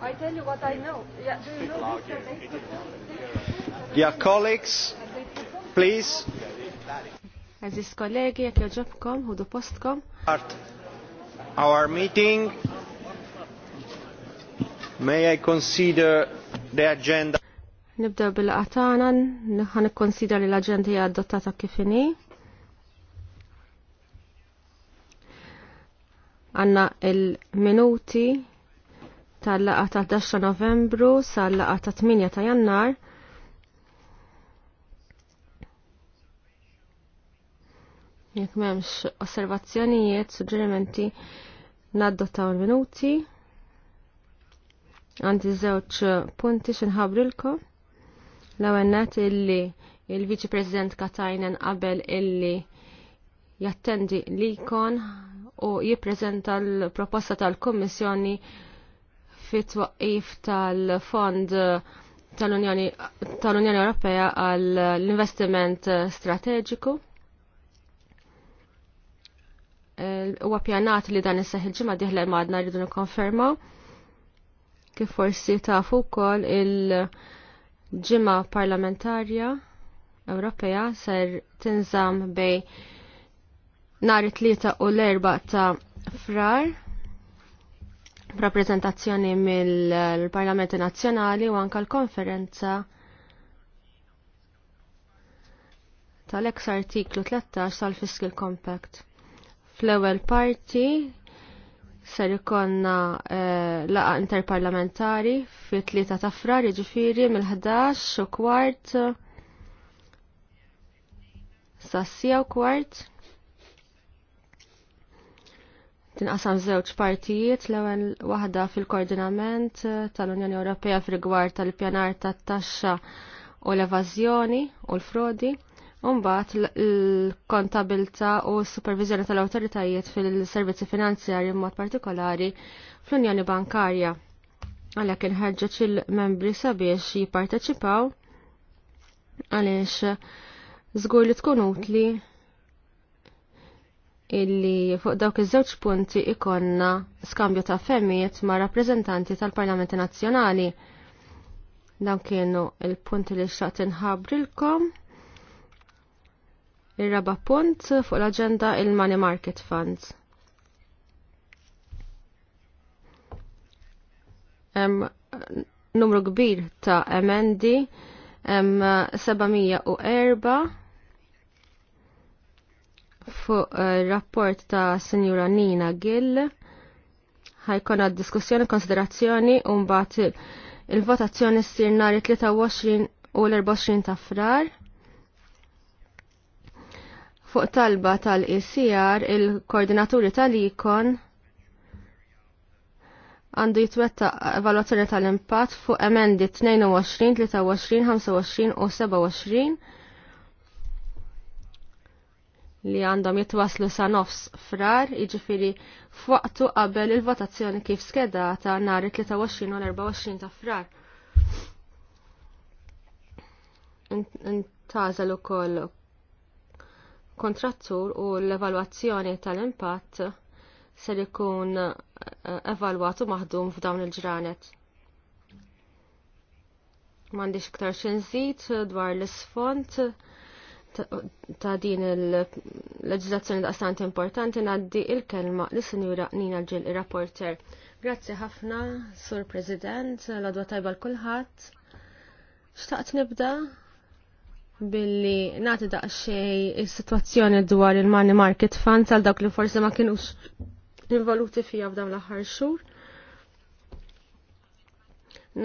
I tell you what I know. Yeah, do you know this? Dear colleagues, please. Aziz kollegi, jek joġobkom, hudu postkom. Start our meeting. May I consider the agenda? Nibda bil-qatana, ħan konsider li l-agenda hija kifini. għanna il-minuti tal-laqa ta' 10 novembru sal-laqa ta' 8 ta' jannar. Jek memx osservazzjonijiet, suġġerimenti naddu ta' minuti Għandi zewċ punti xinħabrilkom. L-għennet illi il-Viċi President Katajnen qabel illi jattendi li kon u jipprezenta l-proposta tal-Kummissjoni fit twaqqif tal-Fond tal-Unjoni tal Ewropea għal l-investiment strateġiku. Eh, huwa għapjanat li dan isseħ il-ġimgħa diħle madna rridu nikkonfermaw. Kif forsi tafu wkoll il-ġimgħa parlamentarja Ewropea ser tinżam bej nhar it-tlieta u l-erba ta' frar rappresentazzjoni mill-Parlamenti Nazzjonali u anka l-konferenza tal-ex artiklu 13 tal-Fiscal Compact. Fl-ewwel parti ser ikonna eh, laqa interparlamentari fi tlieta ta' frar jiġifieri mill-11 u kwart sassija u kwart tinqasam żewġ partijiet l-ewwel waħda fil-koordinament eh, tal-Unjoni Ewropea fil-rigward tal-pjanar tat-taxxa u l-evażjoni u l-frodi. u mbagħad l-kontabilta u s-supervizjoni tal awtoritajiet fil-servizzi finanzjari mod partikolari fl-Unjoni Bankarja. Għalhekk inħarġeġ il-membri sabiex jipparteċipaw għaliex żgur li tkun utli illi fuq dawk iż-żewġ punti ikonna skambju ta' femmijiet ma' rappreżentanti tal-Parlamenti Nazzjonali. Dawn kienu il-punti li xaqt inħabrilkom. Ir-raba punt fuq l-aġenda il-Money Market Funds. Em, numru kbir ta' emendi, em, 704 fuq eh, rapport ta' Senjura Nina Gill. għad diskussjoni, konsiderazzjoni, un-bat il-votazzjoni s-sir nari 23 u l-24 ta' frar. Fuq talba tal-ECR, il-koordinaturi tal-ikon għandu jitwetta evaluazzjoni tal-impatt fuq emendi 22, 23, 25 u 27 li għandhom jitwaslu sa nofs frar, iġifiri f'waqtu qabel il-votazzjoni kif skedata nhar 23 u l-24 ta' frar. Intażel ukoll kontrattur u l-evalwazzjoni tal-impatt ser ikun eh, evalwatu maħdum f'dawn il-ġranet. M'għandix iktar xinżit dwar l-isfond ta' din il-leġizazzjoni daqstant importanti naddi il-kelma li sinjura Nina Ġil, il-rapporter. Grazzi ħafna, Sur President, l-adwa tajba l-kulħat. Xtaqt nibda billi nati daqxej il-situazzjoni dwar il-Money Market Fund għal dawk li forse ma kienux involuti fija f'dawn l-aħħar xhur.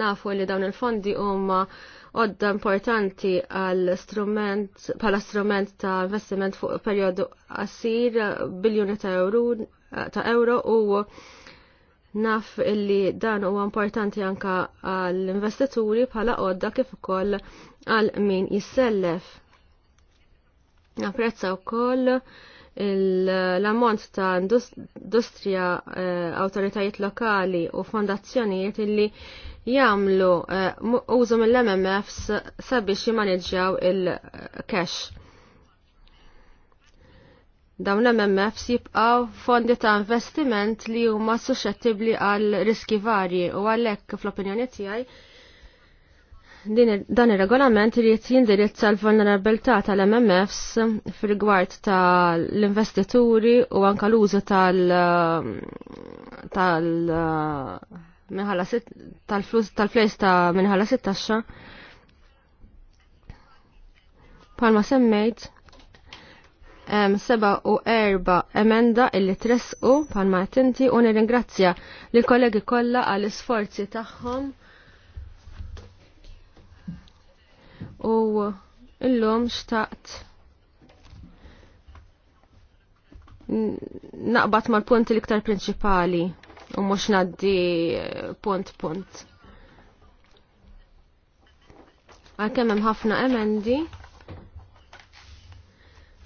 Nafu li dawn il-fondi huma um, odda importanti għal strument pala strument ta' investiment fuq periodu qasir biljuni ta' euro ta' euro u naf illi dan huwa importanti anka għall investituri bħala għodda kif ukoll għal min jissellef. Napprezza wkoll l-ammont ta' industrija, eh, awtoritajiet lokali u fondazzjonijiet illi jamlu eh, użu mill-MMFs sabiex jimaneġġjaw il-cash. Dawn l-MMFs jibqaw fondi ta' investiment li huma suscettibbli għal riski varji u għalhekk fl-opinjoni tiegħi dan ir-regolament irid jindirizza l-vulnerabilità tal-MMFs fil-gwart tal-investituri u anka l-użu tal- eh, tal- eh, minħalla tal-flus tal ta' minħala sit taxxa. Palma semmejt um, seba u erba emenda illi tresqu palma tinti u nirringrazzja li kollegi kollha għall isforzi tagħhom u illum xtaqt naqbad mal-punti l-iktar prinċipali u mhux ngħaddi eh, punt punt. Għalkemm hemm ħafna emendi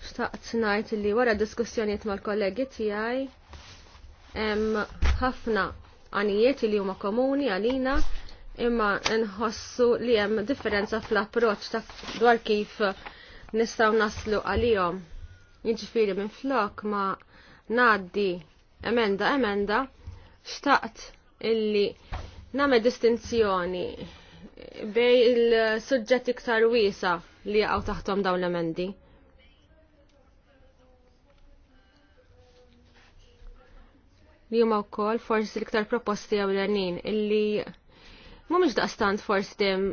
xtaqt ngħid li wara diskussjonijiet mal-kollegi tiegħi hemm ħafna għanijiet li huma komuni għalina imma nħossu li hemm differenza fl-approċċ ta' dwar kif nistgħu naslu għalihom. Jiġifieri minn flok ma ngħaddi emenda emenda xtaqt illi nagħmel distinzjoni bej il sujġet iktar wiesa li jaqgħu taħtom dawn l-emendi. Li huma wkoll forsi l-iktar proposti ewlenin illi mhumiex daqstant forsi dem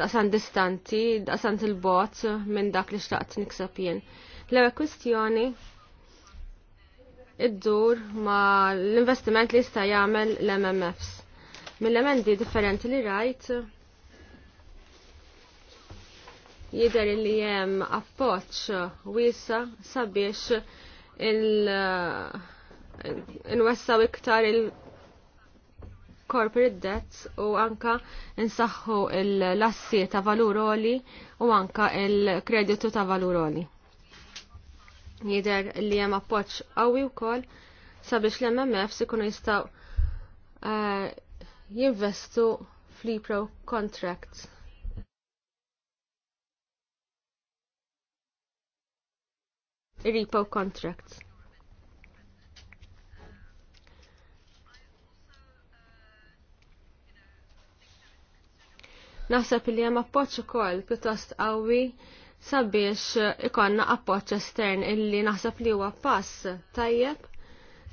daqsan distanti, daqsant il-bot minn dak li xtaqt niksab jien. L-ewwel kwistjoni id-dur ma l-investiment li jista' jagħmel l-MMFs. mill emendi differenti li rajt jidher li hemm appoġġ wiesa sabiex il nwessaw iktar il corporate debts u anka nsaħħu l-assi ta' valuroli u anka il-kreditu ta' valuroli. Jider li hemm appoġġ qawwi wkoll sabiex l mmf ikunu jistgħu uh, jinvestu fl-Pro contracts. Repo contracts. Naħseb li hemm appoġġ ukoll pjuttost qawwi sabiex ikonna appoċ estern illi naħseb li huwa pass tajjeb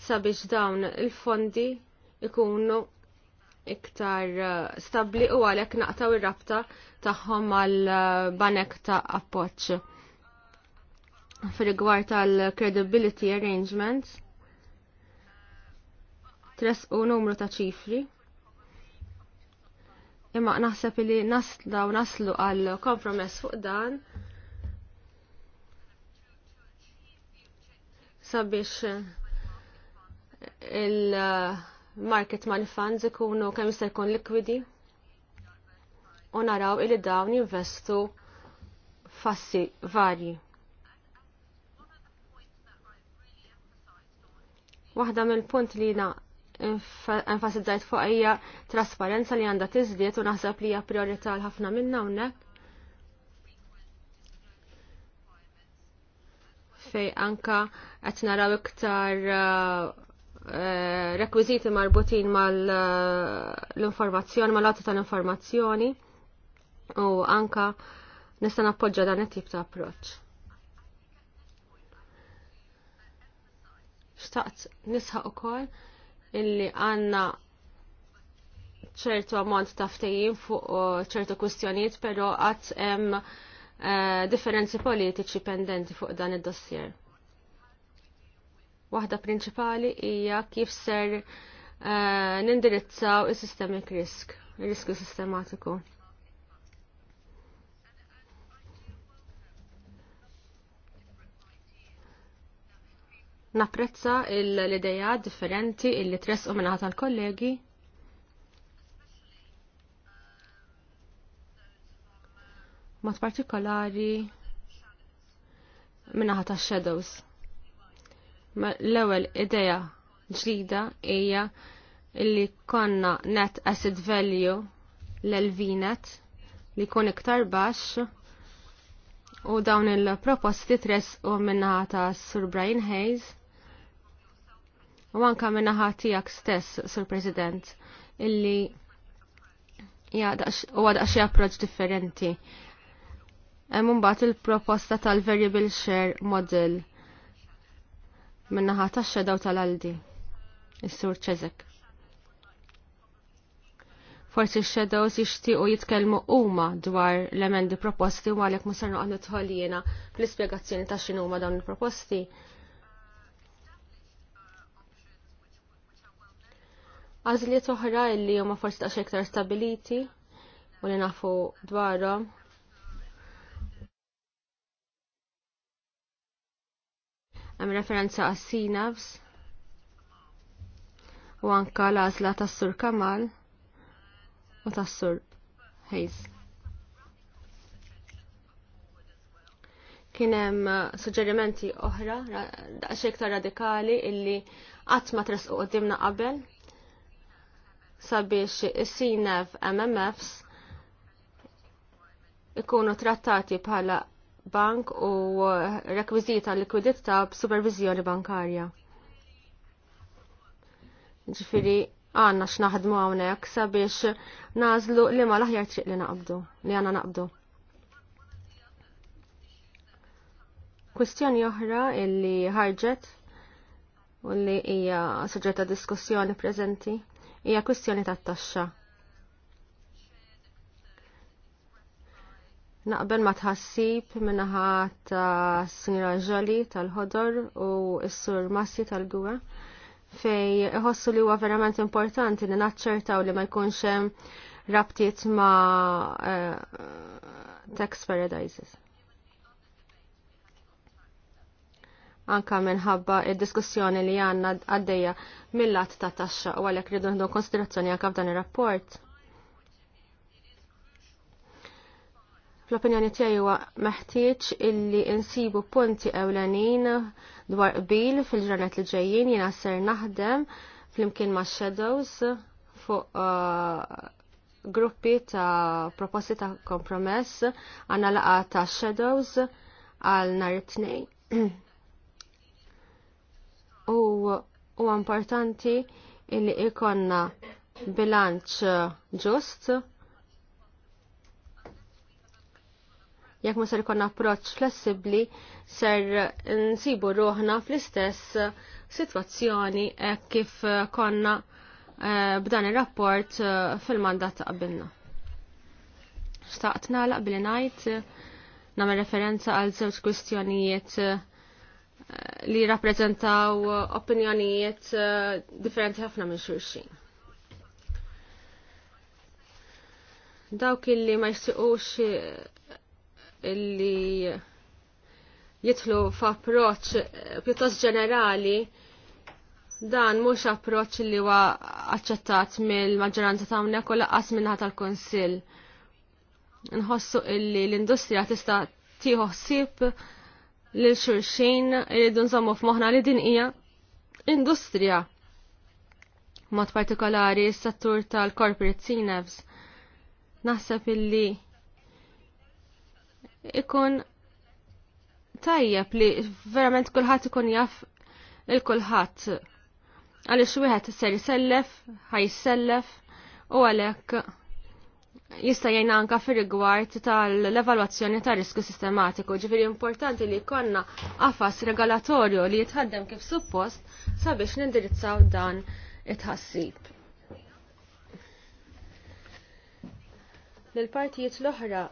sabiex dawn il-fondi ikunu iktar eh, stabli u għalek naqtaw ir-rabta tagħhom għal eh, banek ta' appoċ. Fir-rigward tal-credibility arrangements, tres u numru ta' ċifri imma naħseb li nasla u naslu għal kompromess fuq dan sabiex eh, il-market money funds ikunu kemm jista' jkun likwidi u naraw illi dawn jinvestu fassi varji. Waħda mill-punt li jina enfasizzajt fuq hija trasparenza li għandha tiżdiet u naħseb li hija priorità l ħafna minna hawnhekk. fej anka qed naraw iktar eh, eh, rekwiziti marbutin mal-informazzjoni, eh, mal-għata tal-informazzjoni u anka nista' nappoġġa dan it-tip ta' approċċ. Xtaqt nisħaq ukoll illi għanna ċertu ammont ta' ftejjin fuq ċertu kwistjonijiet, però qatt hemm Eh, differenzi politiċi pendenti fuq dan id-dossier. Waħda prinċipali hija kif ser eh, nindirizzaw is-systemic risk, riskju sistematiku. Napprezza l-ideja differenti illi tresqu minnaħat tal-kollegi mod partikolari minnaħa ta' shadows. L-ewwel ideja ġdida hija illi konna net asset value l-elvinet li kun iktar baxx u dawn il-proposti tres u minnaħa ta' Sir Brian Hayes u anka minnaħa tijak stess, Sir President, illi u għadax approċ differenti Hemm imbagħad il-proposta tal-variable share model minnaħa tax-xedaw tal-Aldi, is-Sur Ċeżek. Forsi x-shadows jixtiequ jitkellmu huma dwar l-emendi proposti u għalhekk mhux ser noqgħod nidħol jiena fl-ispjegazzjoni ta' x'inhu huma dawn il-proposti. Għażliet oħra li huma forsi ta' iktar stabiliti u li nafu dwarhom Hemm referenza għas sinavs u anka l-għażla tas-Sur Kamal u tas-Sur Hayes. Kien hemm uh, suġġerimenti oħra daqsxejn iktar radikali illi qatt ma tresqu qudiemna qabel sabiex is-CNF MMFs ikunu trattati bħala bank u rekwizita likwidità supervizjoni bankarja. Ġifiri, għanna x'naħdmu hawnhekk sabiex nażlu li ma l-aħjar triq li naqbdu, li għanna naqbdu. Kwestjoni oħra illi ħarġet u li hija soġġetta diskussjoni preżenti hija kwestjoni tat-taxxa. Naqbel ma tħassib minnaħa ta' Sinjora Ġali tal-ħodor u s-Sur Massi tal-Gwa fej iħossu li huwa verament importanti li naċċertaw li ma jkunx hemm rabtiet ma' eh, tax paradises. Anka minħabba id-diskussjoni li għanna għaddeja mill-lat ta' taxxa u għalhekk rridu nħdu konsiderazzjoni anka f'dan ir-rapport Fl-opinjoni tiegħi huwa meħtieġ illi insibu punti ewlenin dwar qbil fil-ġranet li ġejjin jiena ser naħdem flimkien ma' shadows fuq uh, gruppi ta' proposti ta' kompromess għanna laqa ta' shadows għal nar it-tnej. u u importanti illi ikonna bilanċ ġust jekk ma ser ikonna approċċ flessibbli ser nsibu ruħna fl-istess sitwazzjoni e kif konna e, b'dan ir-rapport e, fil-mandat ta' qabilna. Staqtna nagħlaq billi ngħid nagħmel referenza għal żewġ kwistjonijiet li rappreżentaw opinjonijiet differenti ħafna minn xulxin. Dawk illi ma jsiqux illi jitlu f'approċċ eh, pjuttost ġenerali dan mhux approċċ li huwa aċċettat mill-maġġoranza ta' hawnhekk u laqqas minnaħa tal-Kunsill. Nħossu illi l-industrija tista' tieħu ħsieb lil xulxin irridu nżommu f'moħħna li din hija industrija. Mod partikolari s-settur tal-corporate sinevs. Naħseb illi ikun tajjeb li verament kulħadd ikun jaf il-kulħadd. Għaliex wieħed ser jisellef, ħajsellef u għalhekk jista' jgħin anka fir-rigward tal-evalwazzjoni ta' riskju sistematiku. Ġifieri importanti li jkollna qafas regolatorju li jitħaddem kif suppost sabiex nindirizzaw dan it-ħassib. L-partijiet l-oħra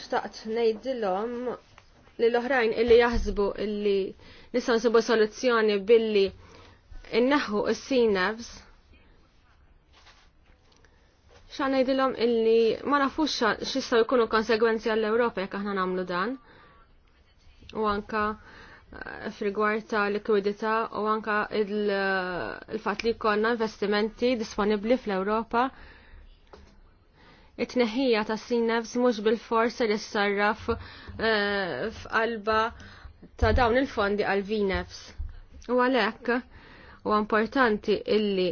xtaqt ngħidilhom li l-oħrajn illi jahzbu illi nistgħu nsibu soluzzjoni billi innaħu s-sinevs xa ngħidilhom illi ma nafux x'issa jkunu konsegwenzi għall-Ewropa jekk aħna nagħmlu dan. U anka eh, f'rigward ta' likwidità u anka eh, il-fatt li jkollna investimenti disponibbli fl-Ewropa it-neħija ta' sinnefs mhux bil-fors li s-sarraf eh, f'qalba ta' dawn il-fondi għal vinefs. U għalhekk huwa importanti illi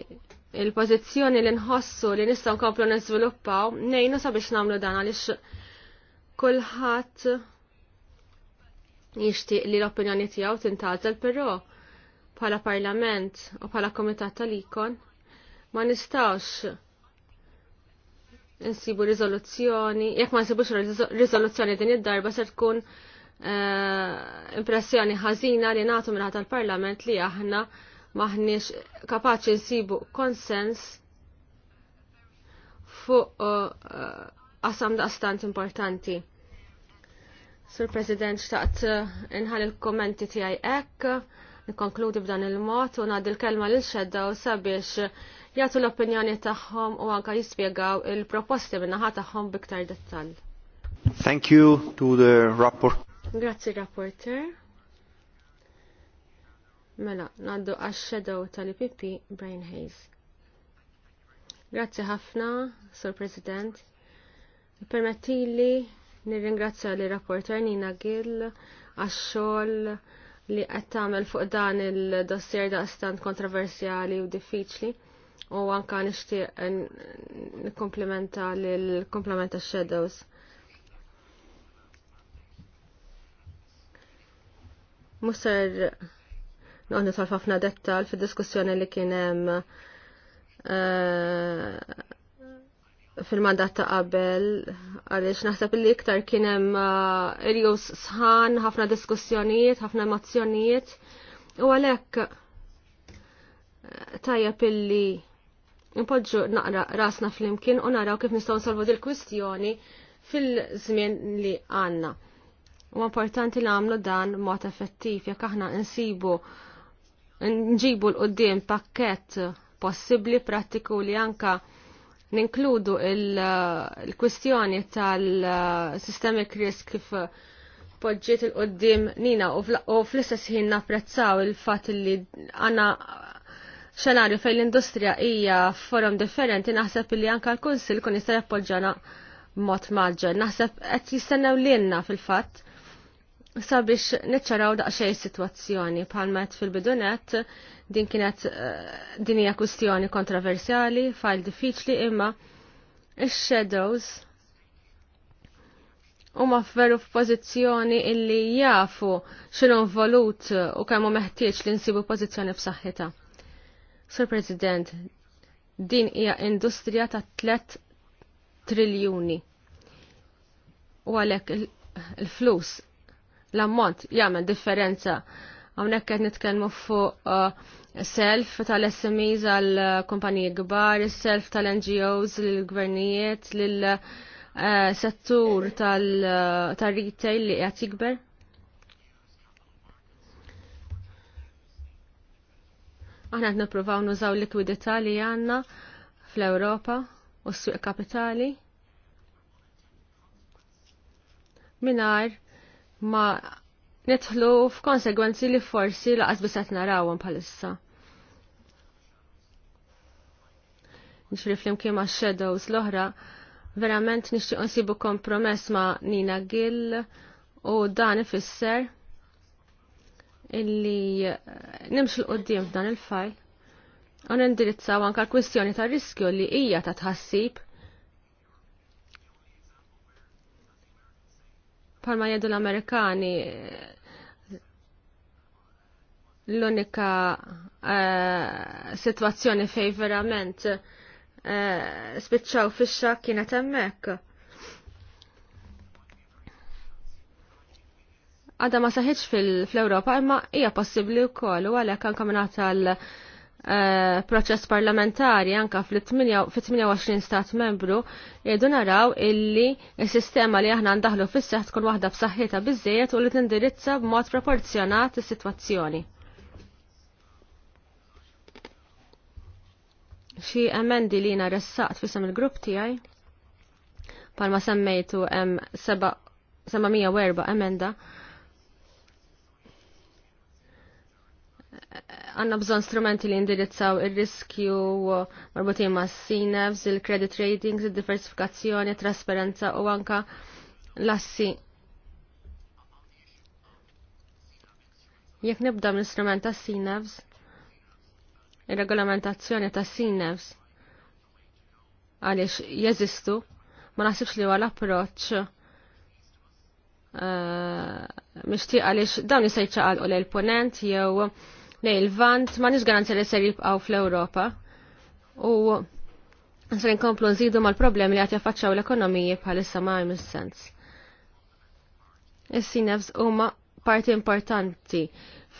il-pożizzjoni li nħossu li nistgħu nkomplu niżviluppaw nejnu sabiex nagħmlu dan għaliex kulħadd jixtieq li l-opinjoni tiegħu tintgħażel però bħala parlament u bħala komitat tal-ikon ma nistawx nsibu rizoluzzjoni, jekk ma nsibux rizoluzzjoni din id-darba se tkun eh, impressjoni ħażina li nagħtu minn tal-Parlament li aħna maħniex kapaċi nsibu konsens fuq eh, qasam daqstant importanti. Sur President, xtaqt eh, inħal il-kommenti tiegħi hekk, nikkonkludi b'dan il-mod u ngħaddi l-kelma lil xedda u sabiex jgħatu l-opinjoni tagħhom u għanka jispjegaw il-proposti min-naħa tagħhom biktar dettal. Thank you to the rapport. Grazzi rapporter. Mela, naddu għax-shadow tal-IPP Brian Hayes. Grazzi ħafna, Sur President. Permettili nirringrazzja li rapporter Nina Gill għax-xogħol li qed tagħmel fuq dan il-dossier daqstant kontroversjali u diffiċli u anka nixtieq nikkomplimenta l komplementa shadows. Musser noqgħod nitolf ħafna dettal fid-diskussjoni li kien hemm eh, fil-mandat ta' qabel għaliex naħseb li iktar kien hemm irjus eh, sħan, ħafna diskussjonijiet, ħafna emozzjonijiet u għalhekk eh, tajjeb illi Npoġġu naqra rasna fl-imkien u naraw kif nistgħu nsolvu dil kwistjoni fil-żmien li għandna. U importanti nagħmlu dan mod effettiv jekk aħna nsibu nġibu l qudiem pakkett possibbli prattiku li anka ninkludu il-kwistjoni tal-systemic risk kif poġġiet il-qoddim nina u fl-istess ħin napprezzaw il-fat li għana xenarju fejn l-industrija hija forum differenti naħseb li anka l-Kunsil kun jista' jappoġġana mod maġġor. Naħseb qed jistennew lilna fil-fatt sabiex niċċaraw daqsxejn sitwazzjoni bħalma qed fil-bidunet din kienet eh, din hija kwistjoni kontroversjali, fajl diffiċli imma ix-shadows huma veru f'pożizzjoni illi jafu x'inhu involut u kemm hu meħtieġ li nsibu pożizzjoni b'saħħitha. Sur President, din hija industrija ta' 3 triljuni. U għalhekk il-flus l-ammont jagħmel differenza hawnhekk qed nitkellmu fuq uh, self tal-SMEs għal uh, kumpaniji kbar, self tal-NGOs lill-gvernijiet, lill-settur uh, tal-retail li qed jikber. Aħna qed nippruvaw nużaw l likwidità li għandna fl-Ewropa u s-suq kapitali minar ma nidħlu f'konsegwenzi li forsi laqas qed narawhom bħalissa. Nixri flimkien ma' shadows l-oħra, verament nixtieq nsibu kompromess ma' Nina Gill u dan ifisser illi eh, nimx l-qoddim f'dan il-fajl u nindirizzaw anka l-kwistjoni ta' riskju li hija ta' tħassib palma jeddu l-Amerikani eh, l-unika uh, situazzjoni fej verament uh, spiċċaw fisċa kienet hemmhekk għadha ma saħħiċ fil-Ewropa imma hija possibbli wkoll u għalhekk anke kamenat għal eh, proċess parlamentari anka fil-28 stat membru jgħidu naraw illi s-sistema li aħna ndaħlu fis-seħ tkun waħda b'saħħitha biżejjed u li tindirizza b'mod proporzjonat is-sitwazzjoni. Xi emendi li jiena ressaqt fisem il-grupp tiegħi palma semmejtu hemm 704 emenda għanna bżon strumenti li indirizzaw il-riskju marbutin ma' s-sinevs, il-credit ratings, il-diversifikazzjoni, trasparenza u anka lassi. Jekk nibda mill-istrument ta' s-sinevs, il-regolamentazzjoni ta' s-sinevs, għaliex jeżistu, ma nasibx li għal approċ eh, mixtieq għaliex dawn għal jċaqalqu l-ponent jew Nej il-vant, ma nix garanzja li ser jibqaw fl-Ewropa. U ser inkomplu nżidu mal-problemi li għat jaffaċċaw l-ekonomiji bħalissa ma għajmu sens. Is-sinefs huma parti importanti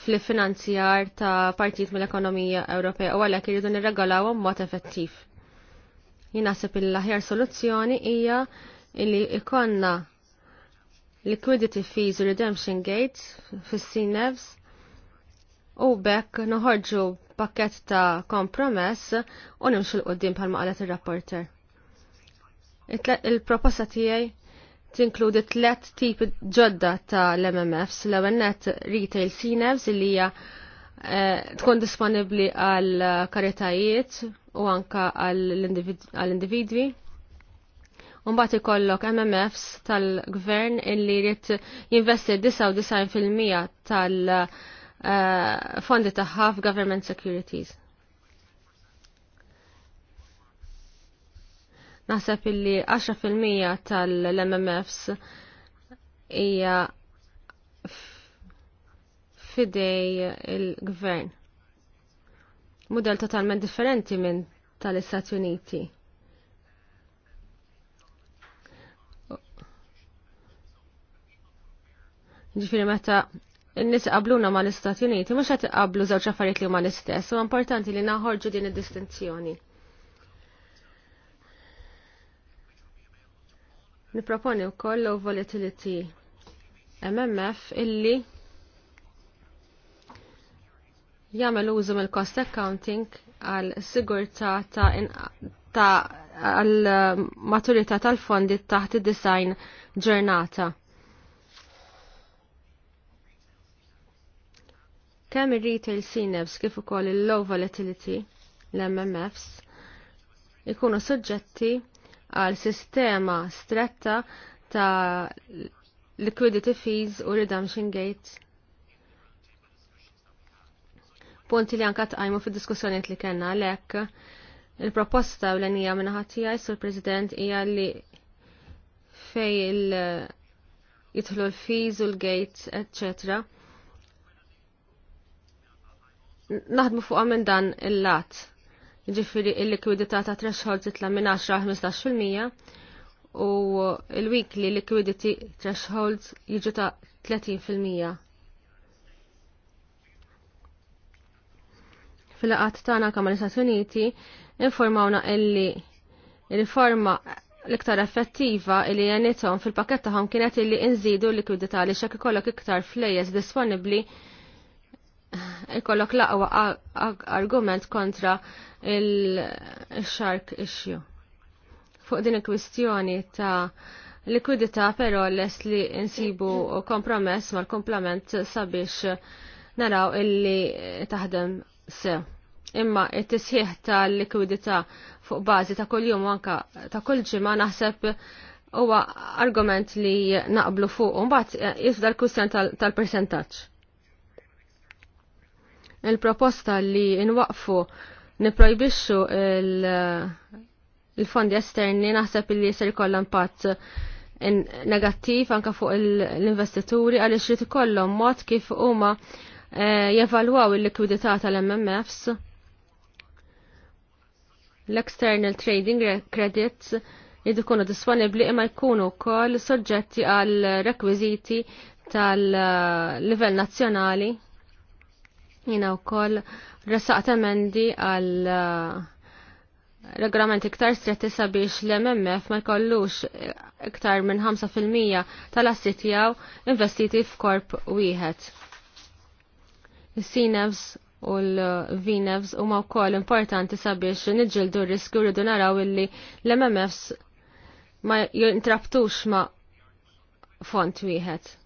fl-finanzjar ta' partit mill-ekonomija Ewropea u għalhekk iridu nirregolaw mod effettiv. Jien naħseb il-aħjar soluzzjoni hija li ikonna liquidity fees u redemption gates fis-sinevs u bekk noħorġu pakket ta' kompromess u nimxu l-qoddim bħalma qalet ir-rapporter. Il-proposta tiegħi tinkludi tlet tipi ġodda ta' l-MMFs, l-ewwel net retail CNEVs li hija eh, tkun disponibli għal karitajiet u anka għal individwi. Unbat ikollok MMFs tal-gvern illi jrid jinvesti 99% tal- Uh, fondi tagħha f'government securities. Naħseb illi 10% tal-MMFs hija fidej il-gvern. Mudell totalment differenti minn tal-Istati Uniti. Ġifiri meta n-nis qabluna ma l-Istati Uniti, mux għat qablu zewċ affarijiet li ma l-istess, u importanti li naħorġu din id-distinzjoni. Niproponi u koll low volatility MMF illi jagħmel użu mill-cost accounting għal sigurtà ta' ta' għal um, maturità tal-fondi taħt id-design ġurnata. kemm ir-retail CNFs kif ukoll il-low volatility l-MMFs ikunu soġġetti għal sistema stretta ta' liquidity fees u redemption gates. Punti li anka tqajmu fid diskussjoniet li kellna għalhekk il-proposta u l-għanija minna ħatijaj sur president hija li fej il- jitħlu l-fees u l-gates, eccetera naħdmu fuq minn dan il-lat. Ġifiri il-likwidità ta' threshold titla minn 10-15% u il-weekly liquidity threshold jiġu ta' 30%. Fil-laqat tagħna kemm l-Istati Uniti informawna illi riforma l-iktar effettiva li jenitom fil-pakett tagħhom kienet illi inżidu l-likwidità li xek ikollok iktar flejjes disponibbli ikollok laqwa argument kontra il-shark issue. Fuq din il-kwistjoni ta' likwidità però les li insibu kompromess mal-komplement sabiex naraw illi taħdem se. Imma it-tisħiħ ta' likwidità fuq bażi ta' kull jum anka ta' kull ġimgħa naħseb huwa argument li naqblu fuq mbagħad jifda l-kwistjoni tal-persentaġġ il-proposta li inwaqfu niprojbixxu il-fondi esterni naħseb li jisir kollha impatt negattiv anka fuq l-investituri għaliex rid ikollhom mod kif huma eh, jevalwaw il-likwidità tal-MMFs l-external trading credits jid ikunu disponibli imma jkunu wkoll soġġetti għal rekwiżiti tal-livell eh, nazzjonali Jina u koll resaqt emendi għal uh, regolament iktar stretti sabiex l-MMF ma jkollux iktar minn 5% tal-assi tiegħu investiti f'korp wieħed. Is-CNEVs u l ma e huma wkoll importanti sabiex niġġieldu r-riskju rridu naraw illi l-MMFs ma jintrabtux ma font wieħed.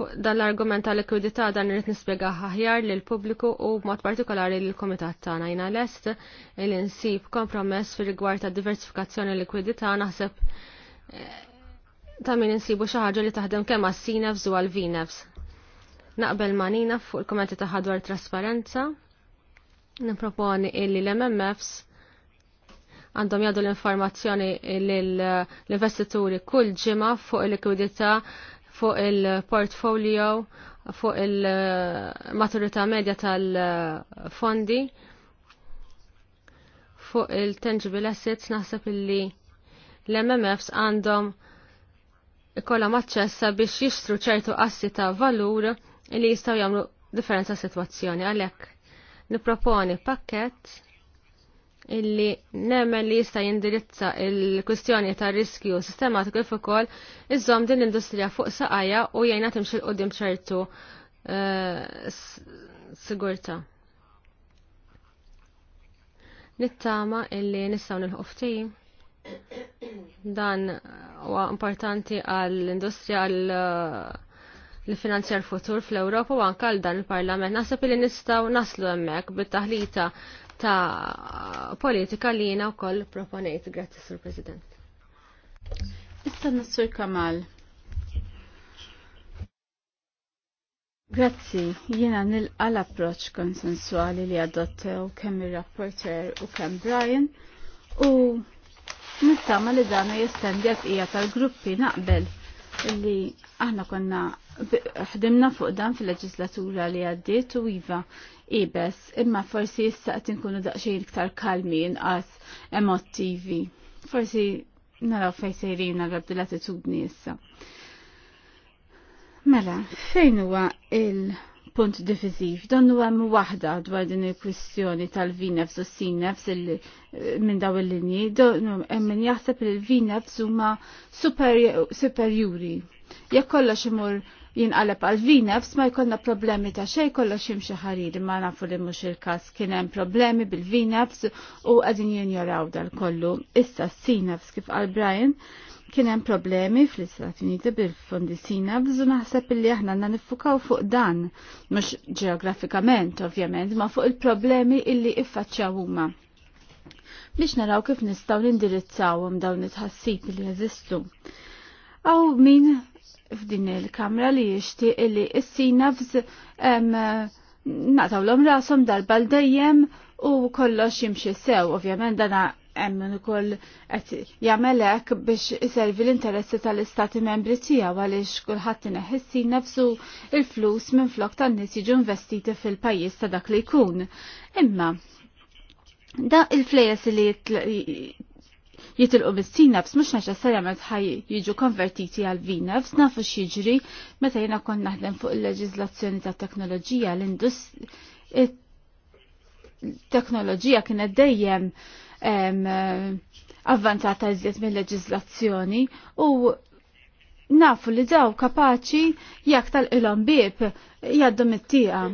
Fuq dal-argument tal likwidità dan irrid nispjega aħjar lil pubbliku u b'mod partikolari lil kumitat tagħna jiena lest li nsib kompromess fir rigward ta' diversifikazzjoni likwidità naħseb eh, ta' min insibu xi ħaġa li taħdem kemm għas cnefs u għal vnefs. Naqbel manina fuq il kumenti ta' ħadwar trasparenza. Nipproponi illi l-MMFs għandhom jgħadu l-informazzjoni l-investituri kull ġimgħa fuq il-likwidità fuq il-portfolio fuq il-maturità medja tal-fondi fuq il-tangible assets naħseb illi l-MMFs għandhom ikolla maċċessa biex jistru ċertu assi ta' valur li jistaw jagħmlu differenza situazzjoni għalhekk niproponi pakkett illi nemmen li jista' jindirizza il-kwistjoni ta' riskju sistematiku kif ukoll iżomm din l-industrija fuq saqajja u jgħinha timxi l qudiem ċertu eh, sigurta. Nittama illi nistgħu nil-ħufti Dan huwa importanti għall-industrija għall l-finanzjar futur fl-Ewropa u anke għal dan il-Parlament. Naħseb li nistgħu naslu hemmhekk bit-taħlita ta' politika li jina wkoll proponejt. grazie, Sur President. Issa Nassur Kamal. Grazzi, jiena nilqa l-approċ konsensuali li adottew kemm ir-rapporter u kemm Brian u nittama li dana jestendi għal tal-gruppi naqbel li aħna konna ħdimna fuq dan fil-leġislatura li għaddiet u iva ibes, imma forsi issa qed inkunu daqsxejn iktar kalmi inqas emottivi. Forsi naraw fejn sejrin għal l-attitudni issa. Mela, fejn huwa il-punt divisiv? Dan huwa hemm waħda dwar din il-kwistjoni tal-vinefs u sinefs minn daw il-linji, hemm min jaħseb li l-vinefs huma superjuri. Jekk kollox imur jinqaleb għal V-nefs ma jkollna problemi ta' xej kollox jimxi ħarir ma nafu li mhux il-każ kien hemm problemi bil nefs u qegħdin jinjoraw dal-kollu. Issa s nefs kif għal Brian kien hemm problemi fl-Istati Uniti bil-fondi C-nefs u naħseb li aħna għandna niffukaw fuq dan mhux ġeografikament ovvjament ma fuq il-problemi illi iffaċċjaw huma biex naraw kif nistgħu nindirizzawhom dawn it-ħassib li jeżistu. Aw min f'din il-kamra li jixtieq li s l-om rashom darba l dejjem u kollox jimxi sew, ovvjament dana hemm ukoll koll jagħmel hekk biex iservi l-interessi tal-istati membri tiegħu għaliex kulħadd ineħħissi nefsu il-flus minn flok tan-nies jiġu investiti fil-pajjiż ta' dak li jkun. Imma da il-flejes li jitilqu mis-sinafs mhux neċessarjament ħaj jiġu konvertiti għal vinafs, nafu x'jiġri meta jiena kont naħdem fuq il-leġiżlazzjoni tat-teknoloġija l-industrija teknoloġija kienet dejjem avvantata iżjed mill-leġiżlazzjoni u nafu li daw kapaċi jak tal-ilom bib jaddu mit-tieqa.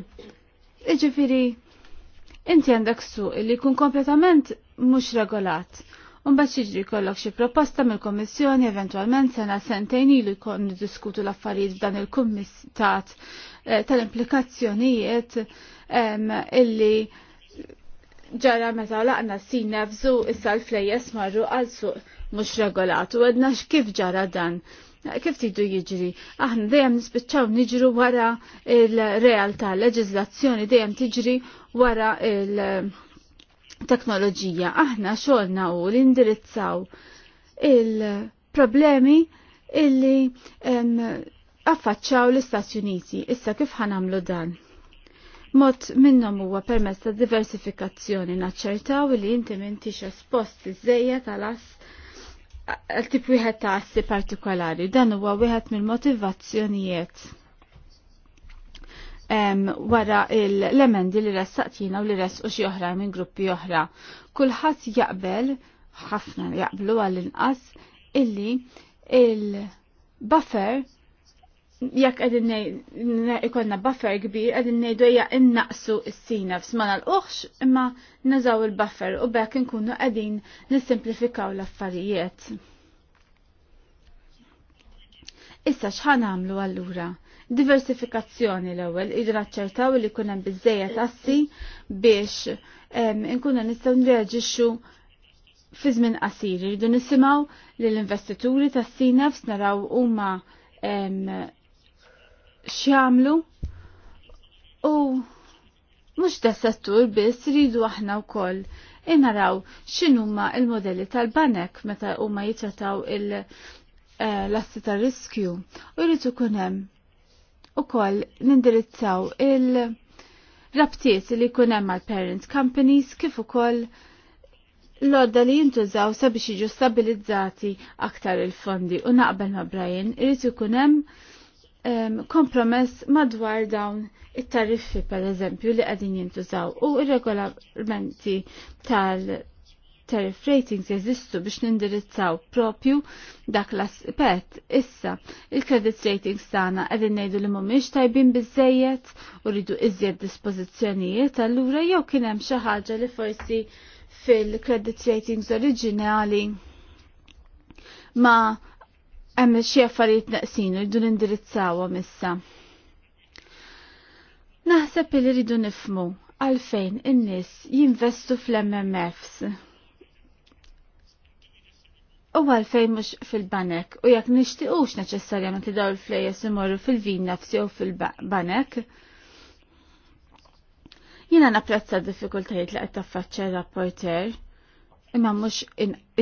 Iġifiri, inti għandek suq li kun kompletament mux regolat Unbat xiġri kollok xi proposta mill-Kommissjoni eventualment sena sentejn ilu jkun diskutu l-affarijiet f'dan il-Kummistat eh, tal-implikazzjonijiet illi ġara meta laqna sin nefżu issa l-flejjes marru għal suq mhux regolatu għedna kif ġara dan. Kif tidu jiġri? Aħna dejjem nispiċċaw niġru wara il-realtà, leġizlazzjoni dejjem tiġri wara il- -realtà, teknoloġija. Aħna xolna u l-indirizzaw il-problemi illi affaċċaw l-Istati Uniti. Issa kif ħanamlu dan? Mod minnom huwa permezz ta' diversifikazzjoni naċċertaw li inti m'intix espost iż-żejja tal-as għal tip wieħed ta' assi partikolari. Dan huwa wieħed mill-motivazzjonijiet wara l-emendi li ressaqtina u li res u oħra minn gruppi oħra. Kulħadd jaqbel, ħafna jaqblu għall-inqas, illi il-buffer jekk qegħdin ikonna buffer kbir qegħdin ngħidu ja innaqsu s-sina f'smana l-uħx imma nazaw il-buffer u bekk inkunu għedin nisimplifikaw l-affarijiet. Issa xħan għamlu għallura? Diversifikazzjoni l-ewwel, idu naċċertaw li jkun hemm tassi assi biex nkunu nistgħu nreaġixxu fi żmien qasir. nisimaw nisimgħu l investituri tas nefs naraw huma x'jagħmlu u mhux da settur biss ridu aħna wkoll inaraw x'inhuma il-modelli tal-banek meta huma jitrataw il- eh, l-assi riskju u jrid ikun hemm u koll nindirizzaw il-rabtiet li kunem mal parent companies kif ukoll l-odda li jintużaw sabiex jiġu stabilizzati aktar il-fondi u naqbel ma' Brian irrid kunem kompromess madwar dawn it-tariffi per eżempju li qegħdin jintużaw u ir-regolamenti tal- tariff ratings jeżistu biex nindirizzaw propju dak l aspet Issa, il-credit ratings tagħna qegħdin ngħidu li mhumiex tajbin biżejjed u rridu iżjed dispożizzjonijiet, allura jew kien hemm xi ħaġa li forsi fil-credit ratings oriġinali ma hemm xi affarijiet naqsinu rridu nindirizzawhom issa. Naħseb li rridu nifmu għalfejn in-nies jinvestu fl-MMFs u għalfejn mux fil-banek u jekk ux neċessarjament li daw il-flejes imorru fil-vin nafsi u fil-banek. Jina napprezza d-diffikultajiet li qed taffaċċja rapporter imma mhux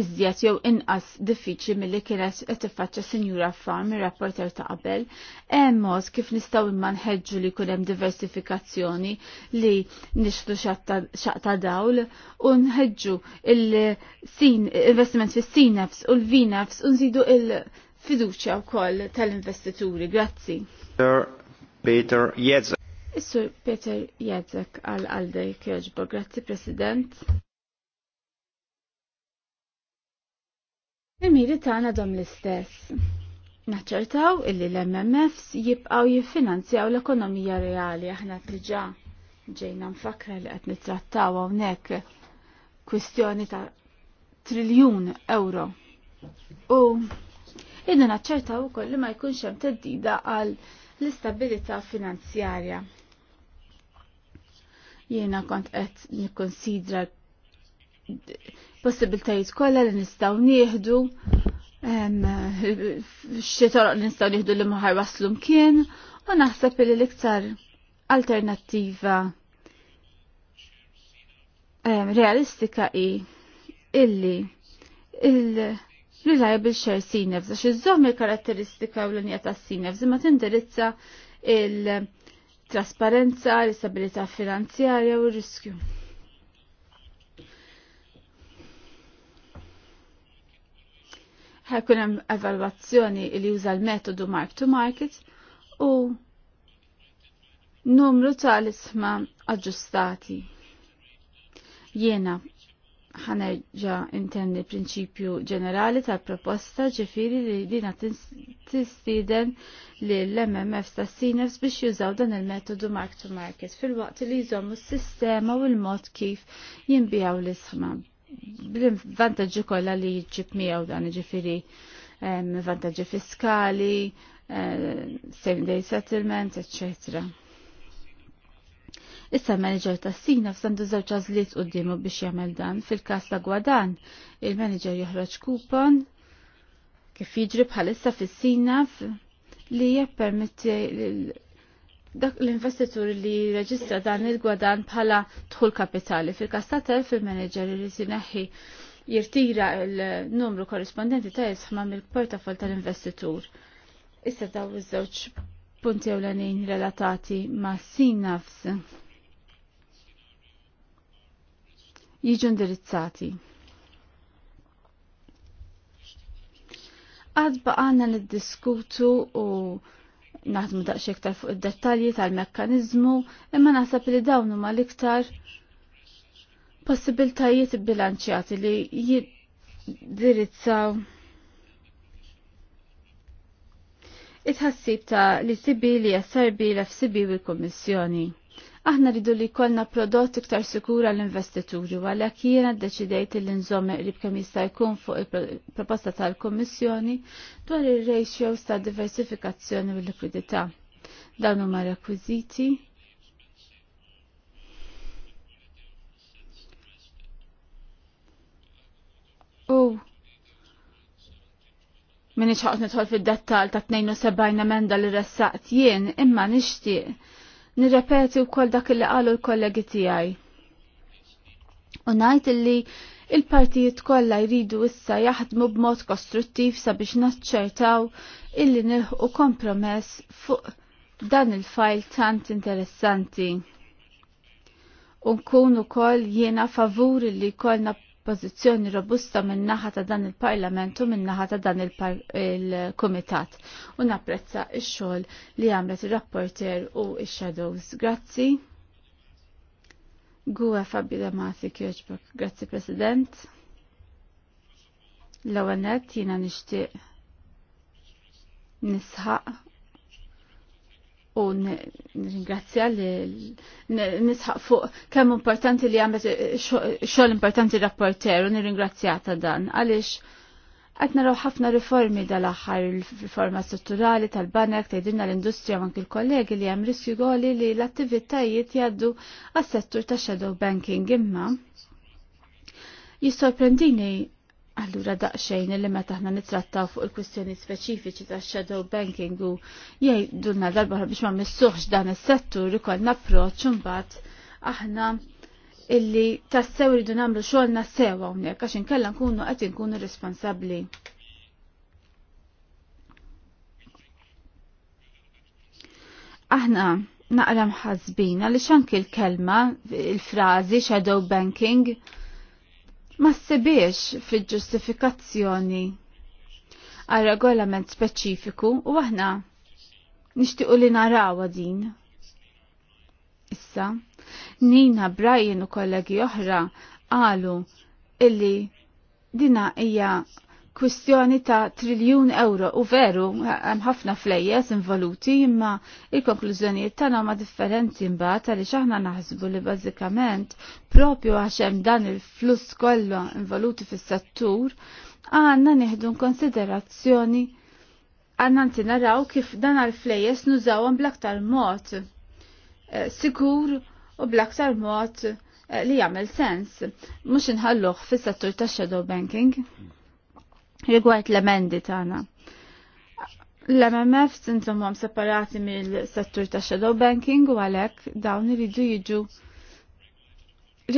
iżjed jew inqas diffiċli milli kienet qed tiffaċċa Sinjura Farm ir-rapporter ta' qabel, hemm mod kif nistgħu imma nħeġġu li jkun hemm diversifikazzjoni li xaq xaqta dawl u nħeġġu il-sin investiment fis-sinefs u l-vinefs u nżidu il-fiduċja wkoll tal-investituri. Grazzi. Peter Jedzek. Is-sur Peter Jedzek għal għaldej kieġbo. Grazzi President. Il-miri tagħna dom l-istess. Naċċertaw illi l-MMFs jibqaw jiffinanzjaw l-ekonomija reali aħna t-ġa ġejna mfakra li qed nittrattaw hawnhekk kwistjoni ta' triljun euro. U idna naċċertaw ukoll li ma jkunx hemm teddida għal l-istabilità finanzjarja. Jiena kont qed nikkonsidra possibiltajiet kollha li nistgħu nieħdu xi toroq nistgħu nieħdu li ma ħajwaslu mkien u naħseb li l-iktar alternattiva realistika hi illi il-reliable share sinevs għax iżżomm il-karatteristika u l-linja ta' sinevs imma tindirizza il-trasparenza, l-istabilità finanzjarja u r-riskju. ħajkun hemm evalwazzjoni li juża l-metodu mark to market u numru tal-isma aġġustati. Jiena ħanerġa intendi prinċipju ġenerali tal-proposta ġifiri li dina tistiden li l-MMF ta' sinefs biex jużaw dan il-metodu mark to market fil-waqt li jżommu s-sistema u l-mod kif jimbijaw l-isma vantaġġi kollha li jġib miegħu dan iġifieri vantaġġi fiskali, eh, same day settlement, etc. Issa manager ta' Sina f'sandu żewġ għażliet quddiemu biex jagħmel dan. Fil-każ ta' Gwadan, il-manager joħroġ kupon kif jiġri bħalissa fis-Sina li jippermetti dak l-investitur li reġistra dan il-gwadan bħala tħul kapitali. Fil-kas ta' telf fil manager li sineħi jirtira il-numru korrispondenti ta' jisħma mill-portafol tal-investitur. Issa daw iż-żewġ punti ewlenin relatati ma' sinafs jiġu indirizzati. Għad baqana niddiskutu u naħdmu daqs iktar fuq id-dettalji tal-mekkaniżmu, imma naħseb li dawn huma l-iktar possibiltajiet bilanċjati li jiddirizzaw it-ħassib ta' li sibi li jassarbi l-FCB u l-Kommissjoni. Aħna ridu li kollna prodott iktar sikura l-investituri u kiena jiena deċidejt li nżomm qrib kemm jista' jkun fuq il-proposta tal-Kummissjoni dwar ir-ratios ta' diversifikazzjoni u l-likwidità. Dawn huma rekwiżiti U Minni ċaqt nitħol fil-dettal ta' 72 emenda li ressaqt jien, imma nishtiq nirrepeti u kol dak li qalu l-kollegi tijaj. Unajt li il-partijiet kollha jridu issa jaħdmu b'mod kostruttiv sabiex naċċertaw illi nilħu kompromess fuq dan il-fajl tant interessanti. Unkunu kol jiena favur li kolna pożizzjoni robusta minnaħa naħa ta' dan il-Parlament u minn naħa ta' dan il-Komitat. U napprezza x-xogħol li għamlet ir-rapporter u x-shadows. Grazzi. Gwe Fabio Damasi Kirchberg. Grazzi President. L-ewwel nett jiena nixtieq nisħaq u ringrazzja li nisħaq fuq kemm importanti li għamet eh, xogħol importanti rapporter u nirringrazzja ta' dan għaliex qed naraw ħafna riformi dal-aħħar riforma strutturali tal-banek tgħidilna l-industrija anke l-kollegi li hemm riskju goli li l-attivitajiet jgħaddu għas-settur ta' shadow banking imma jissorprendini Allura daqxejn li meta aħna nittrattaw fuq il-kwistjoni speċifiċi ta' shadow banking u jgħidulna darba biex ma missuħx dan is-settur ikollna approċċ imbagħad aħna illi tassew rridu nagħmlu xogħolna sewa hawnhekk għax inkella nkunu qed inkunu responsabbli. Aħna naqra mħazbina li xanki l-kelma, il-frażi shadow banking, ma sebiex fil-ġustifikazzjoni għal regolament speċifiku u aħna nixtiequ li narawa din. Issa, Nina Brian u kollegi oħra qalu illi dina hija kwistjoni ta' triljun euro u veru hemm ħafna flejjes involuti imma il-konklużjonijiet tagħna ma differenti mbagħad għaliex aħna naħsbu li bażikament propju għax hemm dan il-fluss kollha involuti fis-settur għandna nieħdu konsiderazzjoni għandna nti naraw kif dan għal-flejjes nużawhom bl-aktar mod eh, sikur u bl-aktar mod eh, li jagħmel sens mhux inħalluh fis-settur tax-shadow banking rigward l-emendi tagħna. L-MMF sintomhom separati mill-settur ta' shadow banking u għalhekk dawn iridu jiġu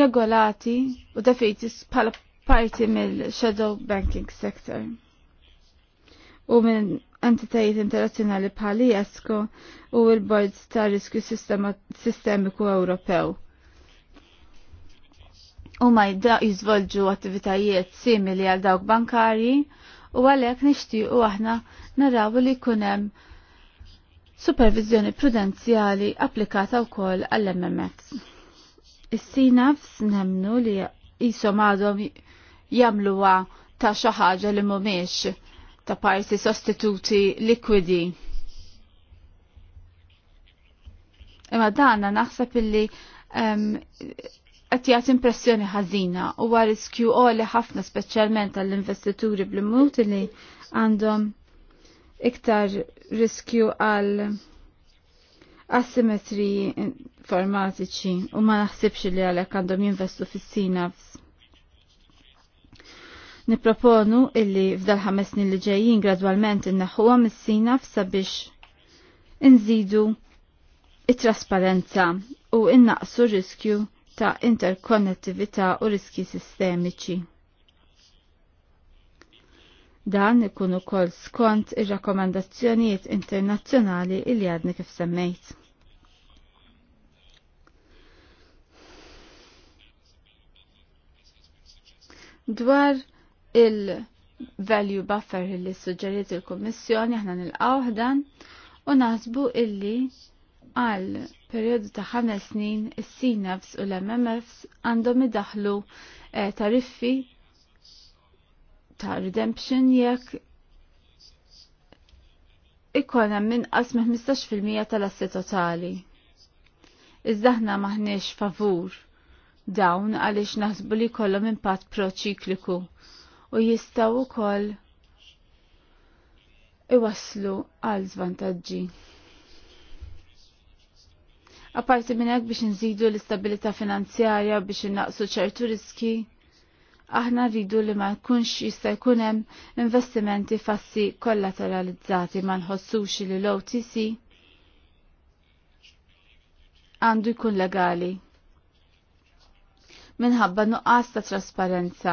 regolati u definiti bħala parti mill-shadow banking sector. U minn entitajiet internazzjonali bħal ESCO u l-Board ta' Riskju Sistemiku Ewropew u ma jizvolġu attivitajiet simili għal dawk bankari u għalek u aħna naraw li kunem supervizjoni prudenzjali applikata u koll għall-MMX. Is-sinafs nemnu li jisom għadhom għa ta' xaħġa li mumiex ta' parti sostituti likwidi. Imma danna naħseb illi qed jagħti impressjoni ħażina u għal riskju li ħafna speċjalment għall-investituri bl-imut li għandhom iktar riskju għal asimetri informatiċi u ma naħsibx li għalek għandhom jinvestu fis-sinaps. Niproponu illi f'dal ħames snin li ġejjin gradwalment inneħħuha mis-sinaps sabiex inżidu it-trasparenza u innaqsu riskju ta' interkonnettività u riski sistemiċi. Dan ikun ukoll skont ir-rakkomandazzjonijiet internazzjonali li għadni kif semmejt. Dwar il-value buffer li suġġeriet il-Kommissjoni aħna nilqgħu dan u naħsbu illi għal periodu ta' ħames snin is-CNFs u l-MMFs għandhom idaħlu eh, tariffi ta' redemption jekk ikkun hemm inqas minn 15% tal-assi totali. Iżda aħna maħniex favur dawn għaliex naħsbu li kollhom impatt proċikliku u jistgħu wkoll iwaslu għal żvantaġġi. Apparti minn hekk biex nżidu l istabilita finanzjarja biex innaqsu ċertu riski, aħna rridu li ma jkunx jista' jkun hemm investimenti fassi kollateralizzati ma nħossux li l-OTC għandu jkun legali minħabba nuqqas ta' trasparenza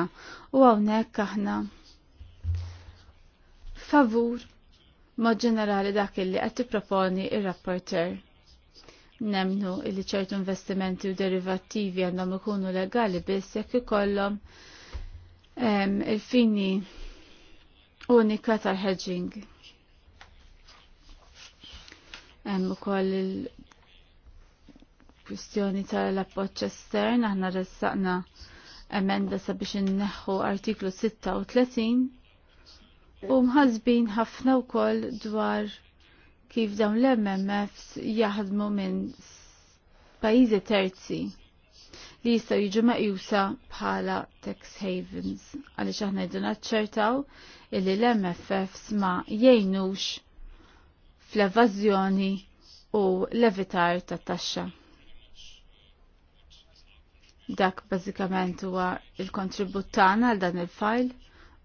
u hawnhekk aħna favur mod ġenerali dak li qed tipproponi il rapporter nemnu li ċertu investimenti u derivattivi għandhom ikunu legali biss jekk ikollhom il-fini unika tal-hedging. Hemm ukoll il-kwistjoni tal-appoġġ estern aħna ressaqna emenda sabiex inneħħu artiklu 36 u mħazbin ħafna wkoll dwar kif dawn l-MMFs jaħdmu minn pajjiżi terzi li jistgħu jiġu maqjusa bħala tax havens għaliex aħna jdu naċċertaw illi l-MFFs ma jgħinux fl-evażjoni u l-evitar tat-taxxa dak bazzikament huwa il-kontribut tagħna għal dan il-fajl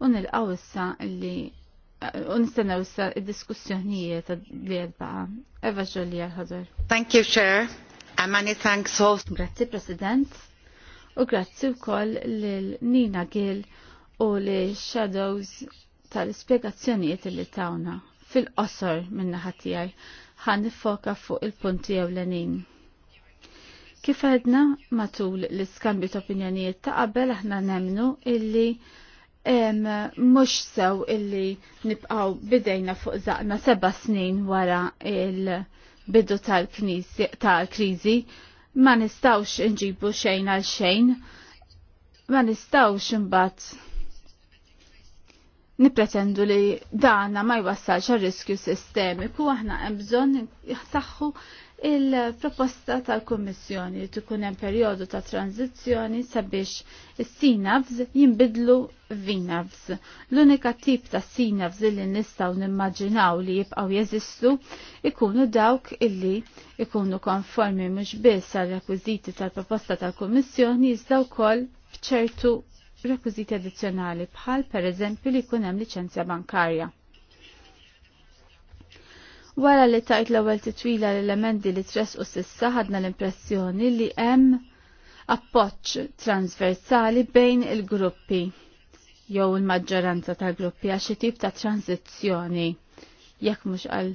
u nilqgħu issa li Unistennaw issa id-diskussjonijiet li għadbaqa. Eva Ġolja ħadar. Thank you, Chair. And many thanks also. Grazzi, President. U grazzi u koll l-Nina Gil u l-Shadows tal-spiegazzjonijiet li tawna fil-qosor minna ħatijaj ħan nifoka fuq il-punti jew l-enin. Kif għedna matul l-iskambju ta' opinjonijiet ta' qabel aħna nemnu illi mux sew illi nibqaw bidejna fuq zaqna seba snin wara il-bidu tal-krizi tal ma nistawx nġibu xejn għal xejn ma nistawx imbagħad nipretendu li dana ma jwassalx għal riskju sistemiku, aħna hemm bżonn saħħu Il-proposta tal-Kommissjoni li tkun hemm perjodu ta' tranzizzjoni sabiex is-sinavs jinbidlu vinavs. L-unika tip ta' sinavs li nistgħu nimmaġinaw li jibqgħu jeżistu ikunu dawk illi ikunu konformi mhux biss għal-rekwiżiti tal-proposta tal kommissjoni iżda wkoll b'ċertu rekwiżiti addizzjonali bħal pereżempju li jkun hemm liċenzja bankarja. Wara li tajt l-ewwel titwila l-elementi li u sissa ħadna l-impressjoni li hemm appoġġ transversali bejn il-gruppi jew il-maġġoranza ta' gruppi għax tip ta' tranzizzjoni jekk mhux għal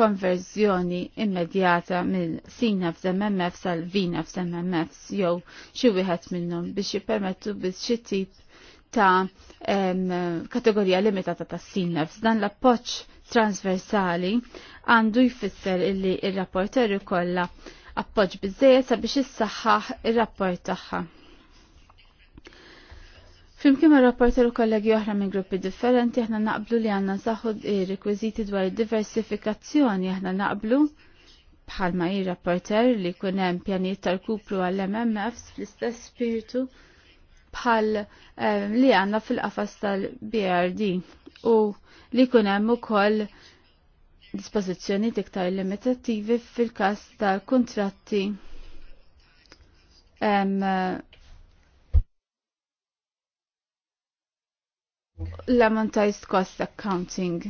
konverżjoni immedjata mill sina f'MMF sal vina f'MMF jew xi wieħed minnhom biex jippermettu biex xi tip ta' em, kategorija limitata ta' sina Dan l-appoċ transversali għandu jfisser illi il-rapporter kollha appoġġ biżejjed sabiex issaħħaħ ir-rapport tagħha. Flimkien ir-rapporter u kollegi oħra minn gruppi differenti aħna naqblu li għandna nsaħħu rekwiżiti dwar id-diversifikazzjoni aħna naqblu bħalma ir-rapporter li kun hemm pjanijiet tal-kupru għall-MMFs fl-istess spiritu bħal eh, li għanna fil-qafas tal-BRD u li kun hemm ukoll dispożizzjoni iktar limitattivi fil-każ tal-kuntratti l amontized cost accounting.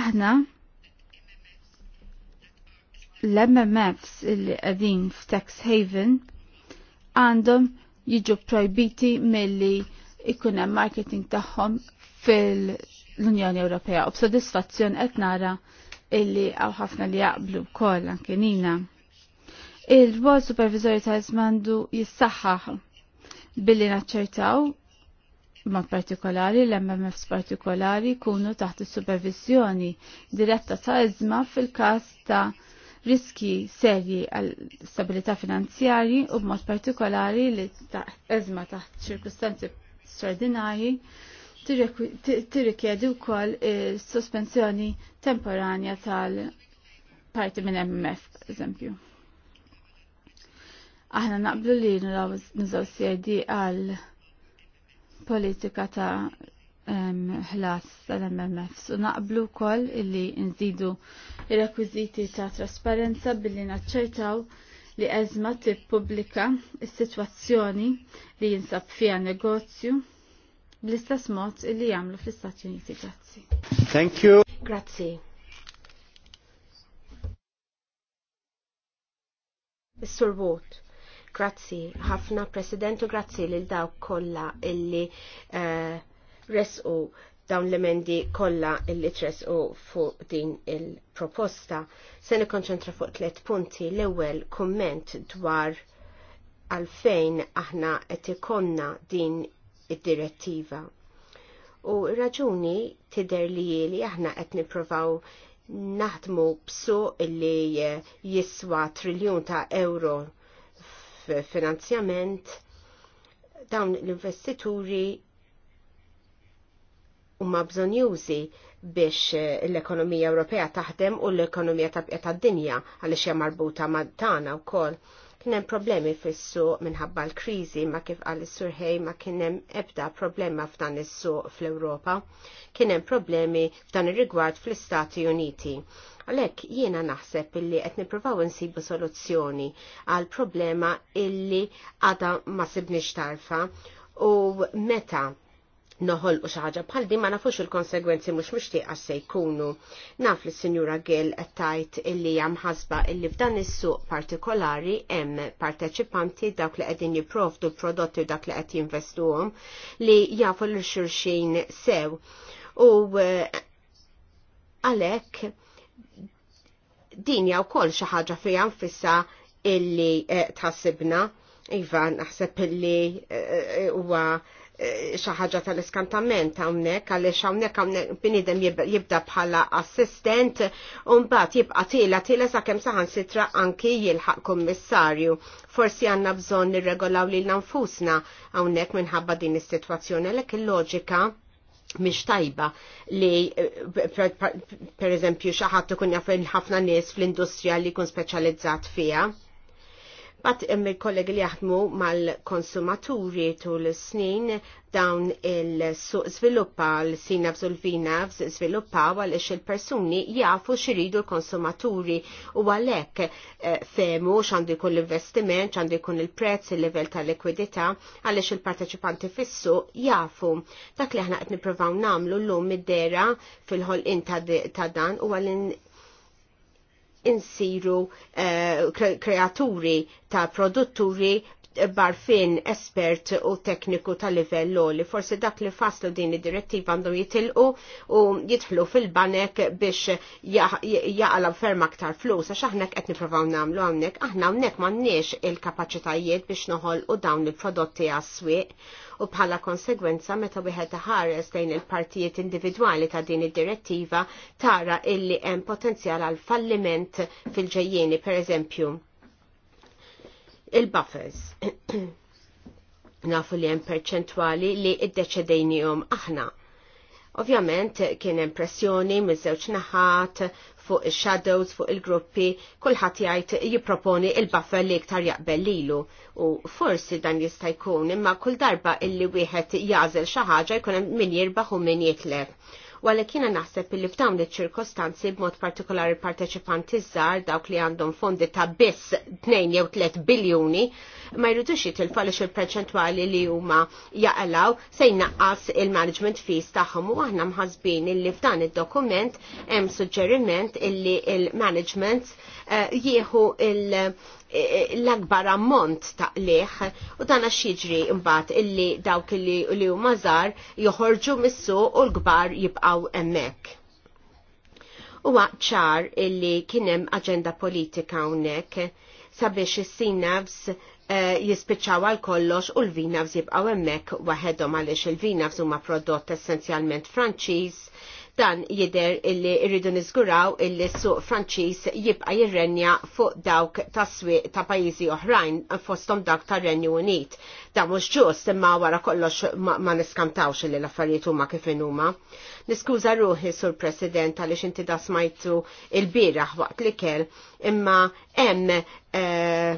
Aħna l-MMFs illi qegħdin f'Tax Haven għandhom jiġu projbiti milli ikun hemm marketing tagħhom fil-Unjoni Ewropea u b'sodisfazzjon qed nara illi għaw ħafna li jaqblu wkoll anke Il-Wall Supervisori ta' mandu jissaħħaħ billi naċċertaw mod partikolari l-MMFs partikolari kunu taħt supervizjoni diretta ta' izma fil-kas ta' riski serji għal stabilità finanzjari u b'mod partikolari li ta' izma taħt ċirkustanzi straordinarji tirrikjedi wkoll sospensjoni temporanja tal-parti minn MMF, eżempju. Aħna naqblu li nużaw CID għal politika ta' ħlas tal mmf u naqblu kol illi nżidu il-rekwiziti ta' trasparenza billi naċċertaw li eżma tippubblika s-sitwazzjoni li jinsab fija negozju bl-istess mod li jagħmlu fl-Istati Uniti. Grazzi. Thank you. Grazzi. Mr. Wood, Grazzi ħafna u grazzi lil dawk kollha illi uh, resqu dawn l-emendi kollha illi tresqu fuq din il-proposta. Se nikkonċentra fuq tliet punti. L-ewwel kumment dwar għalfejn aħna qed ikonna din id-direttiva. U raġuni tidher li li aħna qed nippruvaw naħdmu b'su illi jiswa triljun ta' euro f'finanzjament dawn l-investituri huma jużi biex l-ekonomija Ewropea taħdem u l-ekonomija ta' dinja għaliex hija marbuta ma' tagħna wkoll. Kien hemm problemi fis-suq minħabba l-kriżi ma kif qal is-surħej ma kien hemm ebda problema f'dan is-suq fl-Ewropa. Kien hemm problemi f'dan ir-rigward fl-Istati Uniti. Għalhekk jiena naħseb illi qed nippruvaw insibu soluzzjoni għal problema illi għadha ma sibniex tarfa u meta noħol u xaħġa bħal di ma nafux il-konsegwenzi mux mishtiqa se jkunu. Naf li s-Sinjura Gill tajt illi jam ħasba illi f'dan is-suq partikolari hemm parteċipanti dak li qegħdin jipprovdu l-prodotti dak li qed jinvestuhom li jafu l-xurxin sew. U e, għalhekk din jaw kol xi ħaġa fija nfissa illi e, tħassibna. Iva, naħseb illi e, huwa Xa ħaġa tal-iskantament hawnhekk għaliex hawnhekk hawnhekk bniedem jibda bħala assistent u mbagħad jibqa' tiela tiela sakemm saħansitra anki jilħaq kommissarju. Forsi għandna bżonn nirregolaw lilna nfusna hawnhekk minħabba din is-sitwazzjoni għalhekk il-loġika mish tajba li eh, per eżempju xi ħadd ikun ħafna nies fl-industrija li jkun speċjalizzat fiha. Bat il kollegi li jaħdmu mal-konsumaturi tul snin dawn il-suq sviluppa l-sina b'Zulvina sviluppa għalix il-persuni jafu xiridu l-konsumaturi u għalek eh, femu xandu jkun l-investiment, xandu jkun il-prezz, il-level ta' likwidita għalix il-parteċipanti fissu jafu. Dak li ħna qed provaw namlu l-lum id-dera fil inta ta' dan u għal insiru eh, kreaturi ta' produtturi barfin espert u tekniku tal livell li forsi dak li faslu din id-direttiva għandhom jitilqu u jitħlu fil-banek biex jaqalaw ferm aktar flus għax aħna qed nippruvaw nagħmlu hawnhekk aħna hawnhekk m'għandniex il-kapaċitajiet biex noħolqu dawn il-prodotti għas-swieq u bħala konsegwenza meta wieħed ħares lejn il-partijiet individwali ta' din id-direttiva tara illi hemm potenzjal għal falliment fil-ġejjieni pereżempju il-buffers. Nafu li hemm perċentwali li jom aħna. Ovvjament kien hemm pressjoni miż-żewġ naħat fuq il shadows fuq il-gruppi kulħadd jgħid jipproponi il-buffer li iktar jaqbel lilu u forsi dan jista' jkun imma kull darba illi wieħed jazel xi ħaġa jkun hemm min jirbaħ u min jitlef u kiena naħseb illi f'dawn iċ-ċirkostanzi b'mod partikolari parteċipanti żgħar dawk li għandhom fondi ta' biss 2 jew 3 biljuni ma jridux jitilfa li il-perċentwali li huma jaqalaw se jnaqqas il-management fees tagħhom u aħna mħasbin illi f'dan id-dokument hemm suġġeriment illi il-management eh, jieħu il-, -management, il Eh, eh, l-akbar ammont ta' liħ u dan għax jiġri imbagħad illi dawk illi li huma żgħar joħorġu missu u l-kbar jibqgħu hemmhekk. Huwa ċar illi kien hemm aġenda politika hawnhekk sabiex is-sinavs eh, jispiċċaw għal kollox u l-vinavs jibqgħu hemmhekk waħedhom għaliex il-vinavs huma prodott essenzjalment Franċiż dan jider illi irridu niżguraw illi suq Franċiż jibqa' jirrenja fuq dawk tas-swieq ta' pajjiżi oħrajn fosthom dawk ta' Renju Unit. Dan mhux ġust imma wara kollox ma niskamtawx illi l-affarijiet huma kif huma. Niskuża ruħi sur President għaliex inti da smajtu il-bieraħ waqt li kell imma hemm eh,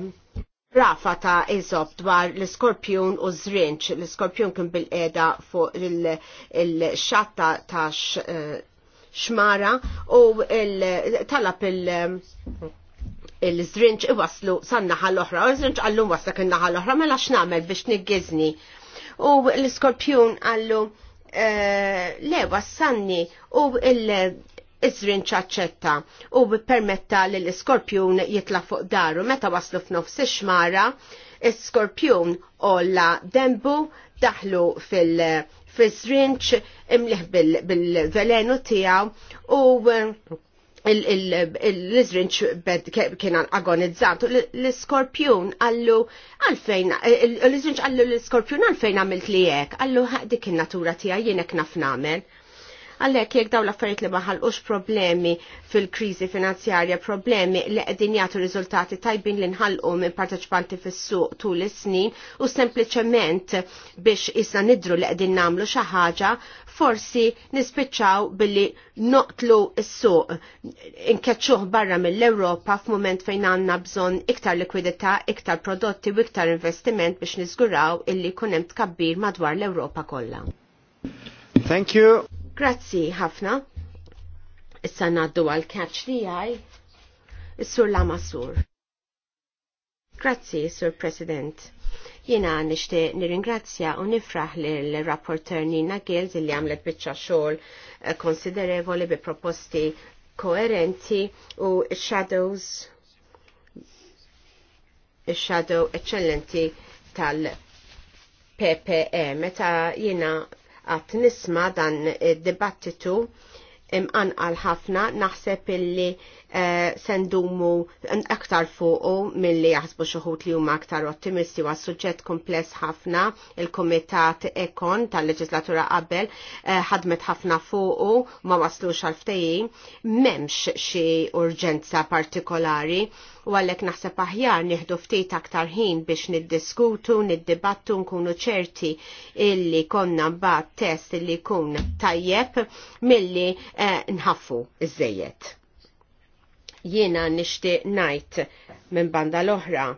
rafa ta' izob dwar l-skorpjon u zrinċ. L-skorpjon kien bil eda fuq il-xatta ta' eh, xmara u talab il- il-zrinċ iwaslu san-naħa l-oħra, u l-zrinċ għallum wasla kien-naħa l-oħra, mela x'namel biex niggizni. U l-skorpjon għallu eh, le wassanni u il- iżrin ċaċċetta u permetta li l-iskorpjun jitla fuq daru meta waslu f'nofs ix-xmara iskorpjun olla dembu daħlu fil fizrinċ imliħ bil-velenu tijaw u eh, l-izrinċ bed kien agonizzat. L-skorpjun għallu għalfejn, eh, l-izrinċ għallu l-skorpjun għalfejn għamilt li jek, għallu dik il-natura tijaw jenek nafnamen Għalhekk jekk dawn l li ma ħalqux problemi fil-kriżi finanzjarja, problemi li qegħdin jagħtu riżultati tajbin li nħallqu minn parteċipanti fis-suq tul is-snin u sempliċement biex isna nidru li qegħdin nagħmlu xi ħaġa, forsi nispiċċaw billi noqtlu s-suq, inkeċċuh barra mill-Europa f'moment fejn għanna bżon iktar likwidità, iktar prodotti u iktar investiment biex niżguraw illi kunem tkabbir madwar l-Europa kollha. Thank you. Grazzi ħafna. Issa naddu għal catch li għaj. Sur Lama Sur. Grazzi, Sur President. Jena nishti nir-ingrazzja u nifraħ li l-rapporter Nina Gild li għamlet bieċa xol eh, konsiderevoli bi proposti koerenti u shadows shadow eccellenti tal-PPE meta jina għat nisma dan id-dibattitu imqan għal ħafna naħseb illi eh, sendumu aktar fuqu mill-li jaħsbu xuħut li huma aktar ottimisti għas suġġett kompless ħafna il-Komitat Ekon tal-Leġislatura qabel eh, ħadmet ħafna fuqu ma waslux għal ftejjin memx xi urġenza partikolari u għallek naħseb aħjar nieħdu ftit aktar ħin biex niddiskutu, niddibattu, nkunu ċerti illi konna mbagħad test illi jkun tajjeb milli eh, nħaffu iż-żejjed. Jiena nixtieq ngħid minn banda l-oħra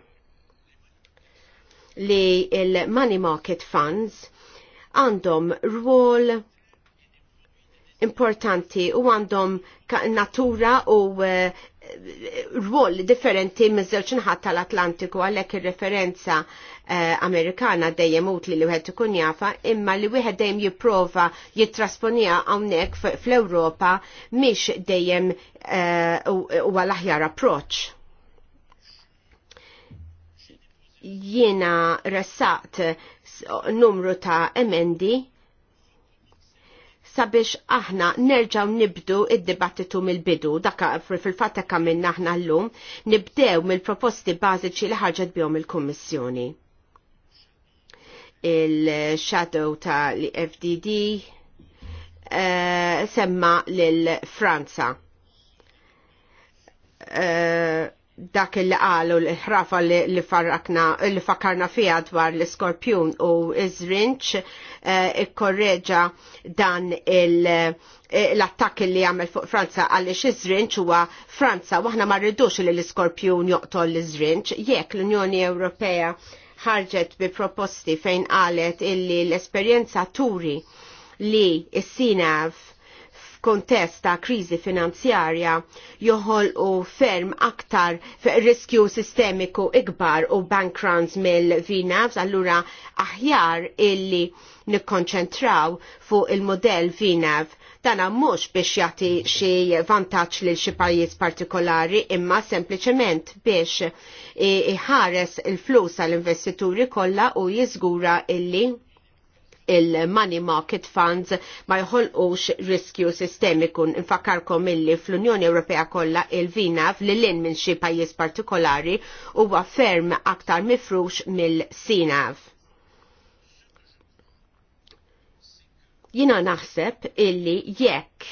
li il-money market funds għandhom rwol importanti u għandhom natura u eh, rwol differenti miż-żewġ tal-Atlantiku għalhekk ir-referenza eh, Amerikana dejjem utli li wieħed ikun jafa, imma li wieħed dejjem jipprova jittrasponija hawnhekk fl-Ewropa mhix dejjem eh, huwa uh, l-aħjar approċċ. Jiena ressaqt numru ta' emendi sabiex aħna nerġaw nibdu id-dibattitu mill-bidu, daka fil-fatta kamminna aħna l-lum, nibdew mill-proposti bażiċi li ħarġet bihom il-Kommissjoni. Il-shadow ta' li fdd uh, eh, semma l-Franza. Uh, eh, dak il qalu l-ħrafa li farrakna li fakarna fija dwar l-skorpjun u iż-rinċ eh, ikkorreġa dan eh, l-attakk li jagħmel fuq Franza għaliex iż-rinċ huwa Franza u aħna ma rridux li l-iskorpjun joqtol l-iż-rinċ jekk l-Unjoni Ewropea ħarġet bi proposti fejn qalet illi l-esperjenza turi li s-sinav Kontest ta' kriżi finanzjarja joħol u ferm aktar riskju sistemiku ikbar u bank runs mill vinavs allura aħjar illi nikkonċentraw fuq il-modell vinav Dana mhux biex jagħti xi vantaġġ lil xi pajjiż partikolari imma sempliċement biex iħares il-flus għall investituri kollha u jiżgura illi il-money market funds ma jħolqux riskju sistemiku. Nfakkarkom illi fl-Unjoni Ewropea kollha il-vina fl-lin minn xi pajjiż partikolari huwa ferm aktar mifrux mill-sinav. Jina naħseb illi jekk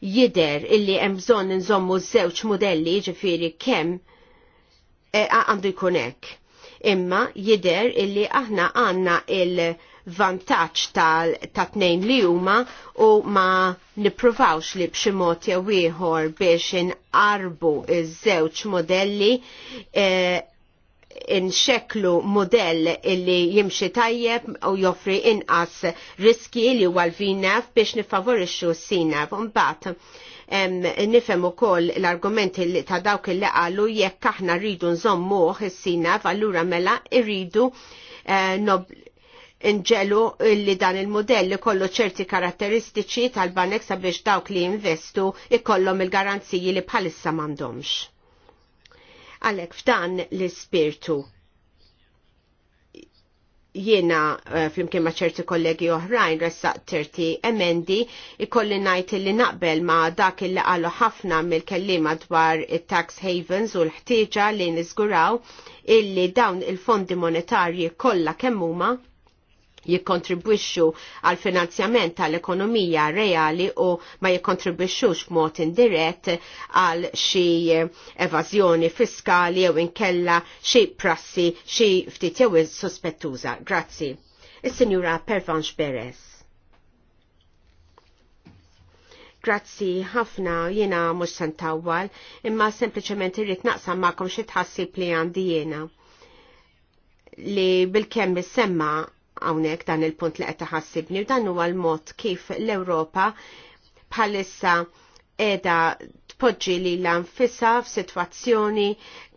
jider illi hemm bżonn nżommu żewġ modelli ġifieri kemm eh, għandu e, jkun hekk imma jider illi aħna għanna il-vantaċ ta' tnejn li huma u ma niprovawx li b'xi mod jew ieħor biex inqarbu iż-żewġ modelli eh, inxeklu modell illi jimxi tajjeb u joffri inqas riski li huwa l-vinaf biex nifavorixxu s-sinaf. Mbagħad nifhem ukoll l-argumenti ta' dawk il qalu jekk aħna rridu nżommuħ is-sina allura mela irridu eh, nġelu li dan il-modell kollu ċerti karatteristiċi tal-banek sabiex dawk li investu ikollom il-garanziji li bħalissa m'għandhomx. Għalek f'dan l-ispirtu jiena eh, flimkien ma' ċerti kollegi oħrajn ressaq terti emendi ikolli najt li naqbel ma' dak il qalu ħafna mill-kellima dwar il-tax havens u l-ħtieġa li niżguraw illi dawn il-fondi monetarji kollha kemm huma jikkontribwixxu għal finanzjament tal-ekonomija reali u ma jikkontribwixxux b'mod indirett għal xi evażjoni fiskali jew inkella xi prassi xi ftit jew sospettuża. Grazzi. Is-Sinjura Pervanx Beres. Grazzi ħafna jiena mhux santawwal, imma sempliċement irrid naqsam magħkom xi tħassib li għandi jiena li bil-kemm semma hawnhekk dan il-punt li qed taħassibni u dan huwa l-mod kif l-Ewropa bħalissa qiegħda tpoġġi li l-anfissa f'sitwazzjoni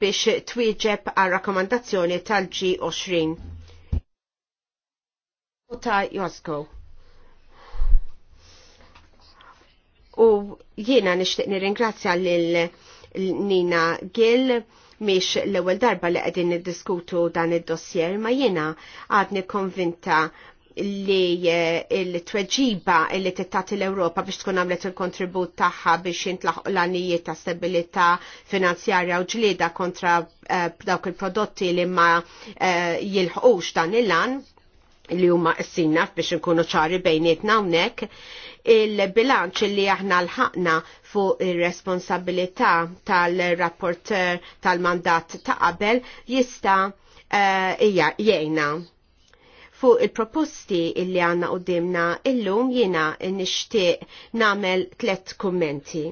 biex twieġeb għal rakkomandazzjoni tal-G20. Ta' Josko. U jiena nixtieq nirringrazzja lil Nina Gill miex l-ewwel darba li qegħdin niddiskutu dan id-dossier ma jiena għadni konvinta li eh, l-tweġiba li tittat l-Europa biex tkun għamlet il-kontribut tagħha biex jintlaħ l-għanijiet ta' stabilità finanzjarja u ġlieda kontra eh, dawk il-prodotti li ma eh, jilħqux dan il-lan li huma s-sinna biex nkunu ċari bejnietna hawnhekk il-bilanċ li aħna l-ħakna fuq ir-responsabilità tal-rapporter tal-mandat ta' qabel jista' eh, ija uh, jgħina. Fuq il-proposti illi għanna qoddimna illum jiena nixtieq nagħmel tliet kummenti.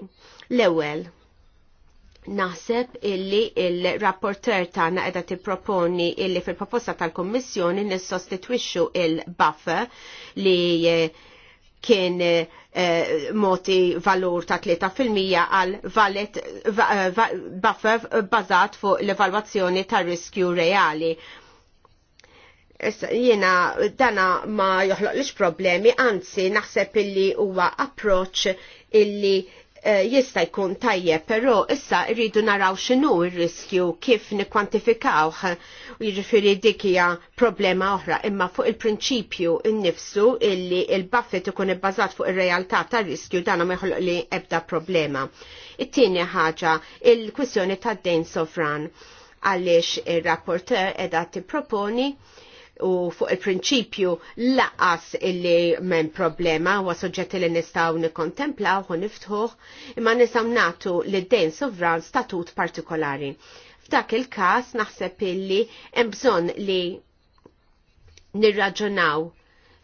L-ewwel, Naħseb illi il-rapporter tagħna qiegħda tipproponi illi fil-proposta tal-Kommissjoni nissostitwixxu il-buffer li eh, kien eh, moti valur ta' 3% għal valet eh, va, buffer bazat fuq l-evalwazzjoni tar riskju reali. Jena jiena dana ma joħloqlix problemi, anzi naħseb illi huwa approċ illi Eh, jista' jkun tajjeb, però issa rridu naraw x'inhu r-riskju kif nikkwantifikaw u jiġifieri dik hija problema oħra, imma fuq il-prinċipju innifsu illi il-baffet ikun ibbażat fuq ir-realtà tar-riskju dan ma jħolq li ebda problema. It-tieni ħaġa il-kwistjoni tad-dejn sovran għaliex ir-rapporter qiegħda tipproponi proponi u fuq il-prinċipju laqas illi men problema u soġġetti li nistaw nikontemplaw u niftħuħ imma nistaw natu li d-dejn sovran statut partikolari. F'dak il-kas naħseb illi hemm bżonn li nirraġunaw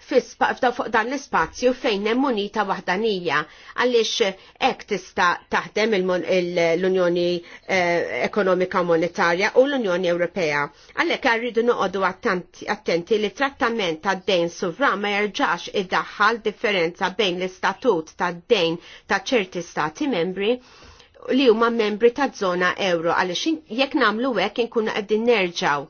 fuq dan l-ispazju fejn hemm munita waħdanija għaliex hekk tista' taħdem l-Unjoni eh, Ekonomika Monetarja u l-Unjoni Ewropea. Għalhekk rridu noqogħdu attenti li trattament ta' dejn sovran ma jerġax iddaħħal differenza bejn l-istatut ta' dejn ta' ċerti stati membri li huma membri ta' zona euro għaliex jekk nagħmlu hekk inkunu qegħdin nerġaw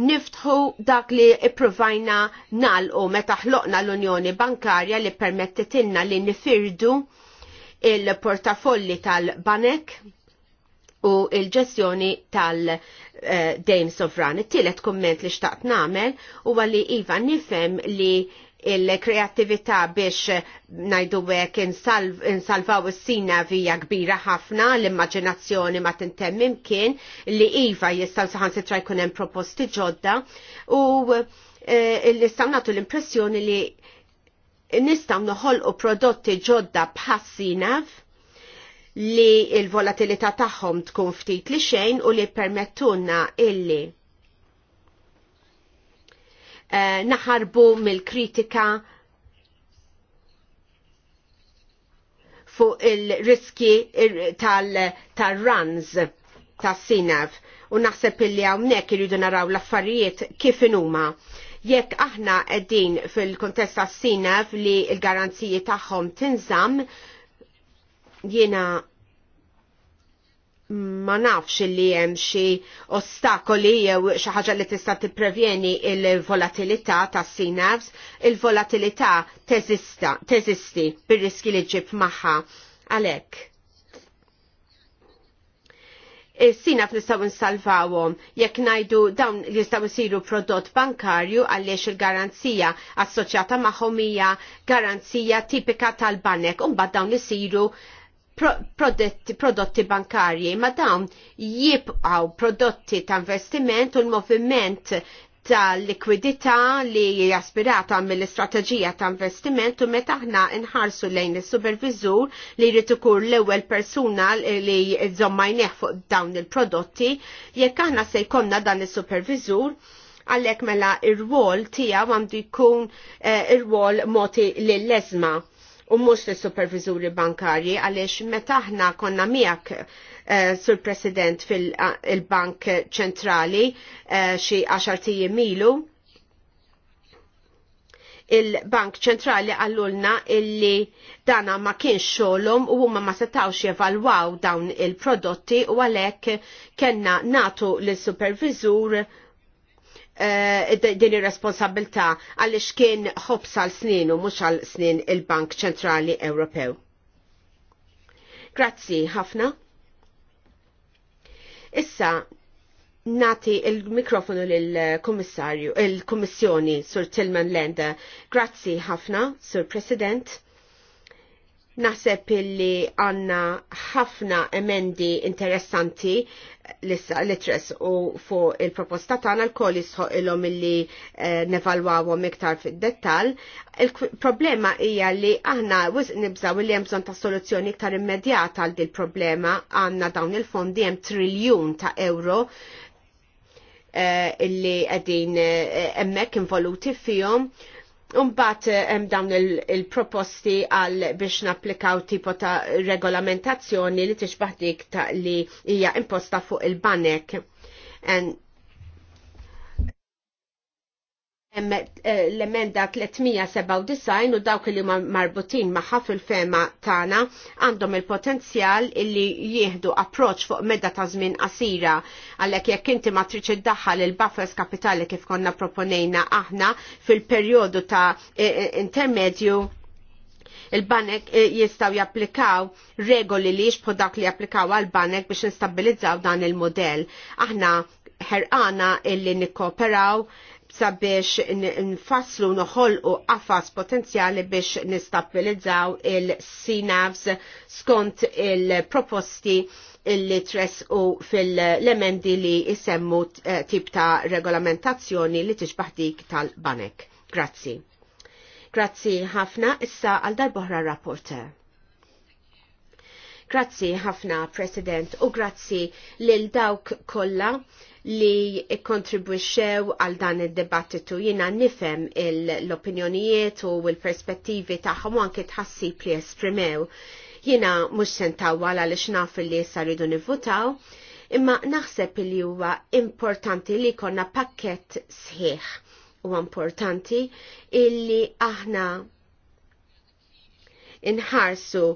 niftħu dak li ipprovajna u meta ħloqna l-Unjoni Bankarja li permettitilna li nifirdu il-portafolli tal-banek u il-ġestjoni tal-dejn eh, sovran. it komment li xtaqt namel u għalli Iva nifem li il-kreativita biex najdu għek insalvaw is-sina vija kbira ħafna l-immaġinazzjoni ma tintem imkien li iva jistaw saħan sitra jkun hemm proposti ġodda u eh, l-istaw nagħtu l-impressjoni li nistaw noħolqu prodotti ġodda bħassinav li il-volatilità tagħhom tkun ftit li xejn u li permettuna illi Eh, naħarbu mill-kritika fuq il-riski tal-runs tas-sinaf u naħseb illi hawnhekk iridu naraw l-affarijiet kif inhuma. Jekk aħna qegħdin fil kontest tas-sinaf li l-garanziji tagħhom tinżamm, jiena ma nafx li hemm xi ostakoli jew xi ħaġa li tista' tipprevjeni il-volatilità tas sinavs, il-volatilità teżista teżisti bir-riski li ġib magħha għalhekk. Is-sinaf nistgħu nsalvawhom jekk ngħidu dawn li jistgħu jsiru prodott bankarju għaliex il-garanzija assoċjata magħhom hija garanzija tipika tal-banek u mbagħad dawn isiru prodotti, prodotti bankarji, ma dawn jibqaw prodotti ta' investiment u l-moviment ta' likwidità li jaspirata mill-istrateġija ta' investiment u meta aħna nħarsu lejn is-supervizur li jrid ikun l-ewwel persuna li jżomma jneħ fuq dawn il-prodotti, jekk aħna se jkollna dan is-supervizur, għalhekk mela ir wol tiegħu għandu jkun eh, ir wol moti lill-leżma u mhux lis supervizuri bankarji għaliex meta aħna konna miegħek eh, sur President fil-Bank eh, Ċentrali eh, xi 10 tijiem ilu il-Bank ċentrali għallulna illi dana ma kienx xolum u huma ma setawx jevalwaw dawn il-prodotti u għalhekk kellna natu l-supervizur Eh, din ir-responsabilità għaliex kien ħobs għal snin u mhux għal snin il-Bank Ċentrali Ewropew. Grazzi ħafna. Issa nati il-mikrofonu lill-Kummissarju, il-Kummissjoni Sur Tilman Lenda. Grazzi ħafna, Sur President. Naħseb illi għanna ħafna emendi interessanti lissa litres u fuq il-proposta tagħna l-koll jisħoq ilhom illi eh, nevalwawhom iktar fid-dettall. Il-problema hija li aħna wisq nibżaw li hemm bżonn ta' soluzzjoni iktar immedjata għal din problema għandna dawn il-fondi hemm triljun ta' euro eh, illi qegħdin eh, hemmhekk involuti fihom Umbat eh, hemm dawn il-proposti il għal biex napplikaw tipo ta' regolamentazzjoni li tixbaħ dik ta' li hija imposta fuq il-banek. Eh, l-emenda 397 u dawk li marbutin maħħa fil-fema tana għandhom il-potenzjal illi jieħdu approċ fuq medda ta' żmien qasira għalhekk jekk inti ma triċ iddaħħal il-buffers kapitali kif konna proponejna aħna fil-perjodu ta' eh, eh, intermedju il-banek jistaw japplikaw regoli li jixbħu dak li japplikaw għal-banek biex nstabilizzaw dan il-modell. Aħna ħerqana illi nikkooperaw sabiex nfasslu noħolqu qafas potenzjali biex nistabilizzaw il sinavs skont il-proposti illi tres u fil-lemendi li jisemmu eh, tip ta' regolamentazzjoni li tiġbaħ dik tal-banek. Grazzi. Grazzi ħafna issa għal darbohra rapporter. Grazzi ħafna, President, u grazzi lil dawk kollha li kontribwixxew għal dan id debattitu jina nifem l-opinjonijiet u l-perspettivi tagħhom anke tħassib li esprimew. Jina mhux sentaw għala li xnaf li issa rridu nivvutaw, imma naħseb li huwa importanti li konna pakket sħiħ u importanti illi aħna inħarsu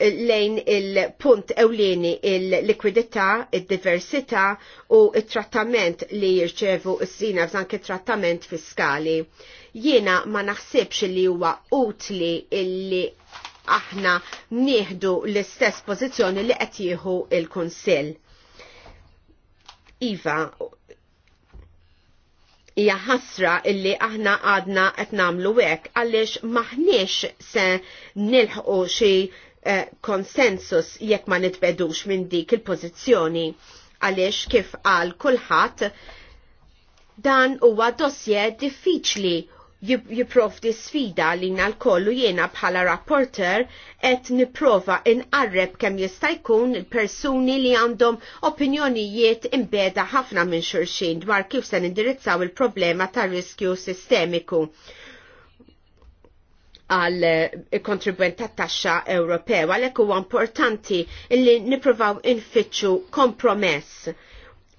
lejn il-punt ewlieni il-likwidità, il-diversità u il-trattament li jirċevu s-sina f'dank il-trattament fiskali. Jiena ma naħsibx li huwa utli illi aħna nieħdu l-istess pożizzjoni li qed jieħu il-Kunsill. Iva, hija ħasra illi aħna għadna qed nagħmlu hekk għaliex maħniex se nilħqu xi Eh, konsensus jekk ma nitbedux minn dik il-pożizzjoni għaliex kif qal kulħadd dan huwa dossier diffiċli di sfida li l-kollu jiena bħala rapporter et niprofa inqarreb kem jista' jkun il-persuni li għandhom opinjonijiet imbeda ħafna minn xurxin dwar kif se nindirizzaw il-problema ta' riskju sistemiku għal eh, kontribwent tat taxxa Ewropew għalhekk huwa importanti illi nippruvaw infittxu kompromess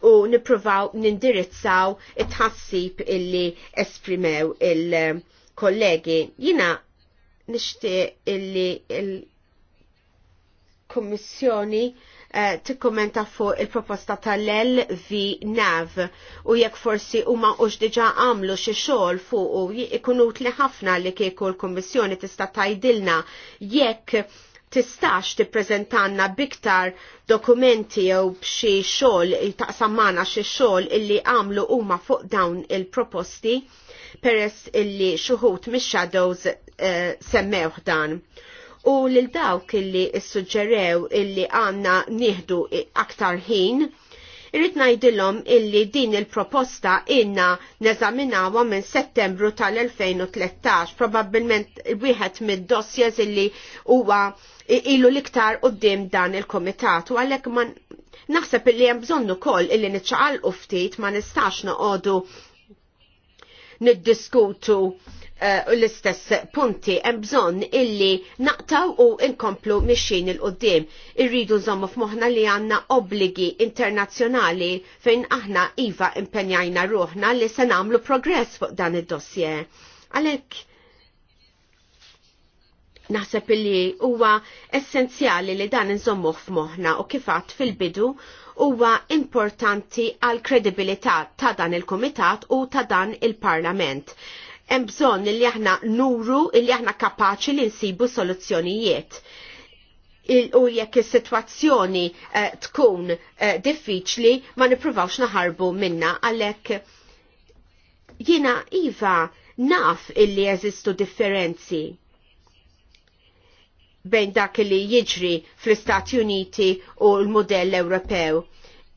u nippruvaw nindirizzaw it-ħassib illi esprimew il-kollegi. Jina nixtieq illi il-Kommissjoni il il kommissjoni Eh, tikkumenta fuq il-proposta tal-L vi NAV u jekk forsi huma ux diġa għamlu xi xogħol fuq u ikun utli ħafna li kieku l-Kummissjoni tista' tajdilna jekk tistax tippreżentanna biktar dokumenti jew b'xi xogħol taqsammana xi xogħol illi għamlu huma fuq dawn il-proposti peress illi xuħut mix-shadows uh, semmewh dan u lil dawk illi suġġerew illi għanna nieħdu aktar ħin, irrid ngħidilhom illi din il-proposta inna neżaminawha minn Settembru tal-2013, probabbilment wieħed mid-dossiers illi huwa ilu liktar qudiem dan il-komitat u għalhekk ma naħseb illi hemm bżonn ukoll illi niċċaqalqu ftit ma nistax noqogħdu niddiskutu uh, l-istess punti hemm bżonn illi naqtaw u inkomplu mixin il-qoddim. Irridu nżommu f'moħħna li għandna obbligi internazzjonali fejn aħna iva impenjajna ruħna li se nagħmlu progress fuq dan id-dossier. Għalhekk naħseb illi huwa essenzjali li dan nżommuh f'moħħna u kifat fil-bidu huwa importanti għal kredibilità ta' dan il-Kumitat u ta' dan il-Parlament. Hemm bżonn li aħna nuru li aħna kapaċi li nsibu soluzzjonijiet. U jekk is-sitwazzjoni eh, tkun eh, diffiċli ma nippruvawx naħarbu minna għalhekk jiena iva naf illi jeżistu differenzi bejn dak li jiġri fl-Istati Uniti u l-modell Ewropew.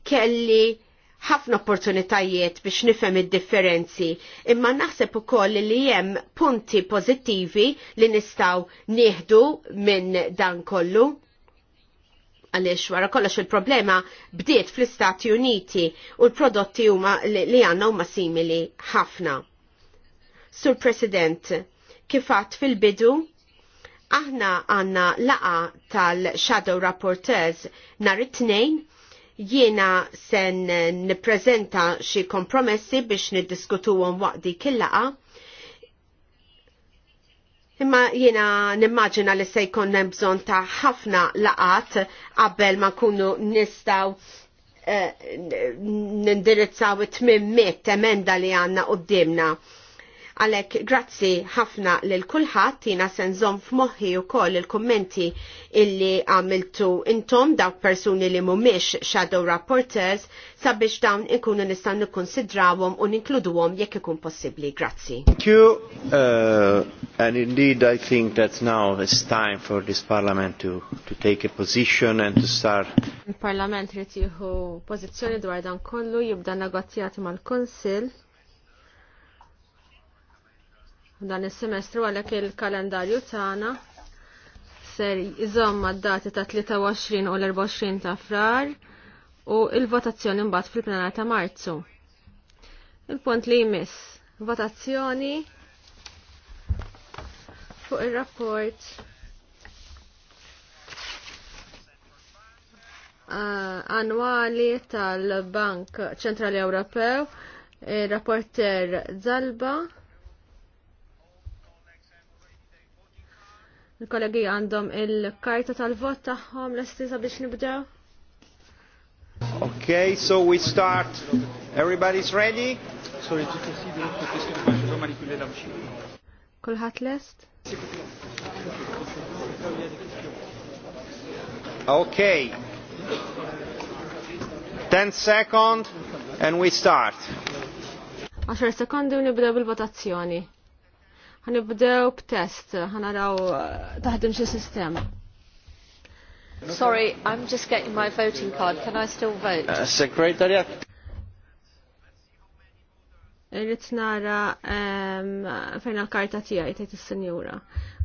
Kelli ħafna opportunitajiet biex nifhem id-differenzi, imma naħseb ukoll li hemm punti pożittivi li nistgħu nieħdu minn dan kollu. Għaliex wara kollox il-problema bdiet fl-Istati Uniti u l-prodotti huma li għandna huma simili ħafna. Sur President, kifat fil-bidu Aħna għanna laqa tal-Shadow Rapporteurs nar it-tnejn jiena sen nipprezenta xi kompromessi biex niddiskutuhom waqt dik il-laqa. Imma jiena nimmaġina li se jkun hemm bżonn ta' ħafna laqat qabel ma nkunu nistgħu eh, nindirizzaw it-tmim emenda li għanna u d Għalek, grazzi ħafna lil kulħadd tina senżom f'moħħi u koll il-kommenti illi għamiltu intom dawk persuni li mumiex shadow reporters sabiex dawn ikunu nistan nikkonsidrawhom u ninkluduhom jekk ikun possibbli. Grazzi. Thank you. Uh, and indeed I think that now it's time for this parliament to, to take a position and to start. Il-parlament rrit jieħu pożizzjoni dwar dan kollu jibda negozjati mal-Konsil dan is-semestru għalek il-kalendarju tagħna ser iżomm mad-dati ta' 23 u l-24 ta' frar u il-votazzjoni mbagħad fil-plenar ta' Marzu. Il-punt li jmiss votazzjoni fuq ir-rapport uh, annwali tal-Bank Ċentrali Ewropew, il-rapporter Zalba. Il-kollegi għandhom il-karta tal-vot tagħhom l-estiza biex nibdew. Ok, so we start. Everybody's ready? Kulħat lest? Okay. Ten second and we start. 10 sekondi u nibdew bil-votazzjoni. Ħanibdew b'test, ħanaraw uh, taħdem xi sistema. Sorry, I'm just getting my voting card. Can I still vote? Uh, Secretary. Irrit nara um, fejn il-karta tiegħi tgħid is-sinjura.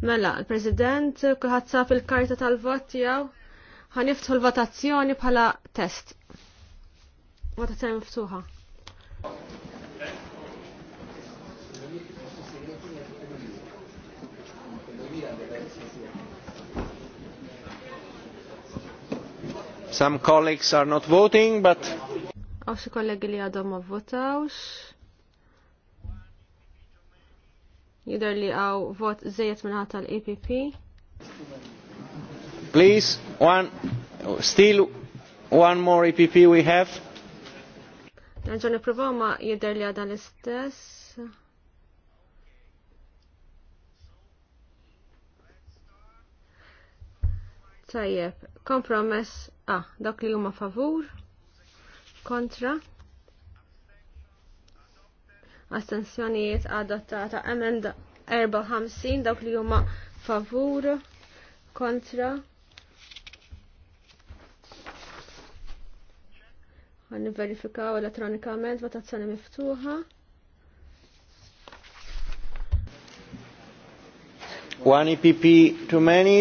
Mela, il-President kulħadd saf il-karta tal-vot tiegħu ħaniftħu l-votazzjoni bħala test. Votazzjoni miftuħa. Some colleagues are not voting, but... Għaw xie kollegi li għadhom ma votawx. Jider li għaw vot zejet minn ħata l-EPP. Please, one, still one more EPP we have. Nġan niprofaw ma jider li għadan l-istess. Tajjeb, kompromess A. Ah, dawk li huma favur kontra astensjonijiet adottata emenda 54 dawk li huma favur kontra għan verifikaw elettronikament votazzjoni miftuħa. One EPP too many.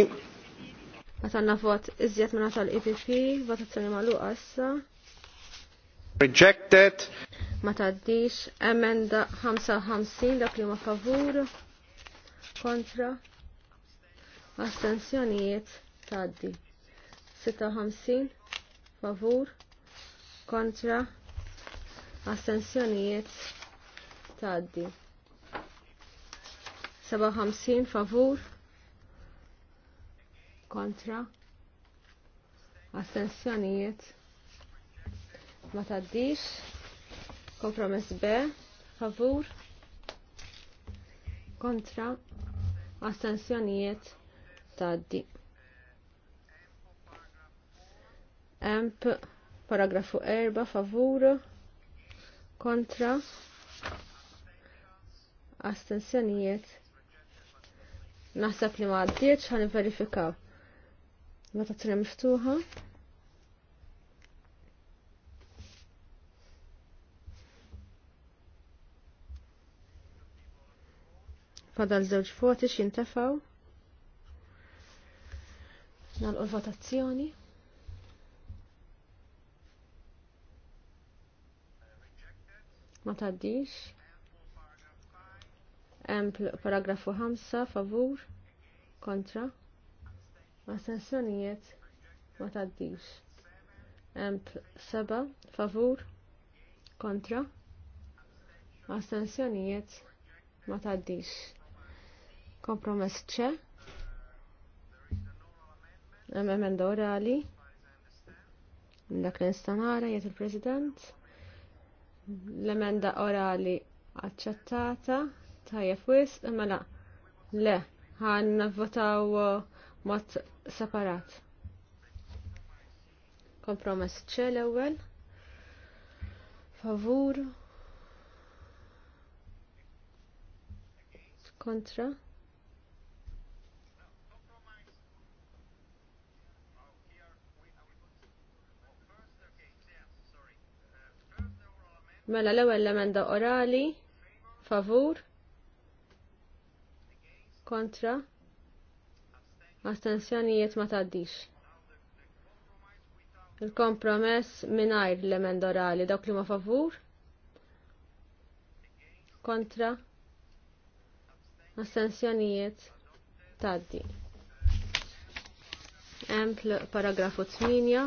Għatanna vot iżjed minna tal-IPP, votazzjoni maluqa issa. Rejected. Ma taddix, emenda 55 dak li ma favur, kontra, astensjonijiet taddi. 56 favur, kontra, astensjonijiet taddi. 57 favur, kontra, kontra astensjonijiet ma taddix kompromess B favur kontra astensjonijiet taddi emp paragrafu erba' favur kontra astensjonijiet naħseb li ma għaddiet ħan verifikaw tre miftuħa. Fadal żewġ voti x'jintefgħu. Nagħlqu l-votazzjoni. Ma tgħaddix. paragrafu 5 favur kontra. Astensjonijiet ma taddix. Empl seba' favur kontra. Astensjonijiet ma taddix. Kompromess ċe. Emenda orali. Dak l-instanara jiet il-President. L-emenda orali accettata. Tajja fwis, imma la. Le, ħan votaw mod separat. Kompromess ċe l-ewwel. Favur. Kontra. Mela l-ewwel l-emenda orali favur kontra astensjonijiet ma taddix. Il-kompromess minajr l-emenda orali dawk li ma favur? Kontra? Astensjonijiet taddi. Hemm paragrafu 8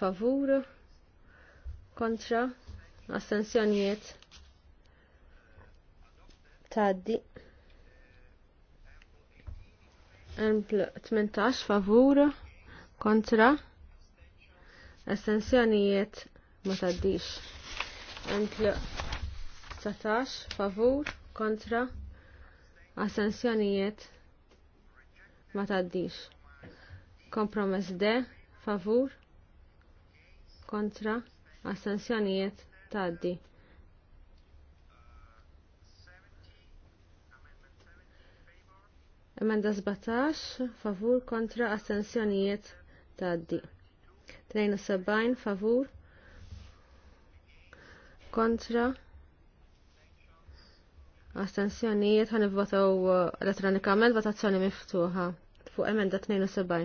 favur kontra astensjonijiet taddi. 18 favur kontra astensjonijiet ma taddix. Empl 19 favur kontra astensjonijiet ma taddix. Kompromess D favur kontra astensjonijiet taddi. Emenda 17 favur kontra astensjonijiet taddi. 72 favur kontra astensjonijiet ħan votaw uh, elettronikament votazzjoni miftuħa fuq emenda 72.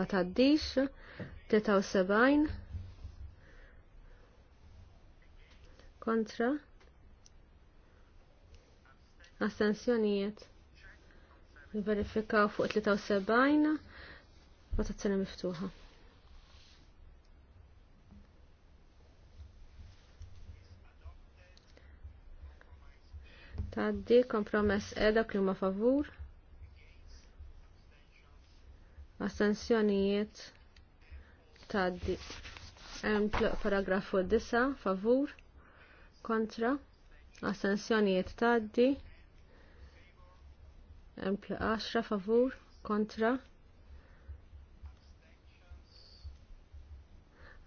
ma taddix, 73 kontra astensjonijiet verifikaw fuq 73 votazzjoni miftuħa. Taddi kompromess edha klima favur. Astensjonijiet taddi. Hemm paragrafu 9 favur kontra. Astensjonijiet taddi. Hemm 10 favur kontra.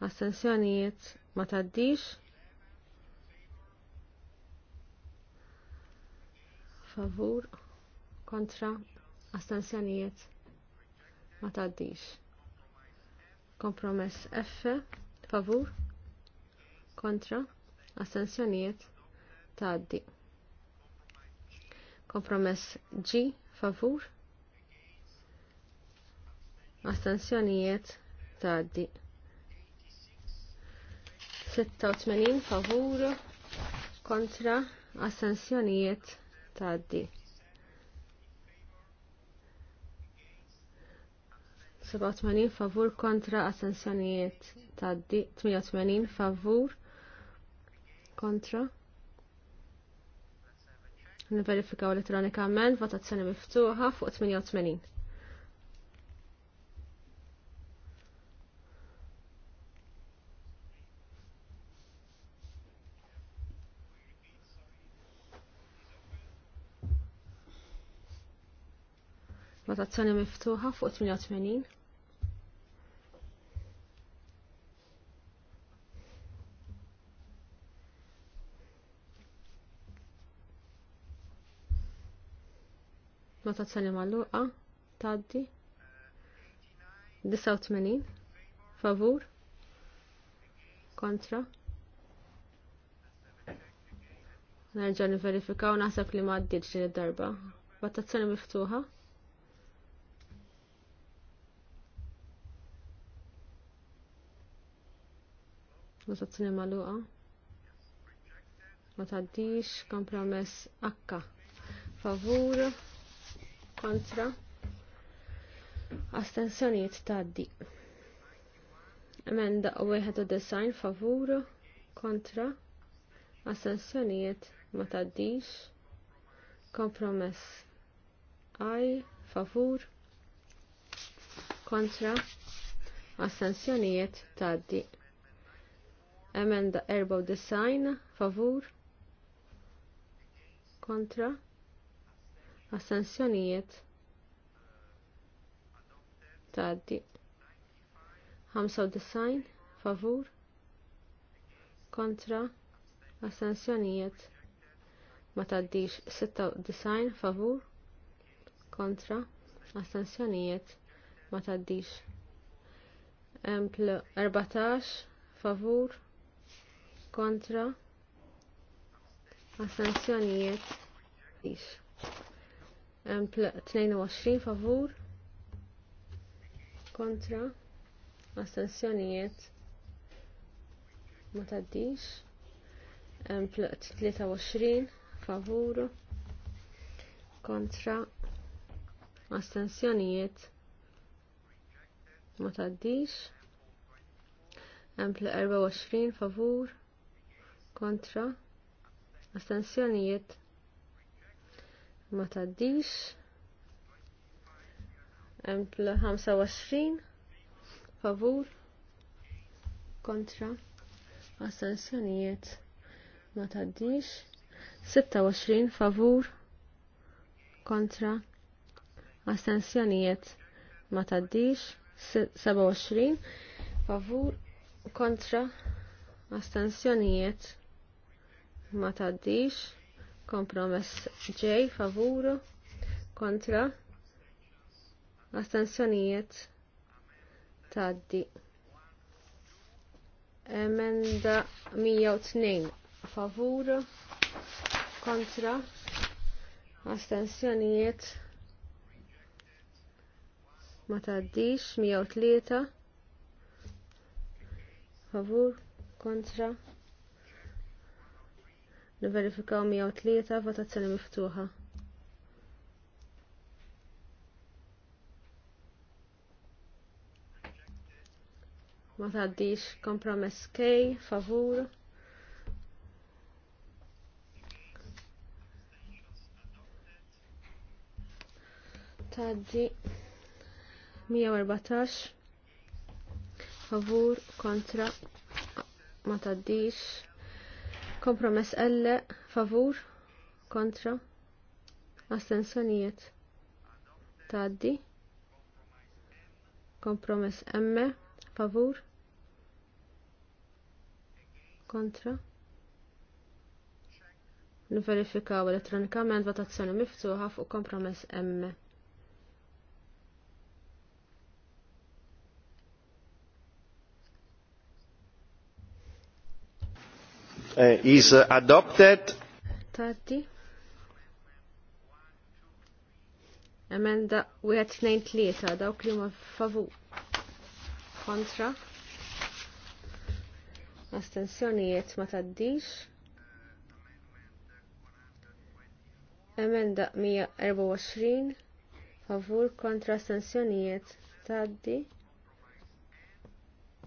Astensjonijiet ma taddix. Favur kontra astensjonijiet ma taddix. Kompromess F, favur, kontra, assenzjonijiet, taddi. Kompromess G, favur, astensjonijiet, taddi. 86 favur, kontra, astensjonijiet, taddi. 87 favur kontra assenzjonijiet ta' 88 favur kontra. Niverifikaw elettronikament votazzjoni miftuħa fuq 88. Votazzjoni miftuħa fuq 88. notazzjoni mal-luqa. Taddi. 89. Favur. Kontra. Nerġa' niverifikaw naħseb li ma din id-darba. Votazzjoni miftuħa. Votazzjoni magħluqa. Ma taddix kompromess akka. Favur kontra astensjonijiet taddi. Emenda design. favur kontra astensjonijiet ma taddix. Kompromess għaj favur kontra astensjonijiet taddi. Emenda design. favur kontra Assenzjonijiet tgħaddi. 95 favur kontra għas-sanzjonijiet ma tgħaddix 96 favur kontra għas-sanzjonijiet ma tgħaddix. Empl 14 favur kontra astensjonijiet ix. 22 favur kontra astensjonijiet ma taddix. 23 favur kontra astensjonijiet ma taddix. 24 favur kontra astensjonijiet ma taddix empl 25 favur kontra astensjonijiet ma taddix 26 favur kontra astensjonijiet ma taddix 27 favur kontra astensjonijiet ma taddix Kompromess J favuru kontra astensjonijiet taddi. Emenda 102 favuru kontra astensjonijiet ma taddix 103 favur kontra Niverifikaw 103 votazzjoni miftuħa. Ma taħdix kompromess K, favur. Taħdi 114 favur kontra ma taħdix Kompromess L favur kontra astensjonijiet taddi. Kompromess M favur kontra Nuverifikaw elettronikament votazzjoni miftuħa fuq kompromess M. uh, is uh, adopted. Tati. Emenda we had named tlieta dawk li of favu kontra. Astensjonijiet ma taddix. Emenda 124 favur kontra astensjonijiet taddi.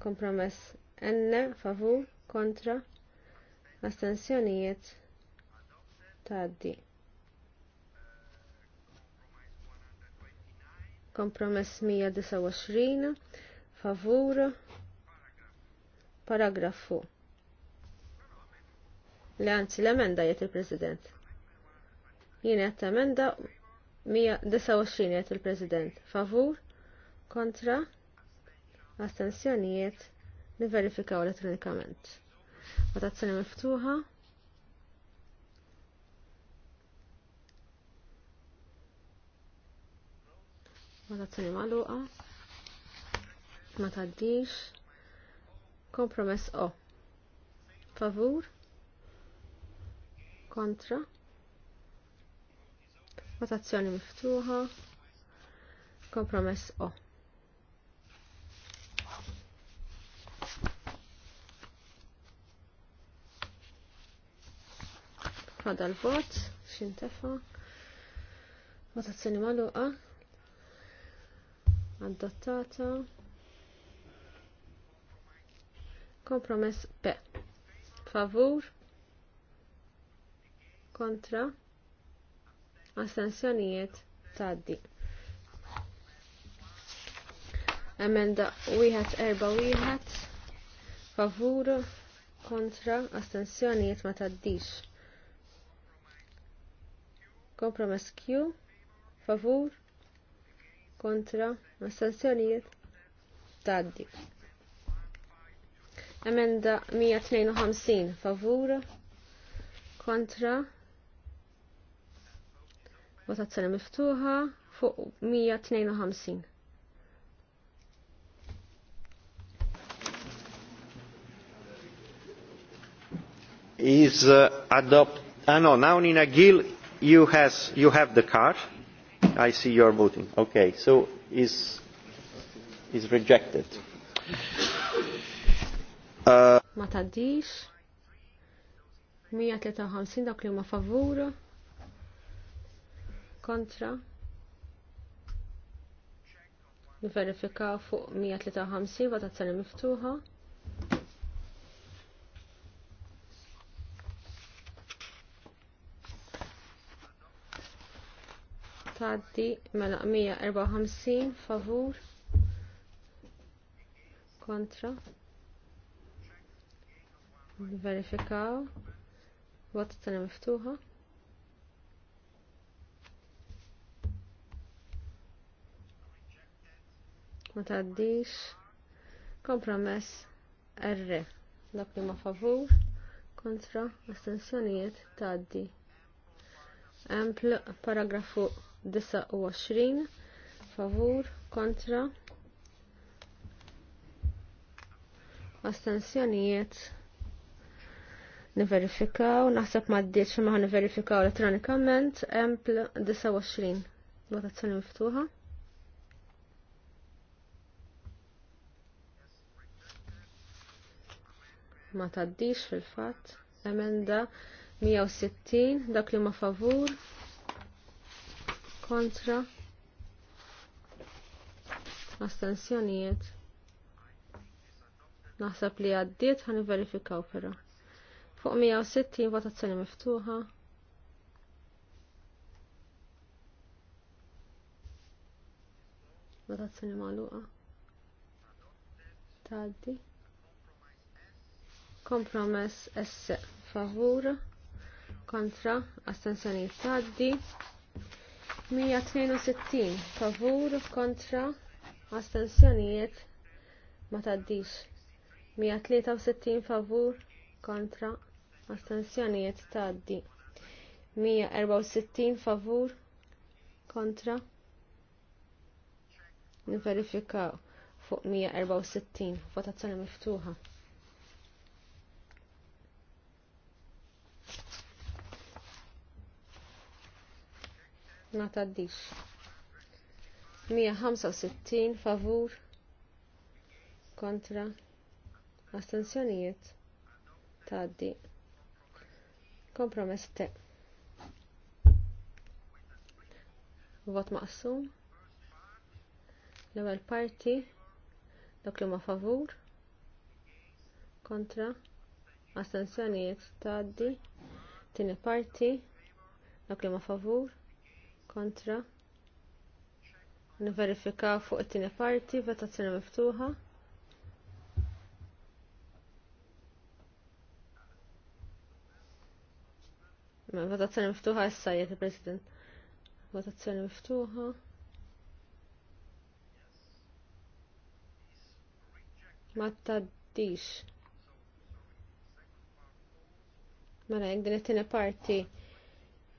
Kompromess N favur kontra astensjonijiet taddi. Kompromess 129 favur paragrafu. Le anzi l-emenda jiet il-President. Jien qed emenda 129 jiet il-President. Favur kontra astensjonijiet niverifikaw elettronikament. Votazzjoni miftuħa. Votazzjoni magħluqa. Ma tgħaddix Kompromess O. Favur. Kontra. Votazzjoni miftuħa. Kompromess O. ħafna l vot xintefa. Votazzjoni maluqa. Adottata. Kompromess B. Favur. Kontra. Astensjonijiet taddi. Emenda wieħed erba' wieħed. Favur kontra astensjonijiet ma taddix. Kompromess Q, favur, kontra, astensjonijiet, taddi. Emenda 152, favur, kontra, votazzjoni miftuħa fuq 152. is uh, adopt uh, no now Nina Gill you, has, you have the card. I see your voting. Okay, so is, is rejected. Uh, Ma taddix. 153 dak li ma favur. Kontra. Verifika fuq 153 votazzjoni miftuħa. taddi mela 154 favur kontra verifikaw vot tana miftuħa ma taddix kompromess R dak li ma favur kontra astensjonijiet taddi Ampl paragrafu 29 favur kontra astensjonijiet niverifikaw naħseb ma ddiċ ma niverifikaw elettronikament ampl 29 votazzjoni miftuħa ma taddix fil-fatt emenda 160 dak li ma favur kontra astensjonijiet naħseb li għaddiet ħan verifikaw però fuq 160 votazzjoni miftuħa votazzjoni magħluqa Taddi. kompromess esse favur kontra astensjonijiet taddi 162 favur kontra astensjonijiet ma taddix 163 favur kontra astensjonijiet taddi 164 favur kontra niverifikaw fuq 164 votazzjoni miftuħa ma taddix. 165 favur kontra astensjonijiet taddi. Kompromess te. Vot maqsum. L-ewwel parti dak li ma favur kontra astensjonijiet taddi. Tieni parti dak li ma favur kontra. Niverifika fuq it-tieni parti, votazzjoni miftuħa. Votazzjoni miftuħa issa jgħid il-President. Votazzjoni miftuħa. Ma taddix. Mela jekk din it-tieni parti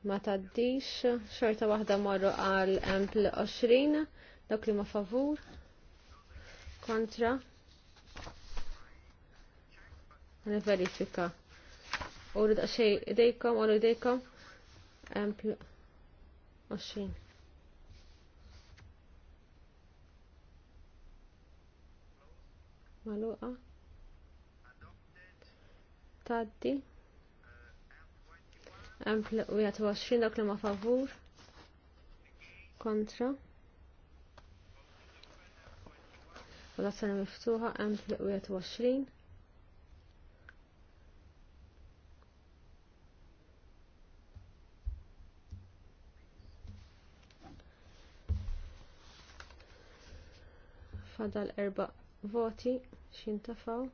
ma taddix, xorta wahda morru għal empl 20, dok li ma favur, kontra, għana verifika. U rrid għaxej idejkom, u idejkom, empl 20. Maluqa. Taddi u jgħatu għaxin dak li ma favur. Kontra. U sena miftuħa, u jgħatu għaxin. Fadal erba voti, xintafaw.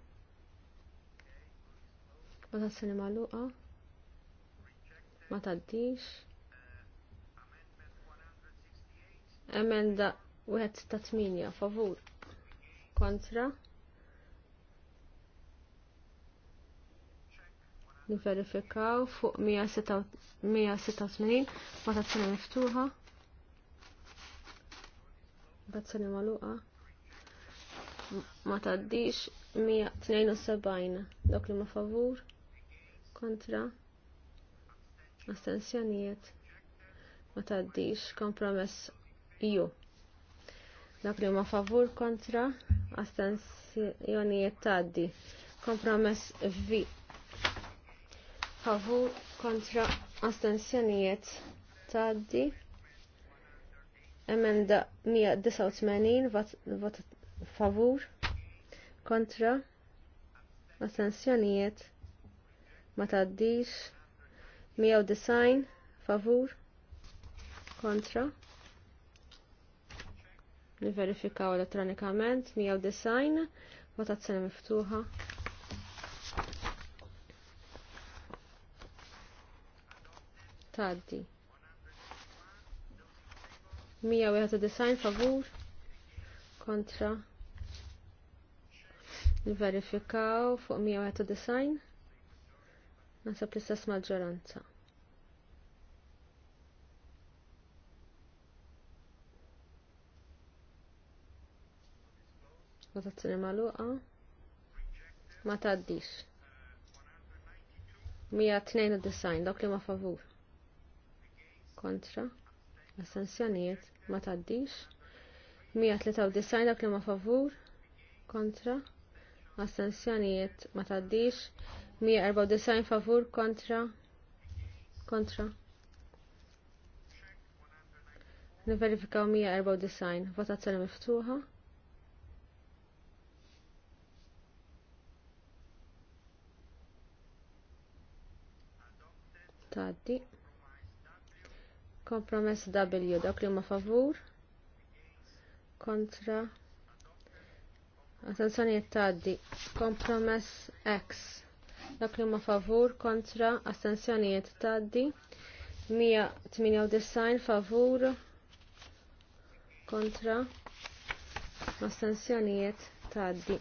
U la sena maluqa ma taddix. Emenda wieħed ta' tminja favur kontra. Niverifikaw fuq 186 ma tazzjoni miftuħa. Bazzjoni maluqa. Ma taddix 172 dok li ma favur kontra astensjonijiet ma taddix kompromess ju dak li huma favur kontra astensjonijiet taddi kompromess vi favur kontra astensjonijiet taddi emenda 189 vot, vot favur kontra astensjonijiet ma taddix 190 favur kontra niverifikaw elettronikament 190 votazzjoni miftuħa taddi design, favur kontra niverifikaw fuq design? Nasab l-istess maġġoranza. Votazzjoni magħluqa. Ma u 192 dawk li ma favur. Kontra. Astensjonijiet ma taddix. 193 dak li ma favur. Kontra. Astensjonijiet ma taddix. 194 favur kontra kontra Niverifikaw 194 votazzjoni miftuħa Taddi Kompromess W dak li huma favur kontra Attenzjoni taddi Kompromess X dak li huma favur kontra astensjonijiet tgħaddi, 198 favur kontra astensjonijiet tgħaddi.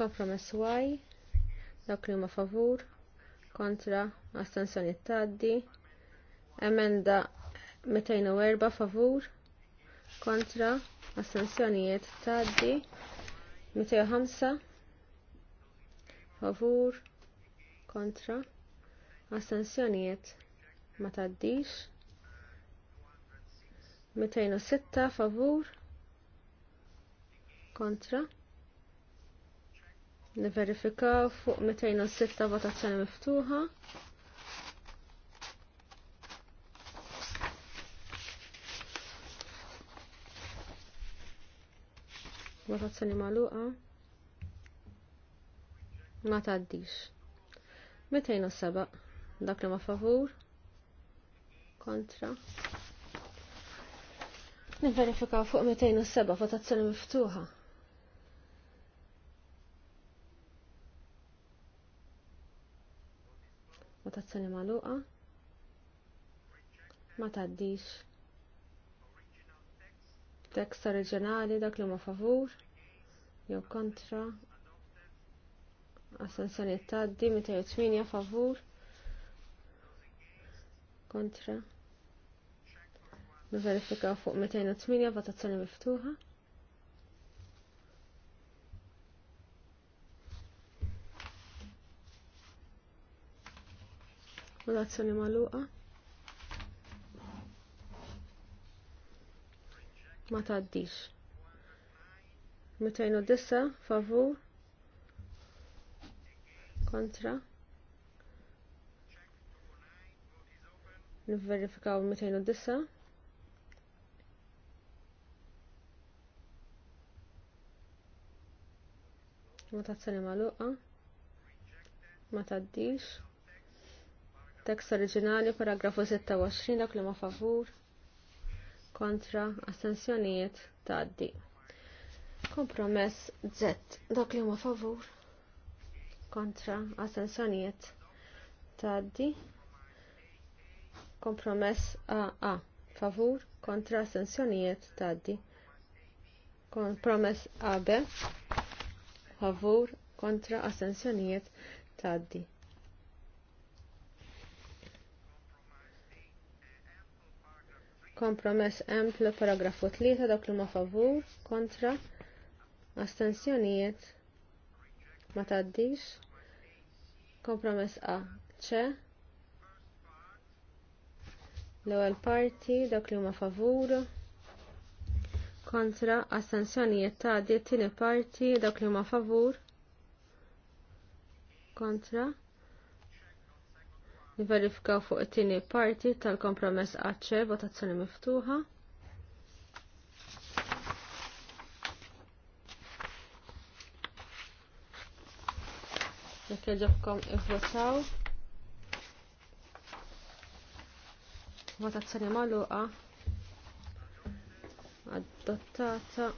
kompromess Y dak li huma favur kontra astensjonijiet tgħaddi, emenda 204 favur kontra astensjonijiet taddi 205 favur kontra astensjonijiet ma taddix 206 favur kontra Niverifikaw fuq 206 votazzjoni miftuħa Votazzjoni magħluqa? Ma tgħaddix. taddix. 207 dak li ma favur. Kontra. Niverifikaw fuq 207 votazzjoni miftuħa. Votazzjoni magħluqa? Ma tgħaddix? tekst originali dak li ma favur jew kontra assenzjoniet taddi 208 favur kontra nverifika fuq 208 votazzjoni miftuħa. Votazzjoni maluqa. ma taddix. 209 favur kontra nivverifikaw 209 ma tazzani maluqa ma taddix tekst oriġinali paragrafu 26 dak li ma favur kontra assenzjonijiet tgħaddi. Kompromess Z dak li huma favur kontra assenzjonijiet tgħaddi. Kompromess AA favur kontra assenzjonijiet tgħaddi. Kompromess AB favur kontra assenzjonijiet taddi. Kompromess ampl paragrafu 3 dak li ma favur kontra astensjonijiet ma taddix. Kompromess A ċe l-ewwel parti dak li huma favur kontra astensjonijiet ta' di tieni parti dak li huma favur kontra Niverifikaw fuq it-tieni parti tal-kompromess għacċe votazzjoni miftuħa. Jekk jaġobkom ivvotaw. Votazzjoni magħluqa adottata.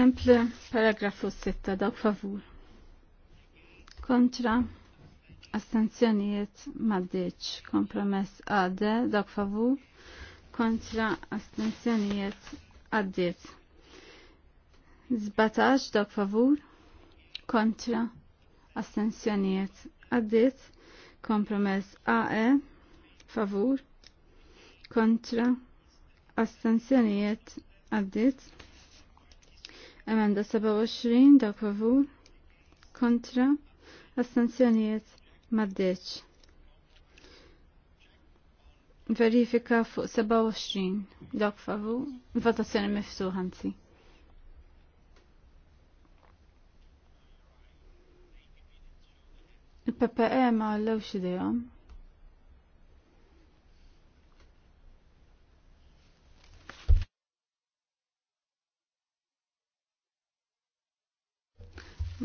Emple, paragrafu 6 dawk favur. Kontra astenzjonijiet maddiċ kompromess għadde dak favur kontra astenzjonijiet għaddiet Zbataċ dak favur kontra astenzjonijiet għaddiet kompromess AE favur kontra astenzjonijiet għaddiet emenda 27 dak favur kontra astenzjonijiet Maddeċ. Verifika fuq 27. Dak favu. Votazzjoni miftuħ anzi. Il-PPE ma għallew xidejom.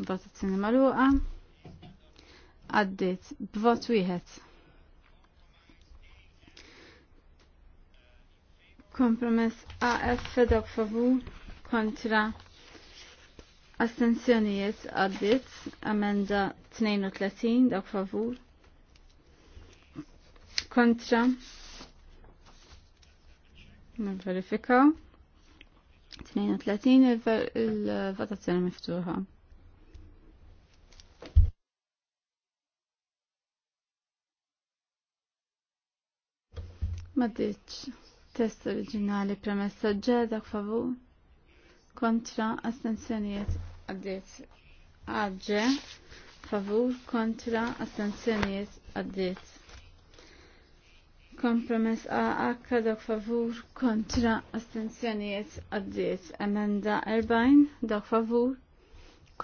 Votazzjoni maluqa għaddit b'vot wieħed. Kompromess AF fedok favur kontra astensjonijiet għaddit amenda 32 dak favur kontra Nverifikaw. 32 il-votazzjoni miftuħa. Ma ditx. Test oriġinali premessa ġeda favur. Kontra astensjonijiet għaddiet. Għadġe favur kontra astensjonijiet għaddiet. Kompromess akka dak favur kontra astensjonijiet għaddiet. Emenda 40 dak favur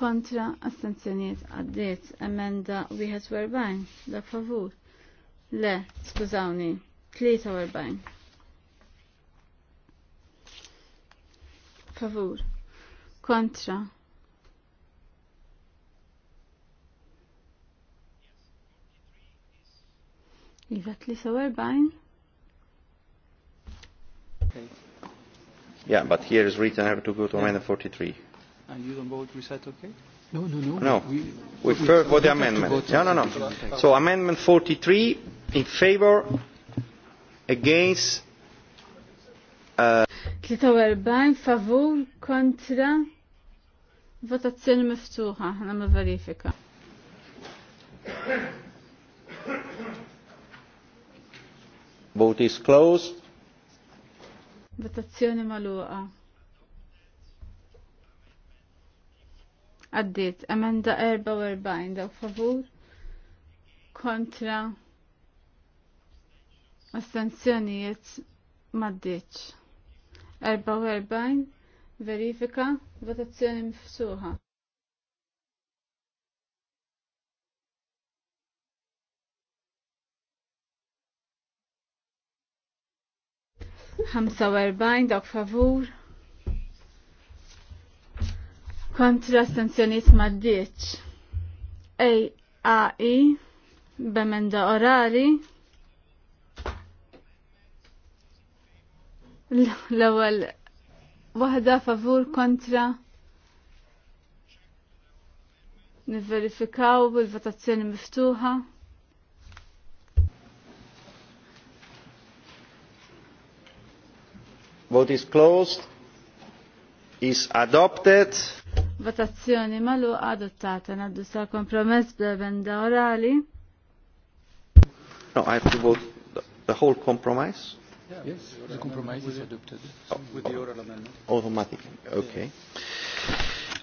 kontra astensjonijiet għaddiet. Emenda 41 dak favur. Le, skużawni. 43. Favur. Kontra. Iva 43. Yeah, but here is written I have to go to amendment 43. And you don't vote reset, okay? No, no, no. No, we, we, we for the amendment. No, no, no. So amendment 43 in favor against 43 favur kontra votazzjoni miftuħa ħana ma verifika. Vote is closed. Votazzjoni maluqa. Għaddit, emenda 44 daw favur kontra Astenzjonijiet maddiċ. 44 verifika votazzjoni mifsuħa. Hamsa werbajn dawk favur. Kontra stanzjoniet maddiċ. Ej, i, bemenda orari. L-ewwel waħda favur kontra nivverifikaw bil-votazzjoni miftuħa. Vote is closed. Is adopted. Votazzjoni malu adottata. Naddu sa kompromess bl-emenda orali. No, I have to vote the whole compromise yes, the, compromise is adopted oh. with the oral amendment. Automatically, okay.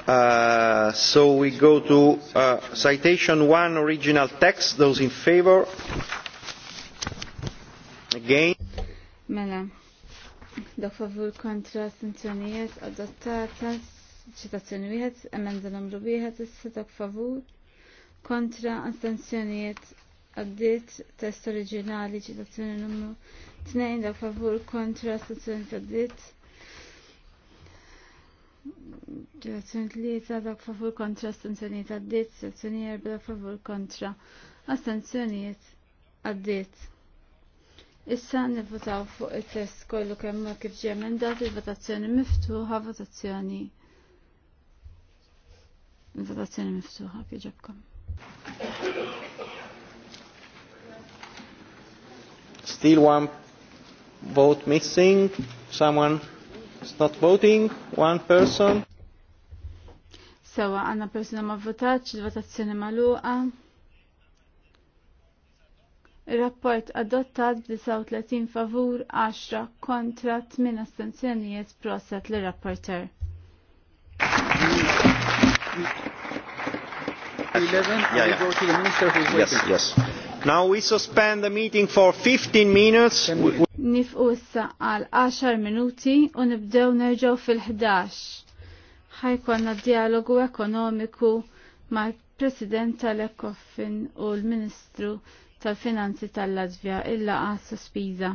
Uh, so we go to uh, citation one, original text. Those in favor? Again? Mela. Da favor kontra sanzjonijiet adottata ċitazzjoni wieħed, emenda numru wieħed, issa dak favur kontra sanzjonijiet għaddiet test oriġinali ċitazzjoni numru Tnejn da favur kontra stazzjoni ta' ditt. li ta' da favur kontra stazzjoni ta' ditt. Stazzjoni erba da favur kontra astanzjonijiet għaddit. Issa nivvotaw fuq il test kollu kemm kif ġie emendat il-votazzjoni miftuħa, votazzjoni il-votazzjoni miftuħa kieġabkom. Still one vote missing, someone is not voting, one person. Sewa, għanna persona ma votaċ, il-votazzjoni maluqa. Il-rapport adottat b'39 favur, 10 kontra 8 astenzjonijiet proset l-rapporter. 11, yeah, yeah. Yes, yes. Now we suspend the meeting for 15 minutes. Nifqu issa għal 10 minuti u nibdew nerġgħu fil-11. Ħajkonna dialogu ekonomiku mal-President tal-Ekofin u l-Ministru tal-Finanzi tal-Latvja illa għas sospiża.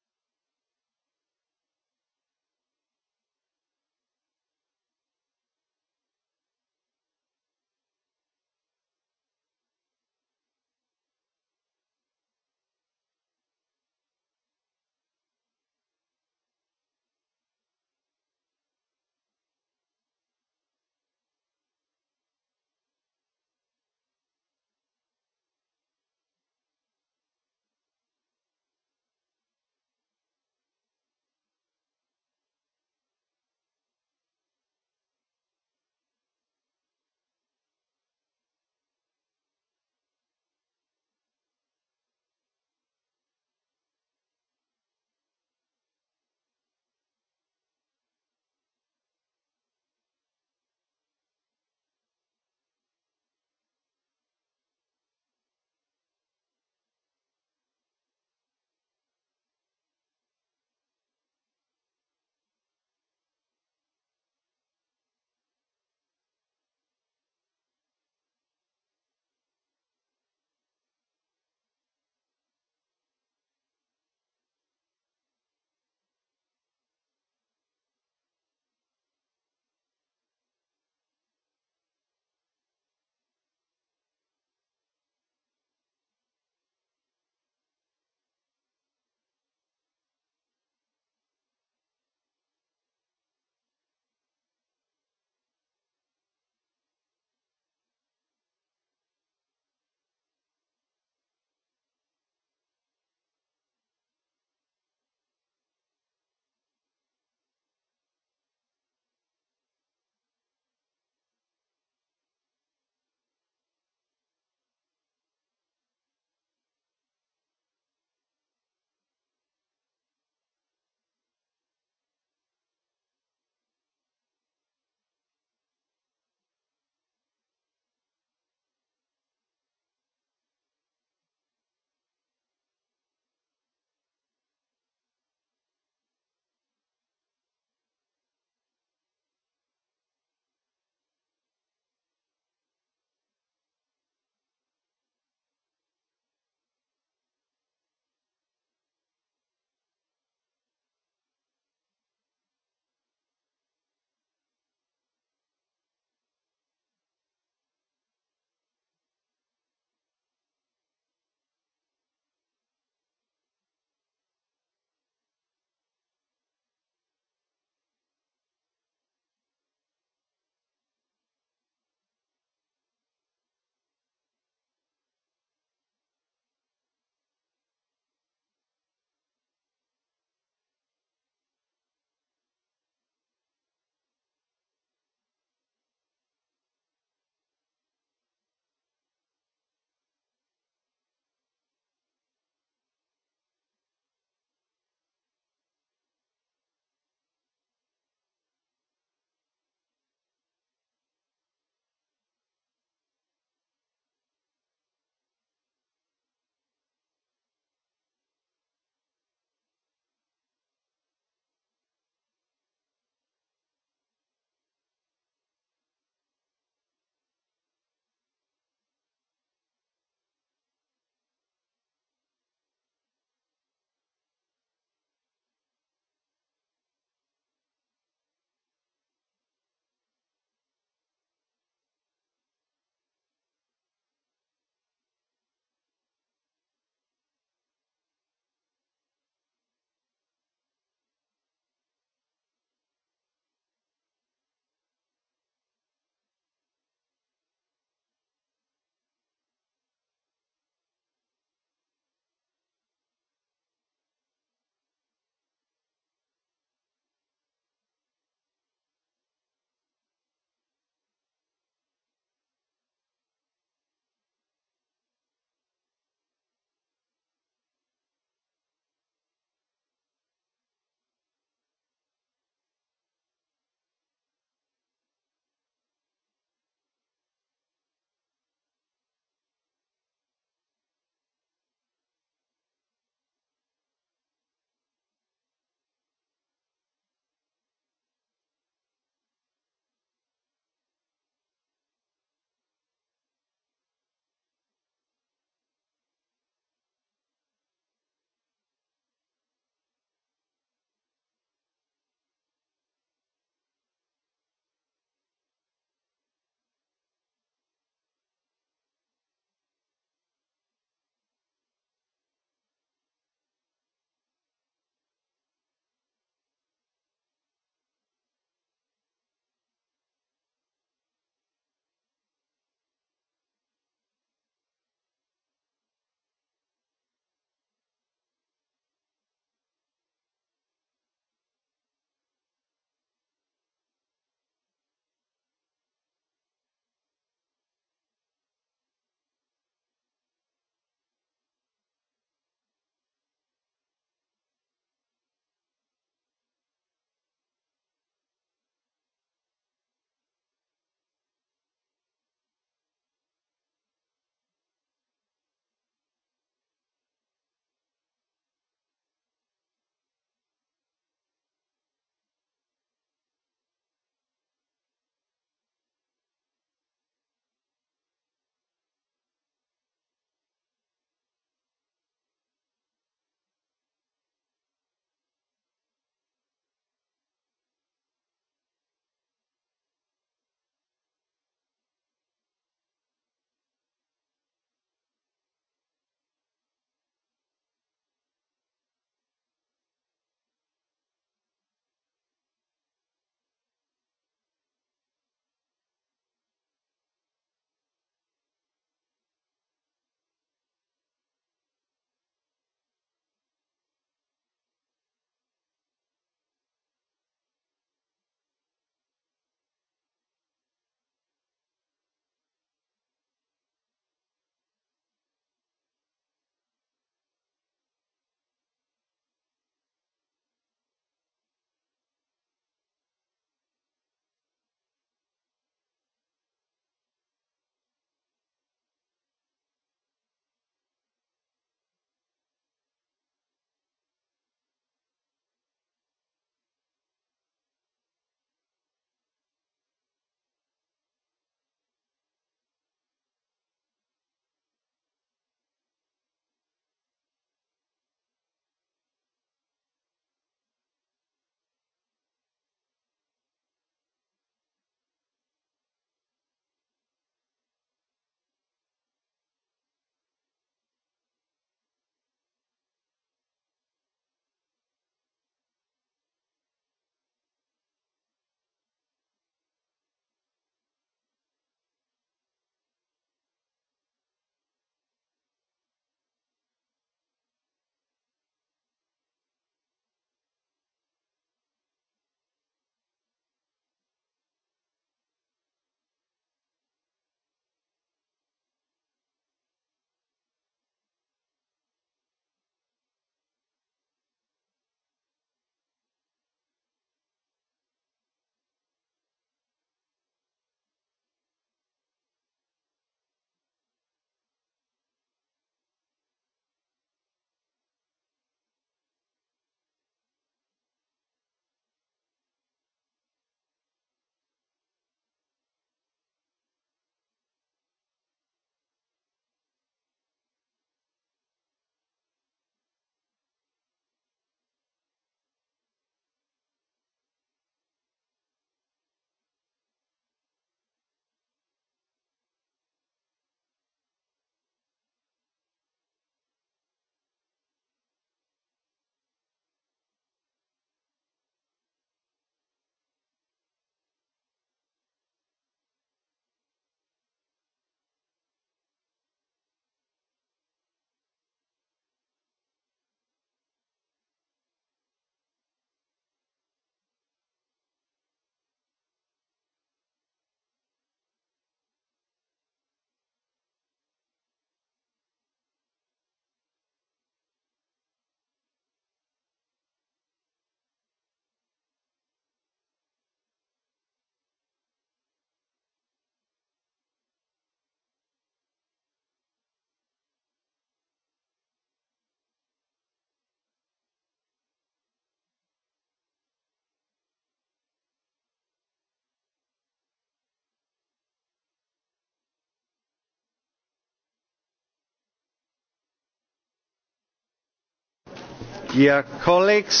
Dear colleagues,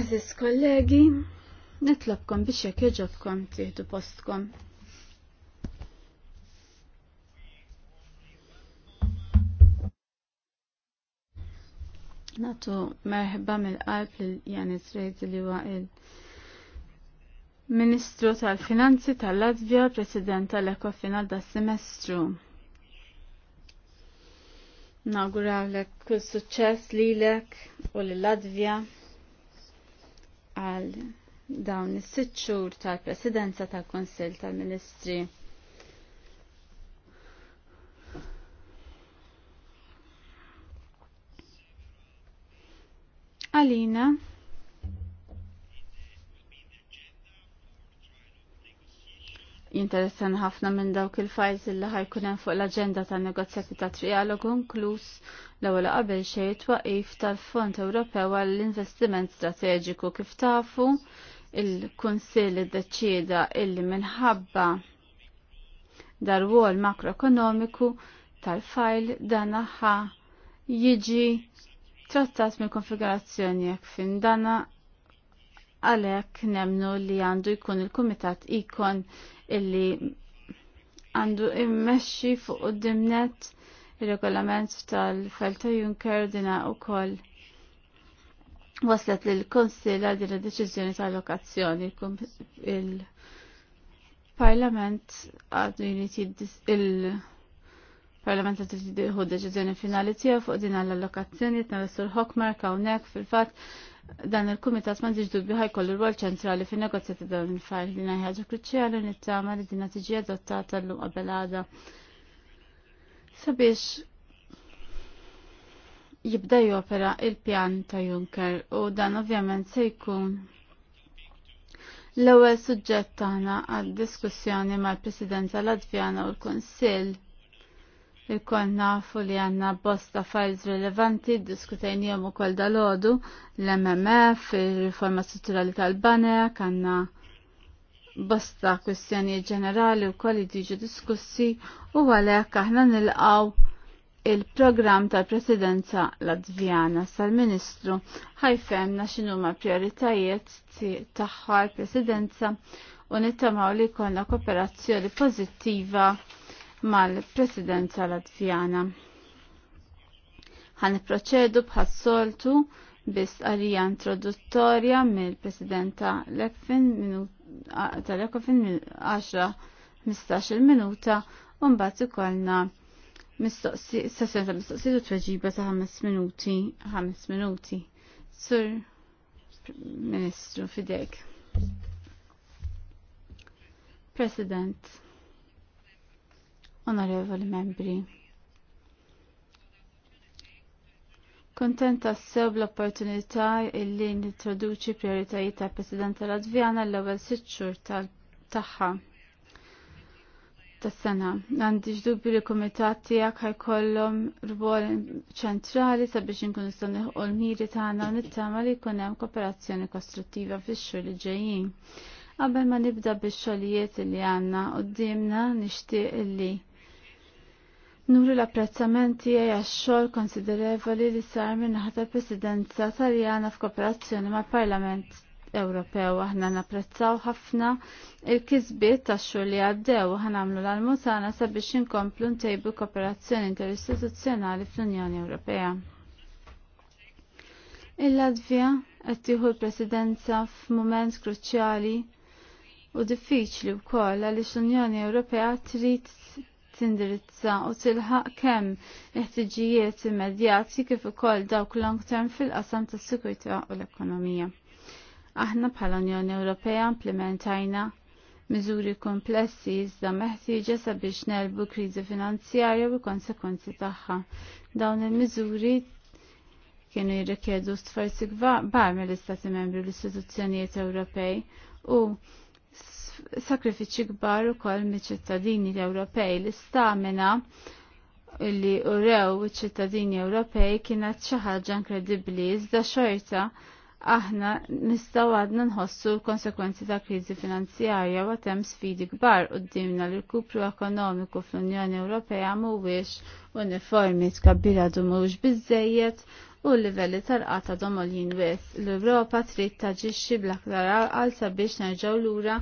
Aziz kollegi, nitlobkom biex jekk jġobkom tieħdu postkom. Natu merħba mill-qalb lil Janis Rejzi li huwa il-Ministru tal-Finanzi tal-Latvja, President tal-Ekofinal da semestru nagurawlek kull suċċess lilek u l-Latvja għal dawn is sitxur tal-Presidenza tal konsil tal-Ministri. Alina. jinteressan ħafna minn dawk il-fajz illi ħajkun hemm fuq l-aġenda tan negozjati ta' trialogu inkluż l-ewwel qabel xejn twaqif tal-Fond Ewropew għall-Investiment Strateġiku kif tafu il-Kunsill iddeċieda illi minħabba dar-wol makroekonomiku tal-fajl dan ħa jiġi trattat mill konfigurazzjoni jekk fin dana għalhekk nemnu li għandu jkun il-kumitat ikon illi għandu immexxi fuq dimnet il-regolament tal-Felta Juncker dina u koll waslet l-Konsil għal din id-deċiżjoni tal-lokazzjoni il-Parlament għadu jiniti il- parlament li tiħu deċiżjoni finali tiegħu fuq din għall-allokazzjoni tal-Sur Hokmar hawnhekk fil-fatt dan il-kumitat ma nġiġ dubju ħajkollu rwol ċentrali fin negozjati dawn il-fajl li ħaġa kruċjali nittama li dinha tiġi adottata l-lum għabelada. Sabiex jibda jopera il-pjan ta' Juncker u dan ovvjament se jkun l-ewwel suġġett tagħna għad-diskussjoni mal-Presidenza Latvjana u l-Kunsill il-kon nafu li għanna bosta files rilevanti, diskutajnijom u kol dal-ħodu, l-MMF, il-reforma strutturali tal-banek, għanna bosta kwestjoni ġenerali u kol diġu diskussi u għalek aħna nilqaw il-program tal-presidenza Latvjana sal-Ministru ħajfemna x'inhuma prioritajiet tagħha l-presidenza u nittamaw li jkollna kooperazzjoni pożittiva mal-Presidenza Latvijana. Għan proċedu bħas-soltu biss għalija introduttorja mill-Presidenta Lekfin tal-Ekofin 10-15 minuta un bat ikollna sessjon ta' mistoqsijiet u tweġiba ta' 5 minuti 5 minuti. Sur Ministru fidek. President onorevoli membri. Kontenta s-seb l-opportunità illi nintroduċi prioritajiet ta' Presidenta Latvjana l-ewwel sitt xhur tal-tagħha tas-sena. Għandi ġdubi li kumitat tiegħek ħajkollhom rwol ċentrali sabiex inkun nistgħu u l-miri tagħna u nittama li jkun hemm kooperazzjoni kostruttiva fix xur li ġejjin. Għabel ma nibda bix-xogħlijiet li għandna dimna nixtieq li Nuru l-apprezzament tiegħi għax-xogħol konsiderevoli li sar minnaħa tal-Presidenza Taljana f'kooperazzjoni mal-Parlament Ewropew aħna napprezzaw ħafna il-kisbiet tax-xogħol li għaddew u għamlu l-almutana sabiex inkomplu ntejbu kooperazzjoni interistituzzjonali fl-Unjoni Ewropea. il latvija qed tieħu l-Presidenza f'mument kruċjali u diffiċli wkoll għaliex l-Unjoni Ewropea trid tindirizza u tilħaq kemm il-ħtiġijiet immedjati kif ukoll dawk long term fil-qasam tas-sikurtà u l-ekonomija. Aħna bħala Unjoni Ewropea implementajna miżuri komplessi iżda meħtieġa sabiex nelbu kriżi finanzjarja u konsekwenzi tagħha. Dawn il-miżuri kienu jirrikjedu stfarsi kbar mill-Istati Membri l-Istituzzjonijiet Ewropej u sakrifiċi kbar ukoll miċ-ċittadini Ewropej. L-istamina li urew iċ-ċittadini Ewropej kienet xi ħaġa inkredibbli iżda xorta aħna nistgħu għadna nħossu l-konsekwenzi ta' kriżi finanzjarja u hemm sfidi kbar qudiemna li l-kupru ekonomiku fl-Unjoni Ewropea mhuwiex uniformi tkabbira du mhux biżejjed u l-livelli tal-qata domol wis. L-Ewropa trid taġixxi bl-aktar għal sabiex nerġgħu lura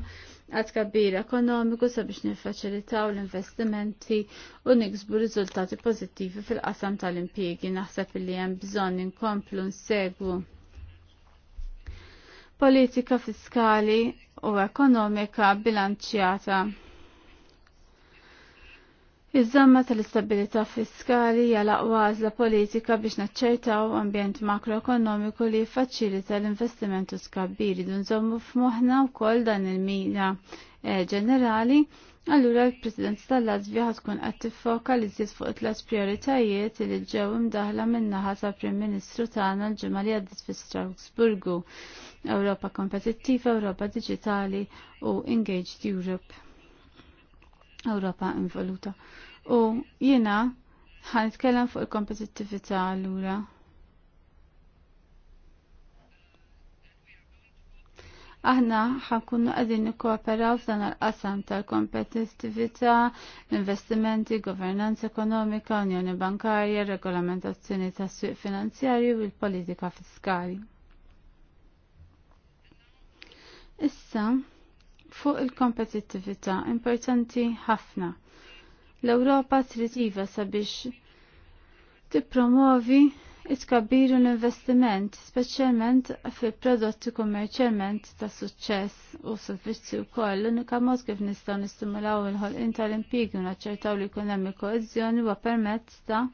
għad kabbir ekonomiku sabiex niffaċilitaw l-investimenti u niksbu riżultati pozittivi fil-qasam tal-impjiegi. Naħseb li hemm bżonn inkomplu nsegwu politika fiskali u ekonomika bilanċjata Iż-żamma tal-istabilità fiskali hija laqwa għażla politika biex naċċertaw ambjent makroekonomiku li jiffaċilita l-investiment u tkabbir idu nżommu f'moħħna wkoll dan il-mira eh, ġenerali. Allura l-President tal-Lazvja tkun qed tiffoka fuq tlas prioritajiet li ġew imdaħla min-naħa tal Prim Ministru tagħna l-ġimgħa li għaddiet fi Strasburgu. Ewropa kompetittiva, Ewropa Digitali u Engaged Europe. Ewropa involuta. U jiena itkellem fuq il-kompetittività allura. aħna ħankunu għadin nikkooperaw f'dan il-qasam tal-kompetittività, investimenti, governanza ekonomika, unjoni bankarja, regolamentazzjoni tas suq finanzjarju u l-politika fiskali. Issa, fuq il-kompetittività importanti ħafna. L-Ewropa trid iva sabiex tippromovi it-kabbir l-investiment, speċjalment fil prodotti kummerċjalment ta' suċċess u servizzi wkoll l-unika mod kif nistgħu nistimulaw il-ħolqien tal-impjiegi u naċċertaw li jkun hemm koeżjoni huwa permezz ta'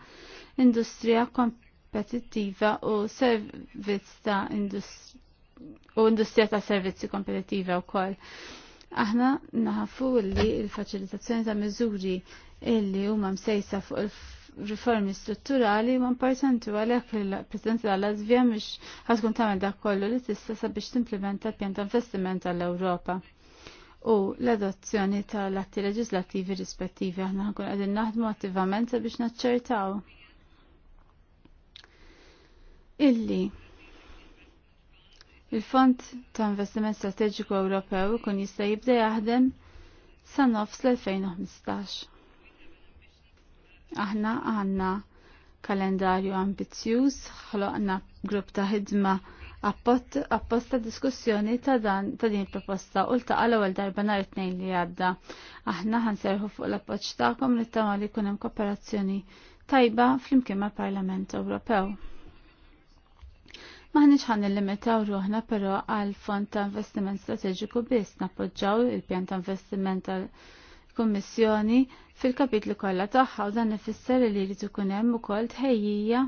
industrija kompetittiva u servizz ta' industrija u industrija ta' servizzi kompetittiva u koll. Aħna naħafu li l-faċilitazzjoni ta' miżuri illi huma msejsa fuq il-riformi strutturali ma importanti għalhekk il-President tal-Latvja mhix ħatkun tagħmel dak kollu li tista' sabiex timplementa pjan ta' investiment għall ewropa u l-adozzjoni tal-atti leġislattivi rispettivi aħna nkun qegħdin naħdmu attivament sabiex naċċertaw. Illi Il-Fond ta' Investiment Strateġiku Ewropew kun jista' jibda jaħdem sa' nofs l-2015. Aħna għandna kalendarju ambizjuż, ħloqna grupp ta' ħidma apposta diskussjoni ta' dan ta' din il proposta u l taqqa l-ewwel darba nhar it-tnejn li għadda. Aħna ħanserħu fuq l-appoġġ tagħkom li tama li jkun hemm kooperazzjoni tajba flimkien mal-Parlament Ewropew. Maħniċ ħan il-limitaw ruħna pero għal fond ta' investiment strategiku biss nappoġġaw il-pjan ta' investiment tal kummissjoni fil-kapitlu kollha tagħha u dan ifisser li jrid ikun hemm ukoll tħejjija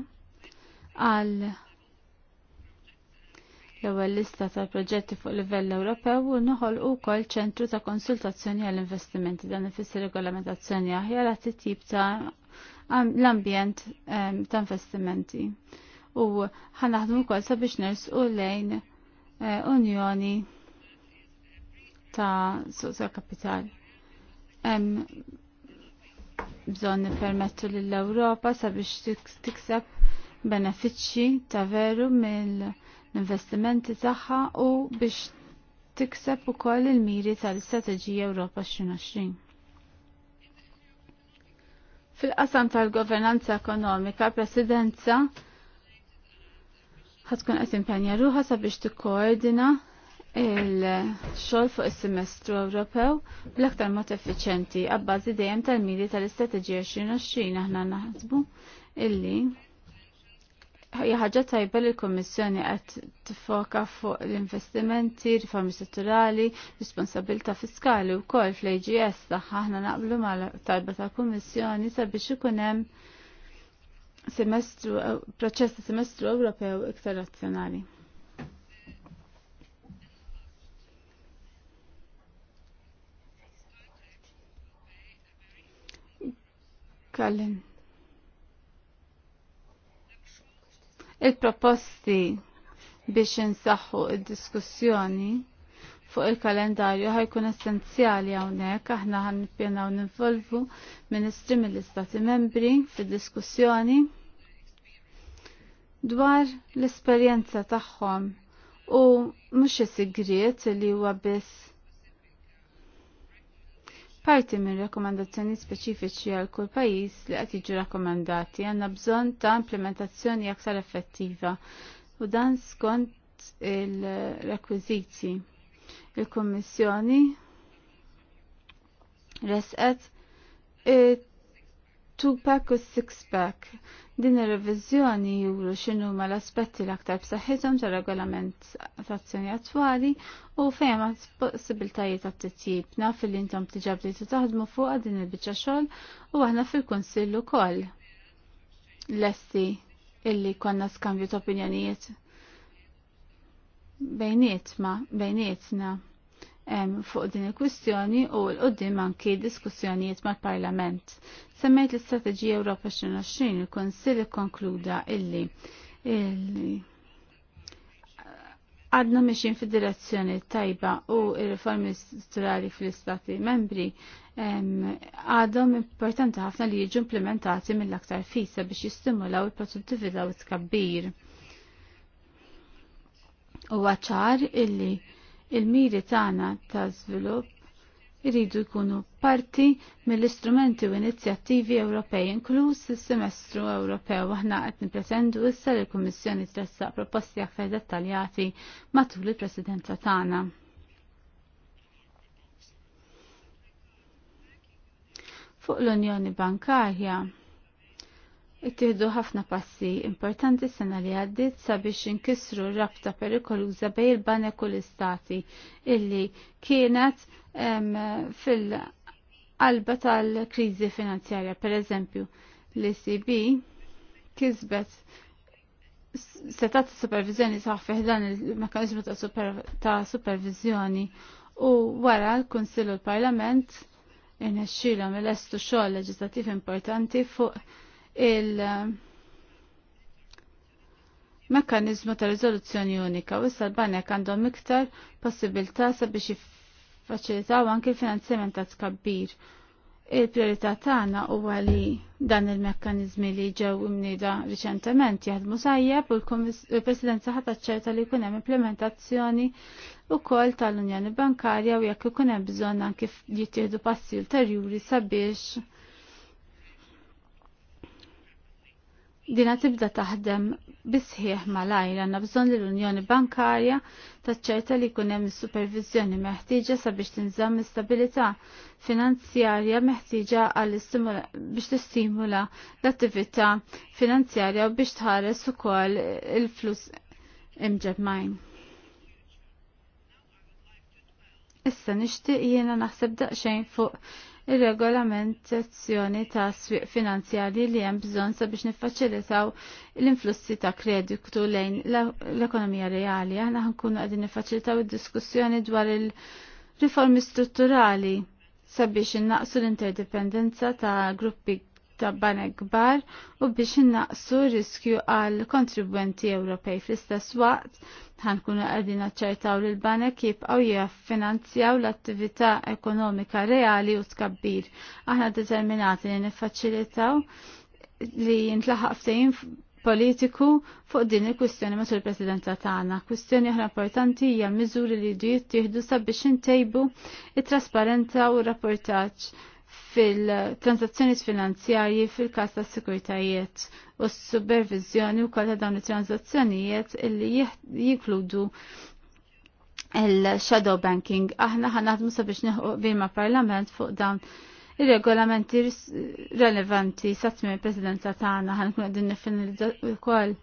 għal l-ewwel lista ta' proġetti fuq livell Ewropew u noħolqu wkoll ċentru ta' konsultazzjoni għall investimenti dan ifisser regolamentazzjoni aħjar għat tip ta' l-ambjent ta' investimenti u ħanaħdmu wkoll sabiex u lejn eh, unjoni ta' suqsa kapital. Hemm bżonn nippermettu lill-Ewropa sabiex tikseb benefiċċji ta' veru mill-investimenti tagħha u biex tikseb ukoll il-miri tal-Istrateġija Ewropa 2020. Fil-qasam tal-governanza ekonomika, presidenza ħatkun qed impenja ruħa sabiex tikkoordina il-xogħol fuq is-semestru Ewropew bl-aktar mod effiċjenti abbażi dejjem tal mili tal-istrateġija 2020 aħna naħsbu illi hija ħaġa tajba li l kummissjoni qed tifoka fuq l-investimenti, riformi strutturali, responsabilità fiskali wkoll fl-AGS tagħha aħna naqblu mal-tajba tal-Kummissjoni sabiex ikun hemm semestru, eh, proċess ta' semestru Ewropew iktar razzjonali. Kallin. Il-proposti biex insaħħu id-diskussjoni fuq il-kalendarju ħajkun essenzjali hawnhekk aħna ħannippjanaw ninvolvu ministri mill-istati membri fid-diskussjoni dwar l-esperjenza tagħhom u mhux is-sigriet li huwa biss Parti minn rekomendazzjoni speċifiċi għal kull pajjiż li qed jiġu rakkomandati għandna bżonn ta' implementazzjoni aktar effettiva u dan skont il-rekwiżiti. Il-Kommissjoni resqet 2 pack u s-6 pack Din ir-reviżjoni juru x'inhu ma l-aspetti l-aktar b'saħħithom tar-regolament ta' azzjoni attwali u fejn ma possibiltajiet ta' titjib naf li intom diġà bdejtu taħdmu fuqha din il-biċċa xogħol u aħna fil-Kunsill ukoll. Lesti illi konna skambju ta' opinjonijiet bejnietma, bejnietna fuq din il-kwistjoni u l-qoddim anki diskussjonijiet mal-Parlament. Semmejt l-Istrateġija Ewropa 2020 il-Konsil ikkonkluda illi għadna miexin fi direzzjoni tajba u il-reformi strutturali fl-Istati membri għadhom importanti ħafna li jiġu implementati mill-aktar fisa biex jistimulaw il-produttività u t-kabbir. Huwa ċar illi il-miri tagħna ta' żvilupp iridu jkunu parti mill-istrumenti u inizjattivi Ewropej, inkluż is-semestru Ewropew aħna qed nippretendu issa li l-Kummissjoni tressaq proposti aktar dettaljati matul il-Presidenza tagħna. Fuq l-Unjoni Bankarja, Ittieħdu ħafna passi importanti sena li għaddit sabiex inkisru rabta perikoluża bej il-banek u l-istati illi kienet fil-qalba tal-kriżi finanzjarja. Per eżempju, l-ECB kisbet setat supervizjoni sa' fiħdan il-mekanizmu ta', super, ta supervizjoni u wara l-Konsil u l-Parlament irnexxilhom l estu xogħol leġislattiv importanti fuq il- mekkanizmu ta' rizoluzzjoni unika u issa l-banek għandhom iktar possibilità sabiex jiffaċilitaw anki l-finanzjament ta' tkabbir. Il-priorità tagħna huwa li dan il-mekkaniżmi li ġew imnida riċentement jaħdmu sajjeb u l-Presidenza ħadd ċerta li jkun hemm implementazzjoni wkoll tal-Unjoni Bankarja u jekk ikun hemm bżonn anke jittieħdu passi ulterjuri sabiex dina tibda taħdem bisħieħ malajr għanna bżon l-Unjoni Bankarja taċċerta li kunem supervizjoni meħtieġa sabiex tinżamm stabilità finanzjarja meħtieġa għall- biex tistimula l-attività finanzjarja u biex tħares ukoll il-flus imġemmajn. Issa nixtieq jiena naħseb daqsxejn fuq ir-regolamentazzjoni ta' swieq finanzjali li hemm bżonn sabiex niffaċilitaw l-influssi ta' kreditu lejn l-ekonomija reali. Aħna ħankunu qegħdin niffaċilitaw id-diskussjoni dwar il-riformi strutturali sabiex innaqsu l-interdipendenza ta' gruppi ta' banek kbar u biex innaqsu riskju għal kontribwenti Ewropej fl-istess waqt ħankunu qegħdin naċċertaw li l-banek jibqgħu jaffinanzjaw l-attività ekonomika reali u tkabbir. Aħna determinati li niffaċilitaw li jintlaħaq ftejn politiku fuq din il-kwistjoni ma' il presidenta tagħna. Kwistjoni oħra importanti hija miżuri li jdu jittieħdu sabiex intejbu it-trasparenza u r rapportaġġ fil-transazzjoni finanzjarji fil-kas ta' sikuritajiet u s-supervizjoni u kol ta' dawn il-transazzjonijiet illi jinkludu il-shadow banking. Aħna ħanadmu sabiex neħu bima parlament fuq dawn il-regolamenti relevanti satmi il-presidenza tagħna ħankun qegħdin nifinalizza wkoll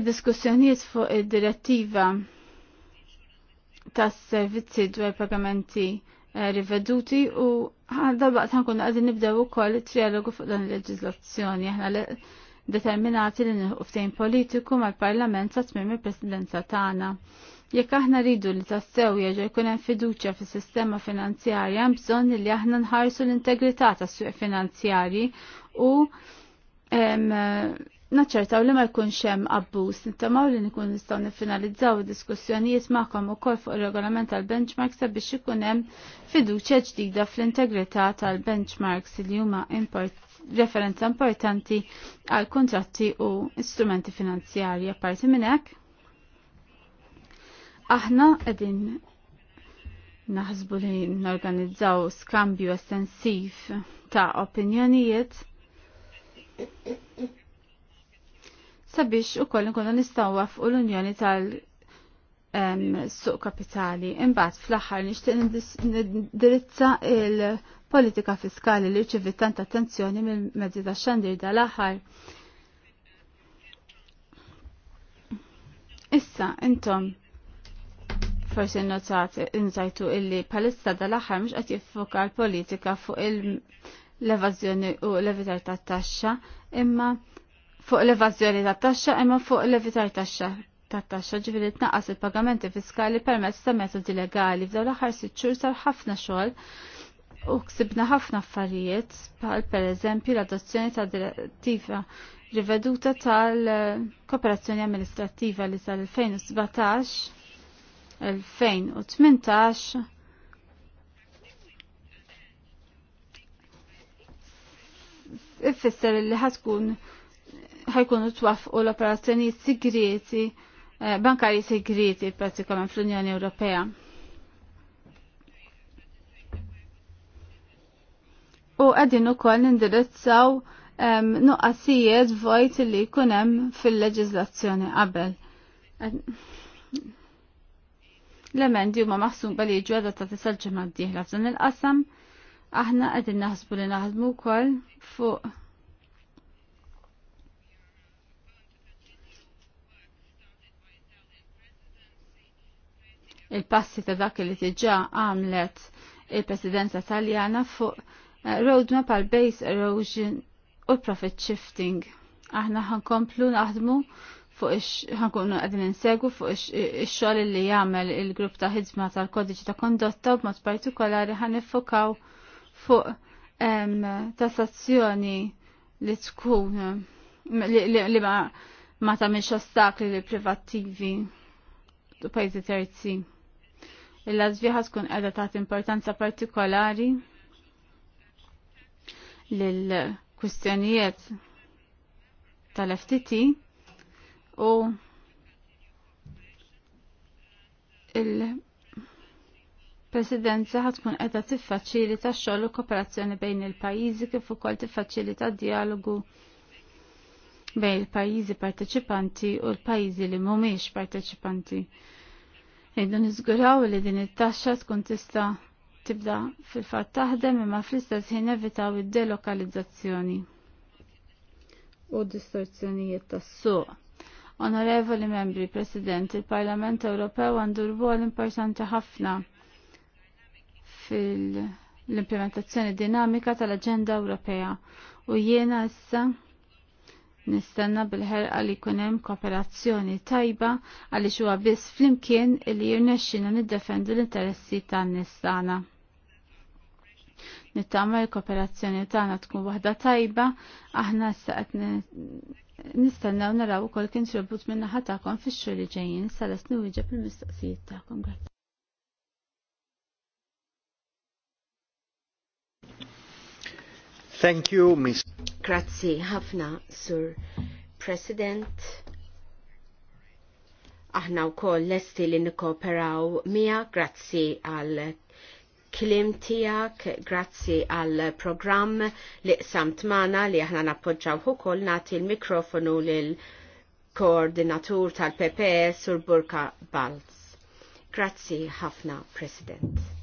id-diskussjonijiet fuq id-direttiva tas-servizzi dwar pagamenti Eh, riveduti u dal-baqt ħankun għadin nibdew ukoll it-trialogu fuq dan il-leġizlazzjoni. Aħna determinati li nħuq ftejn politiku mal-Parlament sa tmiem il-Presidenza tagħna. Jekk aħna rridu li tassew jeġa' jkun hemm fiduċja fis-sistema finanzjarja hemm bżonn li aħna nħarsu l-integrità tas-suq finanzjarji u naċċertaw li ma jkunx hemm abbuż, nittamaw li nkun nistgħu niffinalizzaw id-diskussjonijiet magħkom ukoll fuq ir-regolament tal-benchmarks sabiex ikun hemm fiduċja ġdida fl-integrità tal-benchmarks li huma import referenza importanti għal kontratti u strumenti finanzjarji apparti minn hekk. Aħna qegħdin naħsbu li norganizzaw skambju estensiv ta' opinjonijiet sabiex u koll nkunu nistawaf u l-Unjoni tal-Suq Kapitali. Imbagħad fl-aħħar nixtieq nindirizza il-politika fiskali li rċivit tant attenzjoni mill-mezzi tax-xandir dal-aħħar. Issa, intom, forsi notat, inżajtu illi palissa dal-axar mux għat jiffoka l-politika fuq il levazjoni u l-evitar ta' taxxa, imma fuq l-evażjoni tat taxxa imma fuq l-evitar taxxa tat taxxa ġifiri tnaqqas il-pagamenti fiskali permezz ta' metodi legali f'dawn l-aħħar sitt xhur sar ħafna xogħol u ksibna ħafna affarijiet bħal pereżempju l-adozzjoni ta' direttiva riveduta tal-kooperazzjoni amministrattiva li sal-2017 2018 ifisser li ħatkun ħajkunu twafqu l-operazzjonijiet segreti, eh, bankarji segreti pratikament fl-Unjoni Ewropea. U għadin u koll nindirizzaw nuqqasijiet vojt li kunem fil-leġizlazzjoni qabel. L-emendi huma maħsuba li ġu għadha ta' tisal ġimgħa d-dieħla f'dan il-qasam, aħna qegħdin naħsbu li naħdmu wkoll fuq il-passi ta' dak li tiġa għamlet il-presidenza taljana fuq eh, roadmap għal base erosion u profit shifting. Aħna ħankomplu naħdmu fuq ix ħankunu għadin insegu fuq ix-xogħol li jagħmel il-grupp ta' ħidma tal-kodiċi ta' kondotta b'mod partikolari ħan ħanifokaw fuq tassazzjoni li tkun li ma ma ostakli li privattivi u pajzi terzi. Il-Latvija tkun qiegħda tagħti importanza partikolari lil kwistjonijiet tal-FTT u il-Presidenza ħatkun qiegħda tiffaċilita x-xogħol u kooperazzjoni bejn il-pajjiżi kif ukoll tiffaċilita dialogu bejn il-pajjiżi parteċipanti u l-pajjiżi li mhumiex parteċipanti. Iddu niżguraw li din it-taxxa tkun tista' tibda fil-fatt taħdem imma fl-istess ħin evitaw id-delokalizzazzjoni u distorzjonijiet tas-suq. Onorevoli membri, President, il-Parlament Ewropew għandu rwol importanti ħafna fil-implementazzjoni dinamika tal-Aġenda Ewropea u jiena issa Nistenna bil-ħerqa li kunem kooperazzjoni tajba għalli xuwa biss flimkien li jirnexxina niddefendu l-interessi tan-nies tagħna. Nittama l-kooperazzjoni tagħna tkun waħda tajba, aħna saqet nistenna nistennew naraw ukoll kontribut minn naħa tagħkom fix-xhur li ġejjin sal-esnu wieġeb il-mistoqsijiet tagħkom. Thank you, Miss. Grazzi ħafna, Sur President. Aħna wkoll lesti li nikkooperaw miha, grazzi għal klim tijak, grazzi għal program li samt mana li aħna nappoġġaw ukoll nagħti l-mikrofonu l koordinatur tal-PPS e, Sur Burka Balz. Grazzi ħafna, President.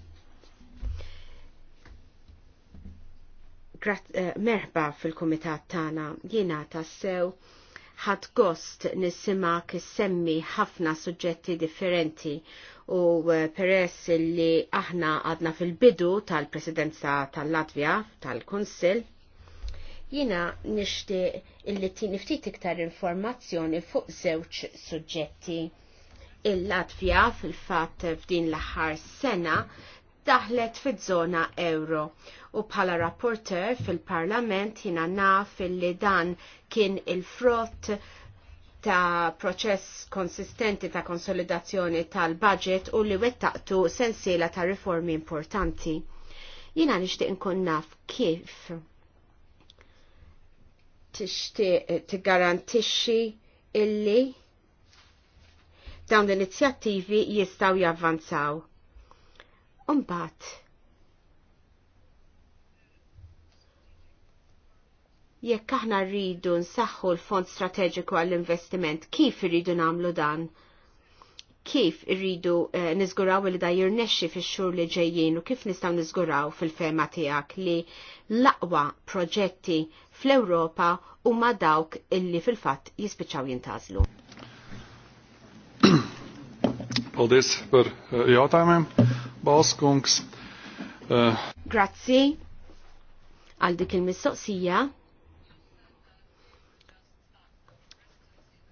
Eh, merba fil-komitat tana jiena tassew ħad gost nisima kissemmi ħafna suġġetti differenti u eh, peress li aħna għadna fil-bidu tal-presidenza tal-Latvja tal-Konsil jiena nishti illi tini ftit iktar informazzjoni fuq żewġ suġġetti il-Latvja fil-fat f'din l-aħħar sena daħlet fiż-żona euro u bħala rapporter fil-parlament jina naf li dan kien il-frott ta' proċess konsistenti ta' konsolidazzjoni tal-budget u li wettaqtu sensiela ta' riformi importanti. Jina nixtieq nkun naf kif tixtieq garantixi illi dawn l-inizjattivi jistaw javvanzaw Umbat. Jekk aħna rridu nsaħħu l-Fond Strateġiku għall-Investiment, kif irridu nagħmlu dan? Kif irridu eh, niżguraw li da jirnexxi fix-xhur li ġejjin u kif nistgħu niżguraw fil-fema tiegħek li l-aqwa proġetti fl-Ewropa huma dawk illi fil-fatt jispiċċaw jintażlu. Paldies par eh, jautājumiem. Boskungs. Uh... Grazzi għal dik il-mistoqsija.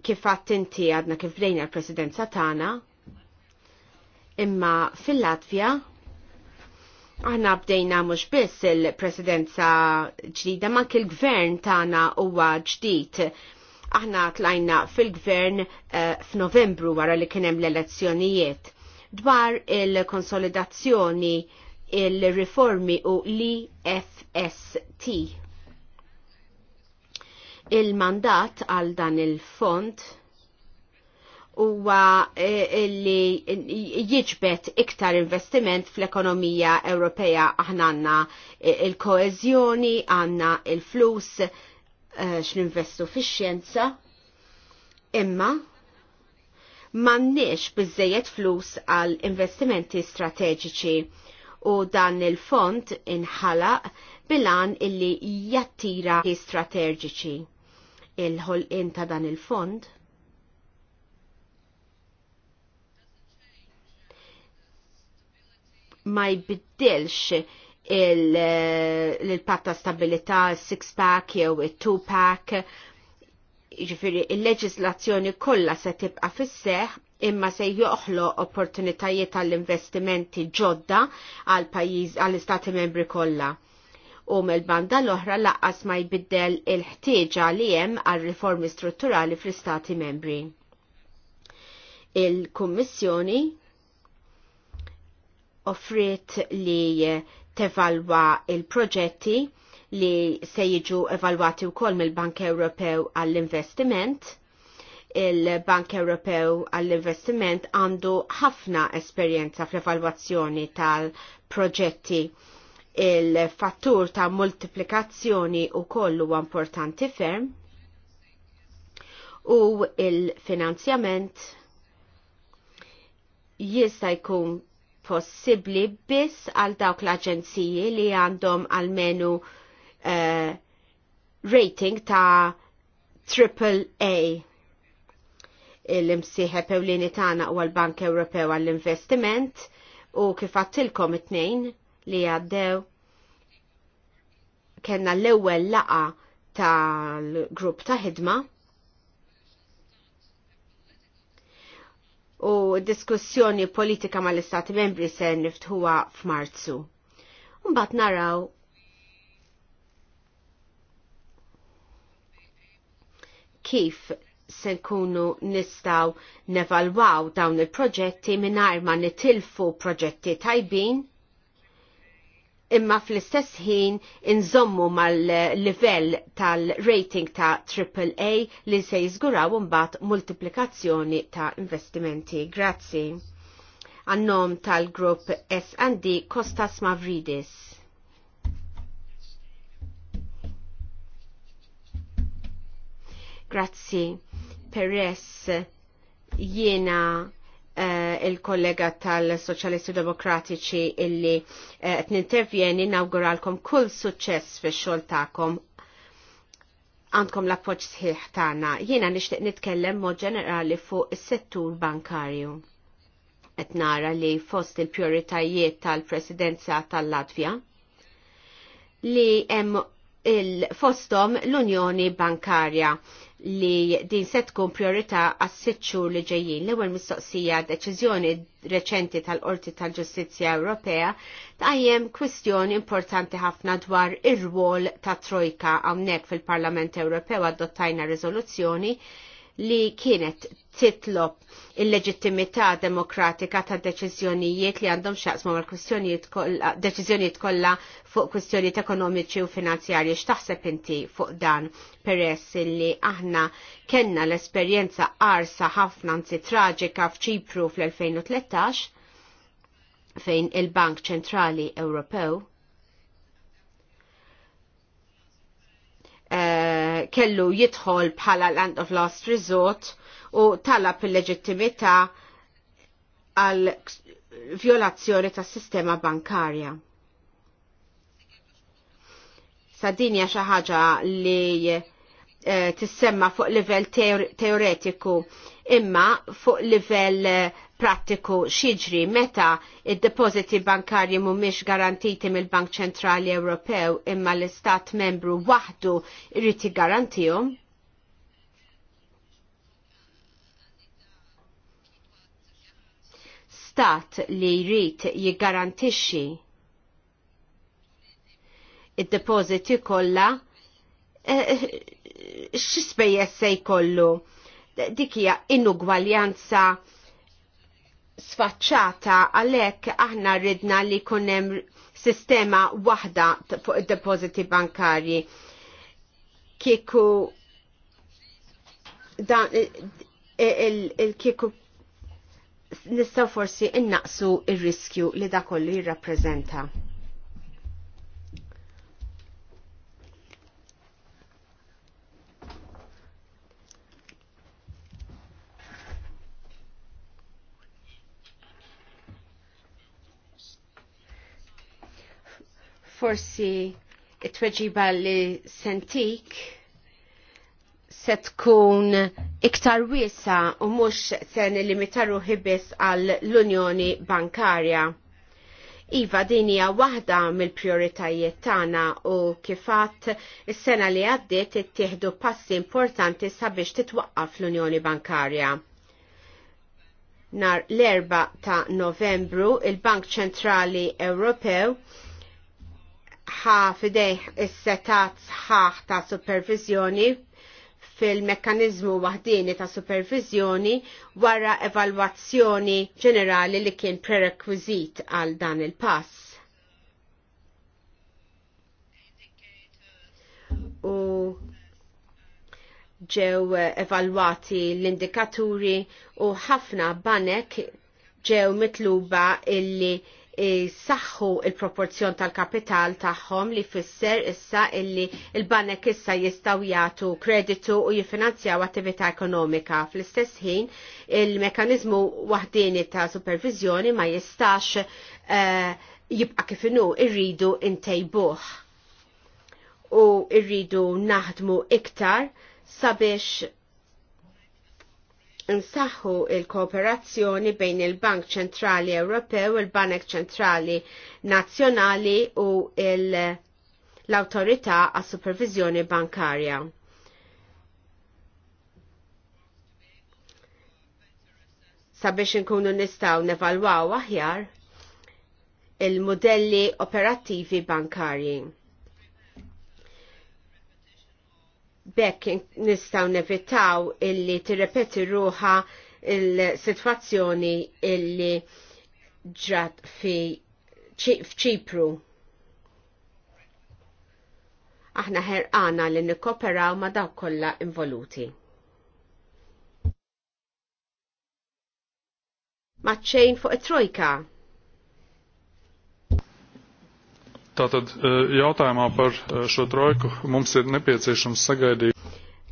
Kif għat inti għadna kif bdejna l-presidenza tagħna, imma fil-Latvja aħna bdejna mhux biss il-presidenza ġdida ma il gvern tagħna huwa ġdid. Aħna tlajna fil-gvern uh, f'Novembru wara li kien hemm l-elezzjonijiet dwar il-konsolidazzjoni il-riformi u l-IFST. Il-mandat għal dan il-fond huwa eh, li jiġbet iktar investiment fl-ekonomija Ewropea aħna għandna eh, il koezjoni għandna il-flus eh, x'ninvestu fix-xjenza, imma mannex bizzejet flus għal investimenti strateġiċi u dan il-font inħalaq bilan illi jattira strateġiċi. il ħol ta' dan il-fond ma jbiddilx il-patta stabilita, il-six-pack jew il-two-pack, il patta stabilita il six pack jew il two pack ġifiri il-leġislazzjoni kollha se tibqa' fis-seħ imma se joħlo opportunitajiet għall-investimenti ġodda għal pajjiż għall istati membri kollha. U mill-banda l-oħra laqqas ma jbiddel il-ħtieġa li hemm għal riformi strutturali fl-istati membri. Il-Kummissjoni offriet li tevalwa il-proġetti il proġetti li se jiġu evalwati wkoll mill-Bank Ewropew għall-investiment. Il-Bank Ewropew għall-investiment għandu ħafna esperjenza fl-evalwazzjoni tal-proġetti. Il-fattur ta' multiplikazzjoni u kollu importanti ferm u il-finanzjament jista' jkun possibbli biss għal dawk l-aġenziji li għandhom għalmenu uh, rating ta' Triple A l-imsieħeb ewlieni tagħna u l-Bank Ewropew għall-Investiment u kif għattilkom it-tnejn li għaddew kellna l-ewwel laqa tal-grupp ta' ħidma u diskussjoni politika mal-Istati Membri se niftħuha f'Marzu. bat naraw kif se nkunu nistaw nevalwaw dawn il-proġetti minar ma nitilfu proġetti tajbin imma fl-istess ħin inżommu mal-livell tal-rating ta' AAA li se jizguraw mbagħad multiplikazzjoni ta' investimenti. Grazzi. Annom tal-grupp S&D Kostas Mavridis. Grazzi, peress jiena Uh, il-kollega tal-Soċjalisti Demokratiċi illi eh, qed uh, nintervjeni nawguralkom kull suċċess fix-xogħol tagħkom għandkom l-appoġġ sħiħ tagħna. Jiena nixtieq nitkellem mod ġenerali fuq is-settur bankarju. Qed nara li fost il-prijoritajiet tal-Presidenza tal-Latvja li hemm il-fostom l-Unjoni Bankarja li din se tkun priorità għas sitxu li ġejjin. L-ewwel mistoqsija deċiżjoni reċenti tal-Qorti tal-Ġustizzja Ewropea tajjem kwistjoni importanti ħafna dwar ir-rwol ta' Trojka hawnhekk fil-Parlament Ewropew adottajna riżoluzzjoni li kienet titlob il-leġittimità demokratika ta' deċiżjonijiet li għandhom xaqsmu mal kwistjonijiet deċiżjonijiet kollha fuq kwistjonijiet ekonomiċi u finanzjarji x'taħseb inti fuq dan peress li aħna kenna l-esperjenza arsa ħafna anzi traġika f'Ċipru fl-2013 fejn il-Bank Ċentrali Ewropew kellu jidħol bħala land of last resort u talab il-leġittimità għal violazzjoni tas sistema bankarja. Sadinja xi ħaġa li Eh, tissemma fuq livell teoretiku imma fuq livell eh, prattiku xiġri meta id-depositi bankarji mhumiex garantiti mill-Bank Ċentrali Ewropew imma l-Istat membru waħdu irid garantijom. Stat li jrid jiggarantixxi id-depositi kollha eh, x'ispejjeż se jkollu. Dik hija inugwaljanza sfaċċata għalhekk aħna ridna li jkun hemm sistema waħda fuq id-depożiti bankarji. Kieku dan il kiku nistaw forsi innaqsu il-riskju li da kollu jirrapprezenta. Forsi it-tweġiba li sentik se tkun iktar wiesa u mhux se nilimitaru ħibis għal l-Unjoni Bankarja. Iva din hija waħda mill-prioritajiet tagħna u kifat is-sena li għaddiet ittieħdu passi importanti sabiex titwaqqaf l-Unjoni Bankarja. Nar l-erba ta' Novembru il-Bank Ċentrali Ewropew ħa fidejh is-setat sħaħ ta' supervizjoni fil-mekkanizmu wahdini ta' supervizjoni wara evalwazzjoni ġenerali li kien prerequisit għal dan il-pass. U ġew evalwati l-indikaturi u ħafna banek ġew mitluba illi saħħu il-proporzjon tal-kapital tagħhom li fisser issa illi il-banek issa jistaw jagħtu kreditu u jifinanzjaw attività ekonomika. Fl-istess ħin il-mekanizmu waħdini ta' supervizjoni ma jistax eh, jibqa' kif inhu irridu intejbuh. U irridu naħdmu iktar sabiex nsaħħu il-kooperazzjoni bejn il-Bank Ċentrali Ewropew, il-Banek Ċentrali Nazzjonali u l-Autorità għas supervizjoni Bankarja. Sabiex nkunu nistaw nevalwaw aħjar il-modelli operattivi bankarji. bekk nistaw nevitaw illi tirrepeti ruħa il-situazzjoni illi ġrat fi f'ċipru. Aħna ħerqana li nikkoperaw ma dawk kollha involuti. Maċċejn fuq it-trojka. Tātad e, jautājumā par e, šo trojku mums ir nepieciešams sagaidīt.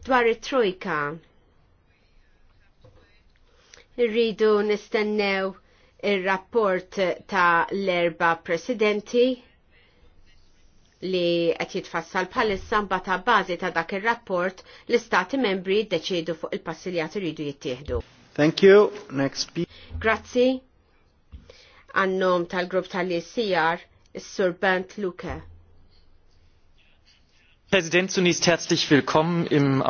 Dvari trojkā Rīdu nistennew ir raport tā lērba erba presidenti li qed jitfassal bħalissa mbagħad bazi bażi ta' dak ir-rapport l-istati membri jiddeċiedu fuq il-passi li jittieħdu. Thank you. Next speaker. Grazzi. Għannom tal-grupp tal-ICR Is-Sur Luke. President, zunächst herzlich willkommen im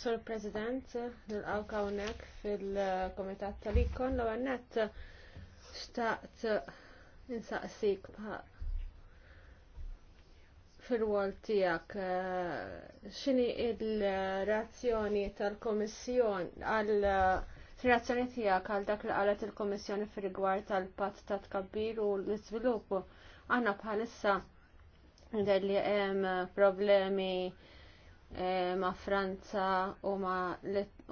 Sir President, nil-għawka unek fil-Komitat tal-Ikon, l għannet xtaqt insaqsik fil-wol tijak. Eh, Xini il-razzjoni tal-Komissjon għal razzjoni tijak għal dak li għalet il-Komissjoni fil-rigward tal-pat ta' tkabbir u l-izvilupu Aħna bħalissa li hemm problemi ma' Franza u ma'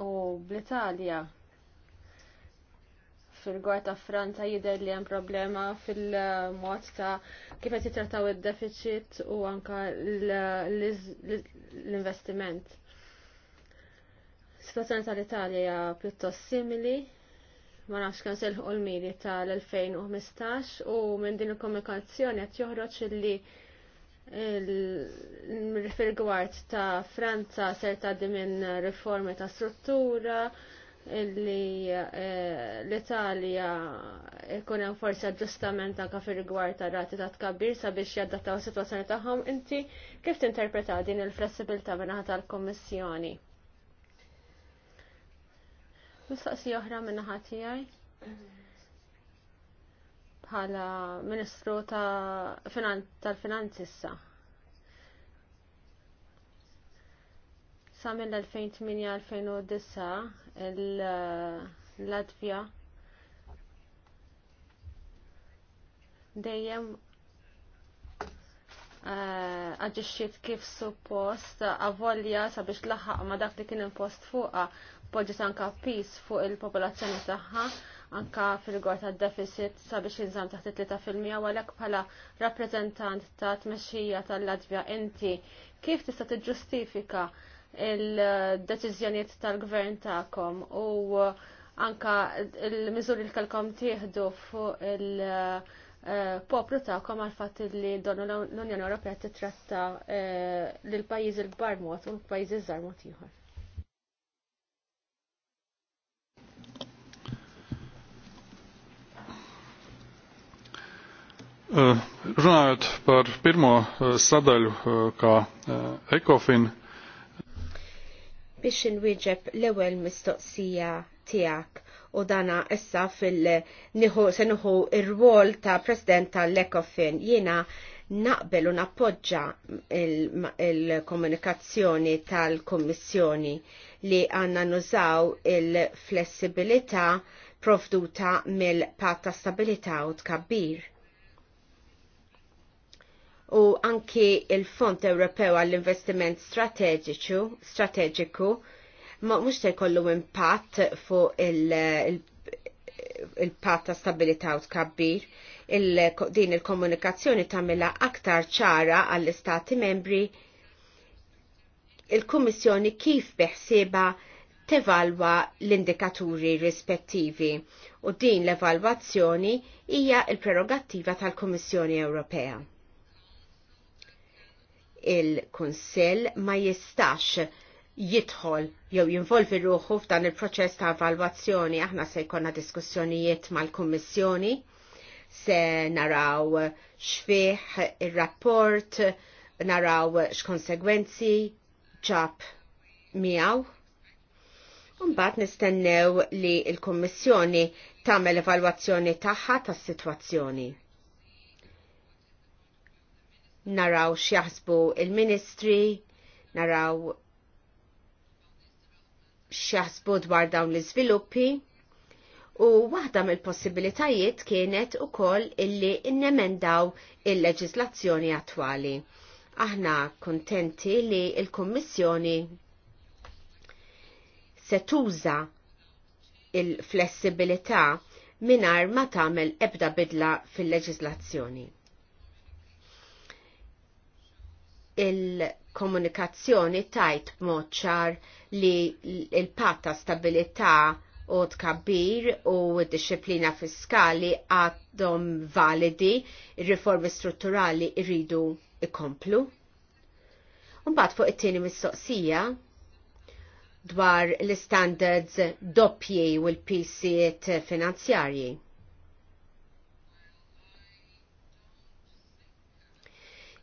u bl-Italja. Fil-gwar ta' Franza jidher li hemm problema fil-mod ta' kif qed jitrattaw id-deficit u anka l-investiment. Situazzjoni tal-Italja pjuttost simili ma nafx kan u l-miri tal-2015 u minn din il-komunikazzjoni għat joħroġ li il-refirgwart ta' Franza ser taddi minn riformi ta' struttura li eh, l-Italja ikun hemm forsi aġġustament anke fir-rigward ta' rati ta' tkabbir sabiex jaddattaw is-sitwazzjoni tagħhom, inti kif tinterpreta din il-flessibilità mingħata tal-Kommissjoni? Mistaqsi oħra minna ħatijaj bħala Ministru tal-Finanzi issa. Samil mill-2008-2009 il-Latvija dejjem eh, aġiċiet kif suppost avolja sabiex laħaq ma dak li kien impost fuqa poġġet anka pis fuq il-popolazzjoni tagħha anka fil-gor ta' deficit sabiex jinżam taħt it-3 fil-mija għalhekk bħala rappreżentant ta' tmexxija tal-Latvja inti kif tista' tiġġustifika il-deċiżjonijiet tal-gvern tagħkom u anka il-miżuri li kellkom tieħdu fuq il- poplu tagħkom għal fatt li donu l-Unjoni Ewropea titratta eh, lil pajjiżi l-kbar mod u l-pajjiżi żgħar mod ieħor. Runājot par pirmo sadaļu kā ECOFIN. Biex inwieġeb l-ewwel mistoqsija tiegħek u dana issa fil-niħu se ir-rwol ta' President tal-ECOFIN jiena naqbel u nappoġġa il-komunikazzjoni il tal-Kommissjoni li għanna nużaw il-flessibilità provduta mill-patta stabilità u tkabbir u anki il-Fond Ewropew għall-Investiment Strateġiku ma mhux se jkollu impatt fuq il-patt ta' stabilità u tkabbir. din il-komunikazzjoni tagħmilha aktar ċara għall-istati membri il-Kummissjoni kif beħsieba tevalwa l-indikaturi rispettivi u din l-evalwazzjoni hija il-prerogattiva tal-Kummissjoni Ewropea il-Kunsill ma jistax jidħol jew jinvolvi ruħu f'dan il-proċess ta' evalwazzjoni. Aħna se jkollna diskussjonijiet mal-Kummissjoni, se naraw xfieħ ir-rapport, naraw x'konsegwenzi ġab miegħu. Mbagħad nistennew li l-Kummissjoni tagħmel evalwazzjoni tagħha tas-sitwazzjoni naraw x'jaħsbu il-Ministri, naraw x'jaħsbu dwar dawn l-iżviluppi. U waħda mill-possibilitajiet kienet ukoll illi innemendaw il-leġislazzjoni attwali. Aħna kontenti li il-Kummissjoni se tuża il-flessibilità minar ma tagħmel ebda bidla fil-leġislazzjoni. il-komunikazzjoni tajt b'mod li il-patta stabilità u tkabbir u disciplina fiskali għadhom validi, il-riformi strutturali irridu ikomplu. Mbagħad fuq it-tieni mistoqsija dwar l-standards doppji u l-pisiet finanzjarji.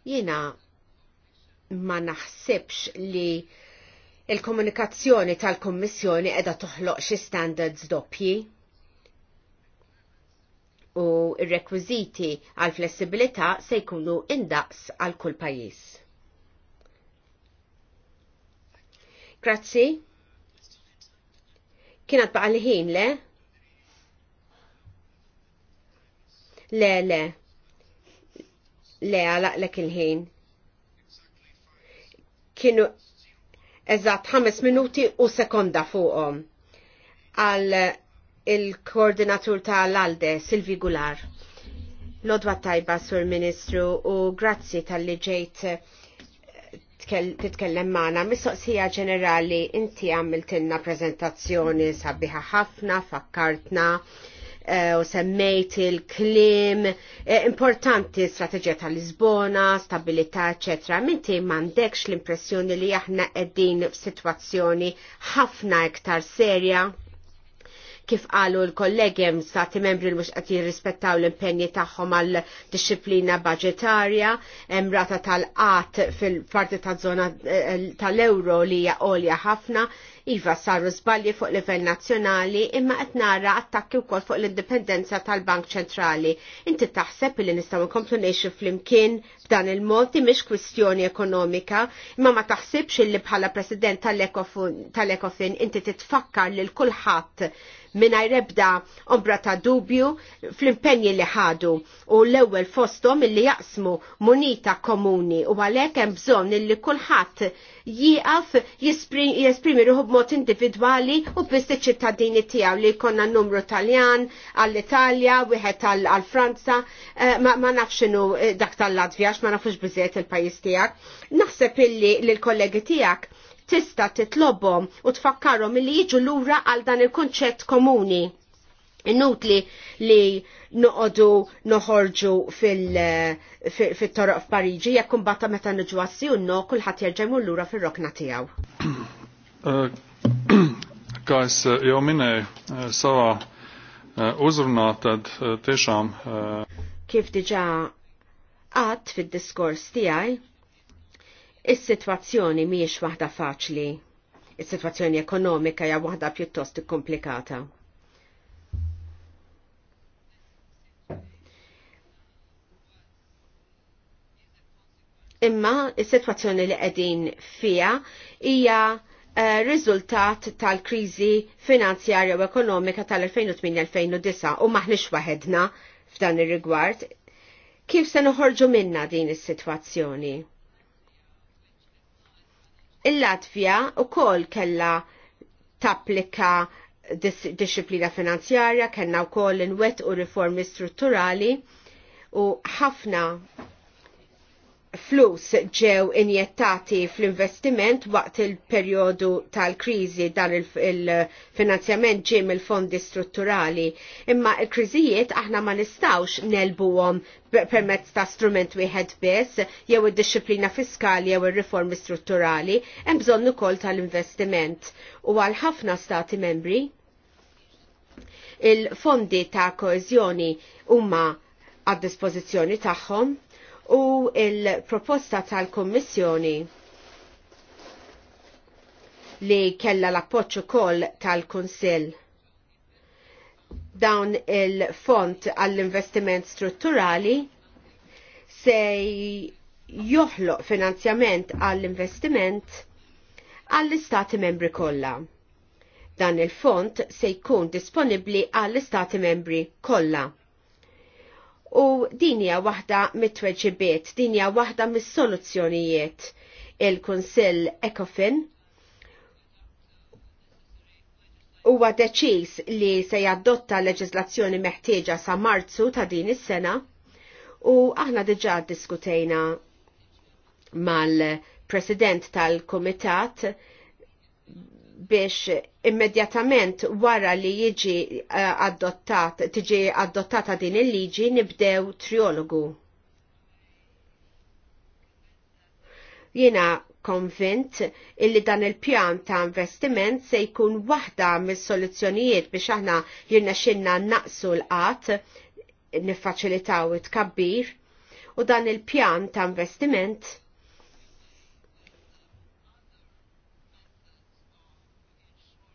Jina ma naħsibx li il-komunikazzjoni tal-Kommissjoni edha toħloq xi standards doppji u ir-rekwiżiti għal flessibilità se jkunu indaqs għal kull pajjiż. Grazzi. Kienet baqa li ħin le? Le, le. Le, għalaq il-ħin kienu eżatt 5 minuti u sekonda fuqhom. Għal il-koordinatur tal-Alde, Silvi Gular. Lodwa tajba, Sur Ministru, u grazzi tal-li ġejt eh, titkellem maħna, mistoqsija ġenerali, inti għamiltinna prezentazzjoni sabiħa ħafna, fakkartna Eh, u semmejt il-klim, eh, importanti strategija tal-Lisbona, stabilità, ecc. Minti mandekx l-impressjoni li aħna f f'sitwazzjoni ħafna iktar serja kif qalu l-kollegi hemm stati membri li mhux qed jirrispettaw l-impenji tagħhom għal disċiplina budġetarja, hemm rata tal qat fil-parti taż-żona eh, tal-euro li hija għolja ħafna, Iva saru zbalji fuq livell nazzjonali imma qed nara attakki wkoll fuq l-indipendenza tal-Bank Ċentrali. Inti taħseb li nistgħu nkomplu ngħixu flimkien f'dan il-mod mhix kwistjoni ekonomika, imma ma taħsibx illi bħala president tal-Ekofin inti titfakkar lil kulħadd mingħajr ebda ombra ta' dubju fl-impenji li ħadu u l-ewwel fosthom illi jaqsmu munita komuni u għalhekk hemm bżonn illi kulħadd jieqaf jesprimi ruħu b'mod individwali u biss iċ-ċittadini tiegħu li jkollna numru Taljan għall-Italja, wieħed għall-Franza, eh, ma nafx x'inhu eh, dak tal-Latvja għax ma nafux bizziet il-pajis tijak. Naħseb illi l-kollegi tijak tista titlobhom u tfakkarhom illi jiġu lura għal dan il-konċett komuni. Inutli li noqodu noħorġu fil-toroq f'Pariġi jekk kumbatta meta niġu għassijunno kulħadd jerġa' lura fir-rokna tiegħu. Kā es jau minēju savā uzrunā, tad tiešām. Kif diġa Għad fil-diskors tijaj, is-situazzjoni miex waħda faċli. Is-situazzjoni ekonomika hija waħda pjuttost komplikata. Imma is-situazzjoni li qegħdin fija hija eh, riżultat tal-kriżi finanzjarja u ekonomika tal-2008-2009 u maħniex waħedna f'dan ir-rigward Kif se noħorġu minna din is-sitwazzjoni? il latvija u kol kella tapplika dis finanzjarja, kena u kol in-wet u riformi strutturali u ħafna flus ġew injettati fl-investiment waqt il-perjodu tal-krizi dan il-finanzjament il ġie mill-fondi strutturali. Imma il-kriżijiet aħna ma nistawx nelbuhom permezz ta' strument wieħed biss jew id-disciplina fiskali jew ir-riformi strutturali, hemm bżonn ukoll tal-investiment. U għal ħafna stati membri il-fondi ta' koeżjoni huma għad-dispożizzjoni tagħhom u il-proposta tal-Kommissjoni li kella l appoċu kol tal-Kunsill. Dawn il-font għall-investiment strutturali se joħloq finanzjament għall-investiment għall-istati membri kollha. Dan il-font se jkun disponibli għall-istati membri kollha U dinja waħda mit-tweġibiet, dinja waħda mis-soluzzjonijiet il-Kunsill ECOFIN huwa deċiż li se jadotta leġislazzjoni meħtieġa sa Marzu ta' din is-sena u aħna diġà diskutejna mal-President tal-Komitat biex immedjatament wara li jiġi eh, adottat, tiġi adottata din il-liġi nibdew triologu. Jena konvint illi dan il-pjan ta' investiment se jkun waħda mis-soluzzjonijiet biex aħna xinna naqsu l-qat niffaċilitaw it-kabbir u dan il-pjan ta' investiment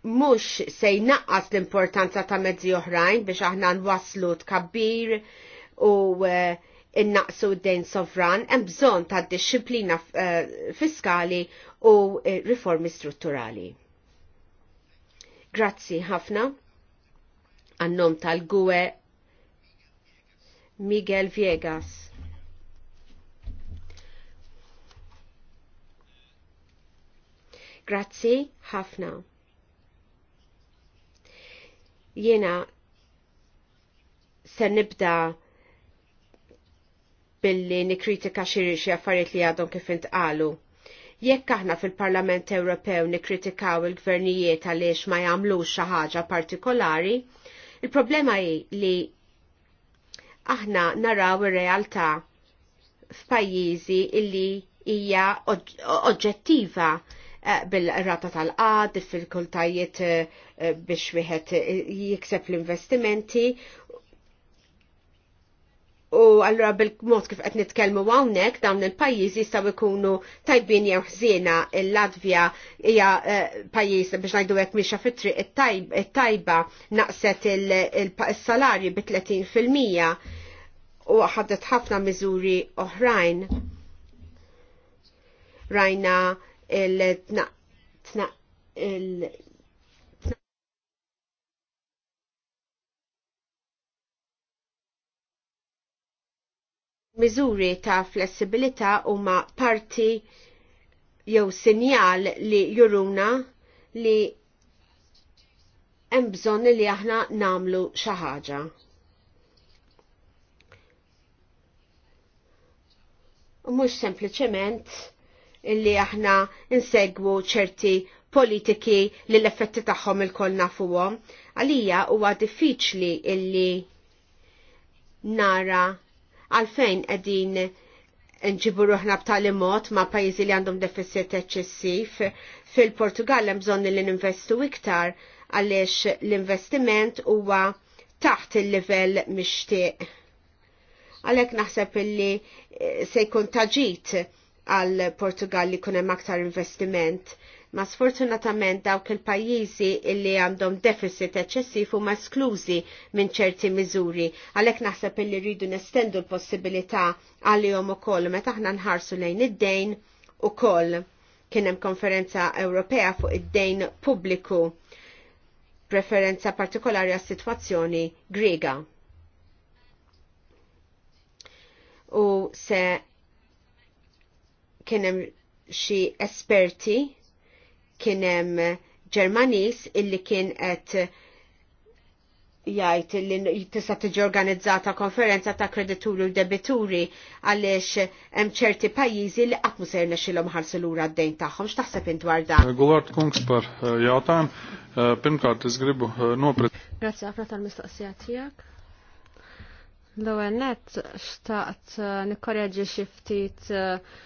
mux se jnaqqas l-importanza ta' mezzi oħrajn biex aħna nwaslu tkabbir u e, innaqsu d-dejn sovran, hemm bżonn ta' disċiplina e, fiskali u e, riformi strutturali. Grazzi ħafna għannom tal-gwe Miguel Viegas. Grazzi ħafna. Jiena se nibda billi nikritika xiri xie affarijiet li għadhom kif intqalu. Jekk aħna fil-Parlament Ewropew nikkritikaw il-gvernijiet għaliex ma jagħmlux xi ħaġa partikolari, il-problema hi li aħna naraw ir-realtà f'pajjiżi illi hija oġġettiva. Eh, bil-rata tal-qad, diffikultajiet eh, biex wieħed jikseb l-investimenti. U allura bil-mod kif qed nitkellmu hawnhekk dawn il-pajjiżi jistgħu jkunu tajbin jew ħsiena il-Latvja hija eh, pajjiż biex ngħidu hekk mixa fit-triq it-tajba naqset il-salarji bi 30 fil-mija u ħadet ħafna miżuri oħrajn. Rajna il-tna il Miżuri ta' flessibilità huma parti jew sinjal li juruna li hemm bżonn li aħna namlu xi ħaġa. Mhux sempliċement illi aħna insegwu ċerti politiki li l-effetti tagħhom il-koll nafuhom. Għalija huwa diffiċli illi nara għalfejn qegħdin nġibu ruħna b'tali mod ma' pajjiżi li għandhom deficit eċċessiv. Fil-Portugal hemm bżonn li ninvestu iktar għaliex l-investiment huwa taħt il-livell mixtieq. Għalhekk naħseb illi eh, se jkun taġit għal Portugal li kunem aktar investiment. Ma sfortunatament dawk il-pajjiżi illi għandhom deficit eċessiv huma esklużi minn ċerti miżuri, għalhekk naħseb illi rridu nestendu l-possibilità għalihom ukoll meta aħna nħarsu lejn id-dejn ukoll. Kien hemm konferenza Ewropea fuq id-dejn pubbliku preferenza partikolari għas sitwazzjoni Griega. U se kienem xi esperti kienem Ġermanis illi kien qed jgħid li tista' tiġi organizzata konferenza ta' kredituri u debituri għaliex hemm ċerti pajjiżi li qatt mhux se jnexxilhom ħarsu lura d-dejn tagħhom. X'taħseb int dwar dan? Eh, Gulart Kungspar eh, jagħtam eh, pinkart iżgribu nopri. Grazzi ħafna tal-mistoqsija tiegħek. L-ewwel nett xtaqt nikkorreġi xi ftit uh,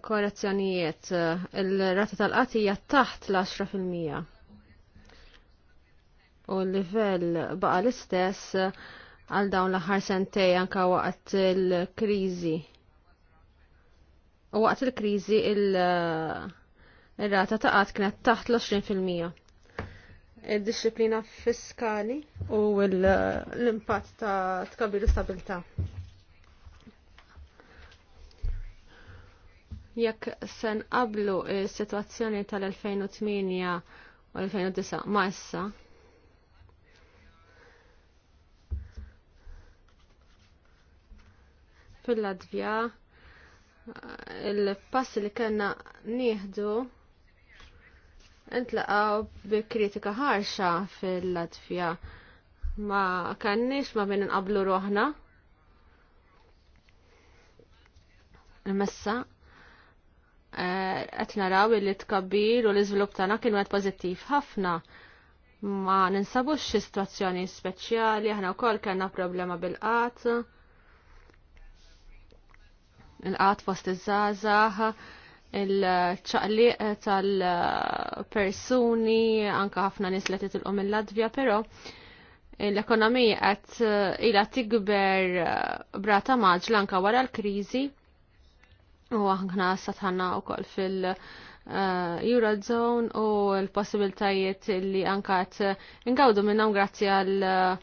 korrezzjonijiet eh, il-rata tal-qatija taħt l-10% u l-livell baqa l-istess eh, għal dawn l-aħħar sentej anka waqt il-kriżi. U waqt il-kriżi il-rata eh, ta' qatt kienet taħt l-20%. Id-disciplina fiskali u l-impatt ta' tkabbir l stabilta' Jekk sen qablu s-sitwazzjoni tal-2008 u 2009 ma' issa, fil latvija il-pass li kena nieħdu intlaqaw bi kritika ħarxa fil latvija ma kannix ma bin nqablu roħna. Messa qed naraw li tkabbir u l-iżvilupp tagħna kienu għed pozittif ħafna. Ma ninsabux xi sitwazzjoni speċjali, aħna wkoll kellna problema bil qat il qat fost iż-żgħażagħ, il-ċaqliq tal-persuni, anka ħafna nies li titilqu il ladvja però l-ekonomija qed ilha tikber brata maġla anka wara l-kriżi U aħna satħanna u koll fil-Eurozone eh, u l-possibiltajiet li għankat ingawdu minnom grazzi għal eh,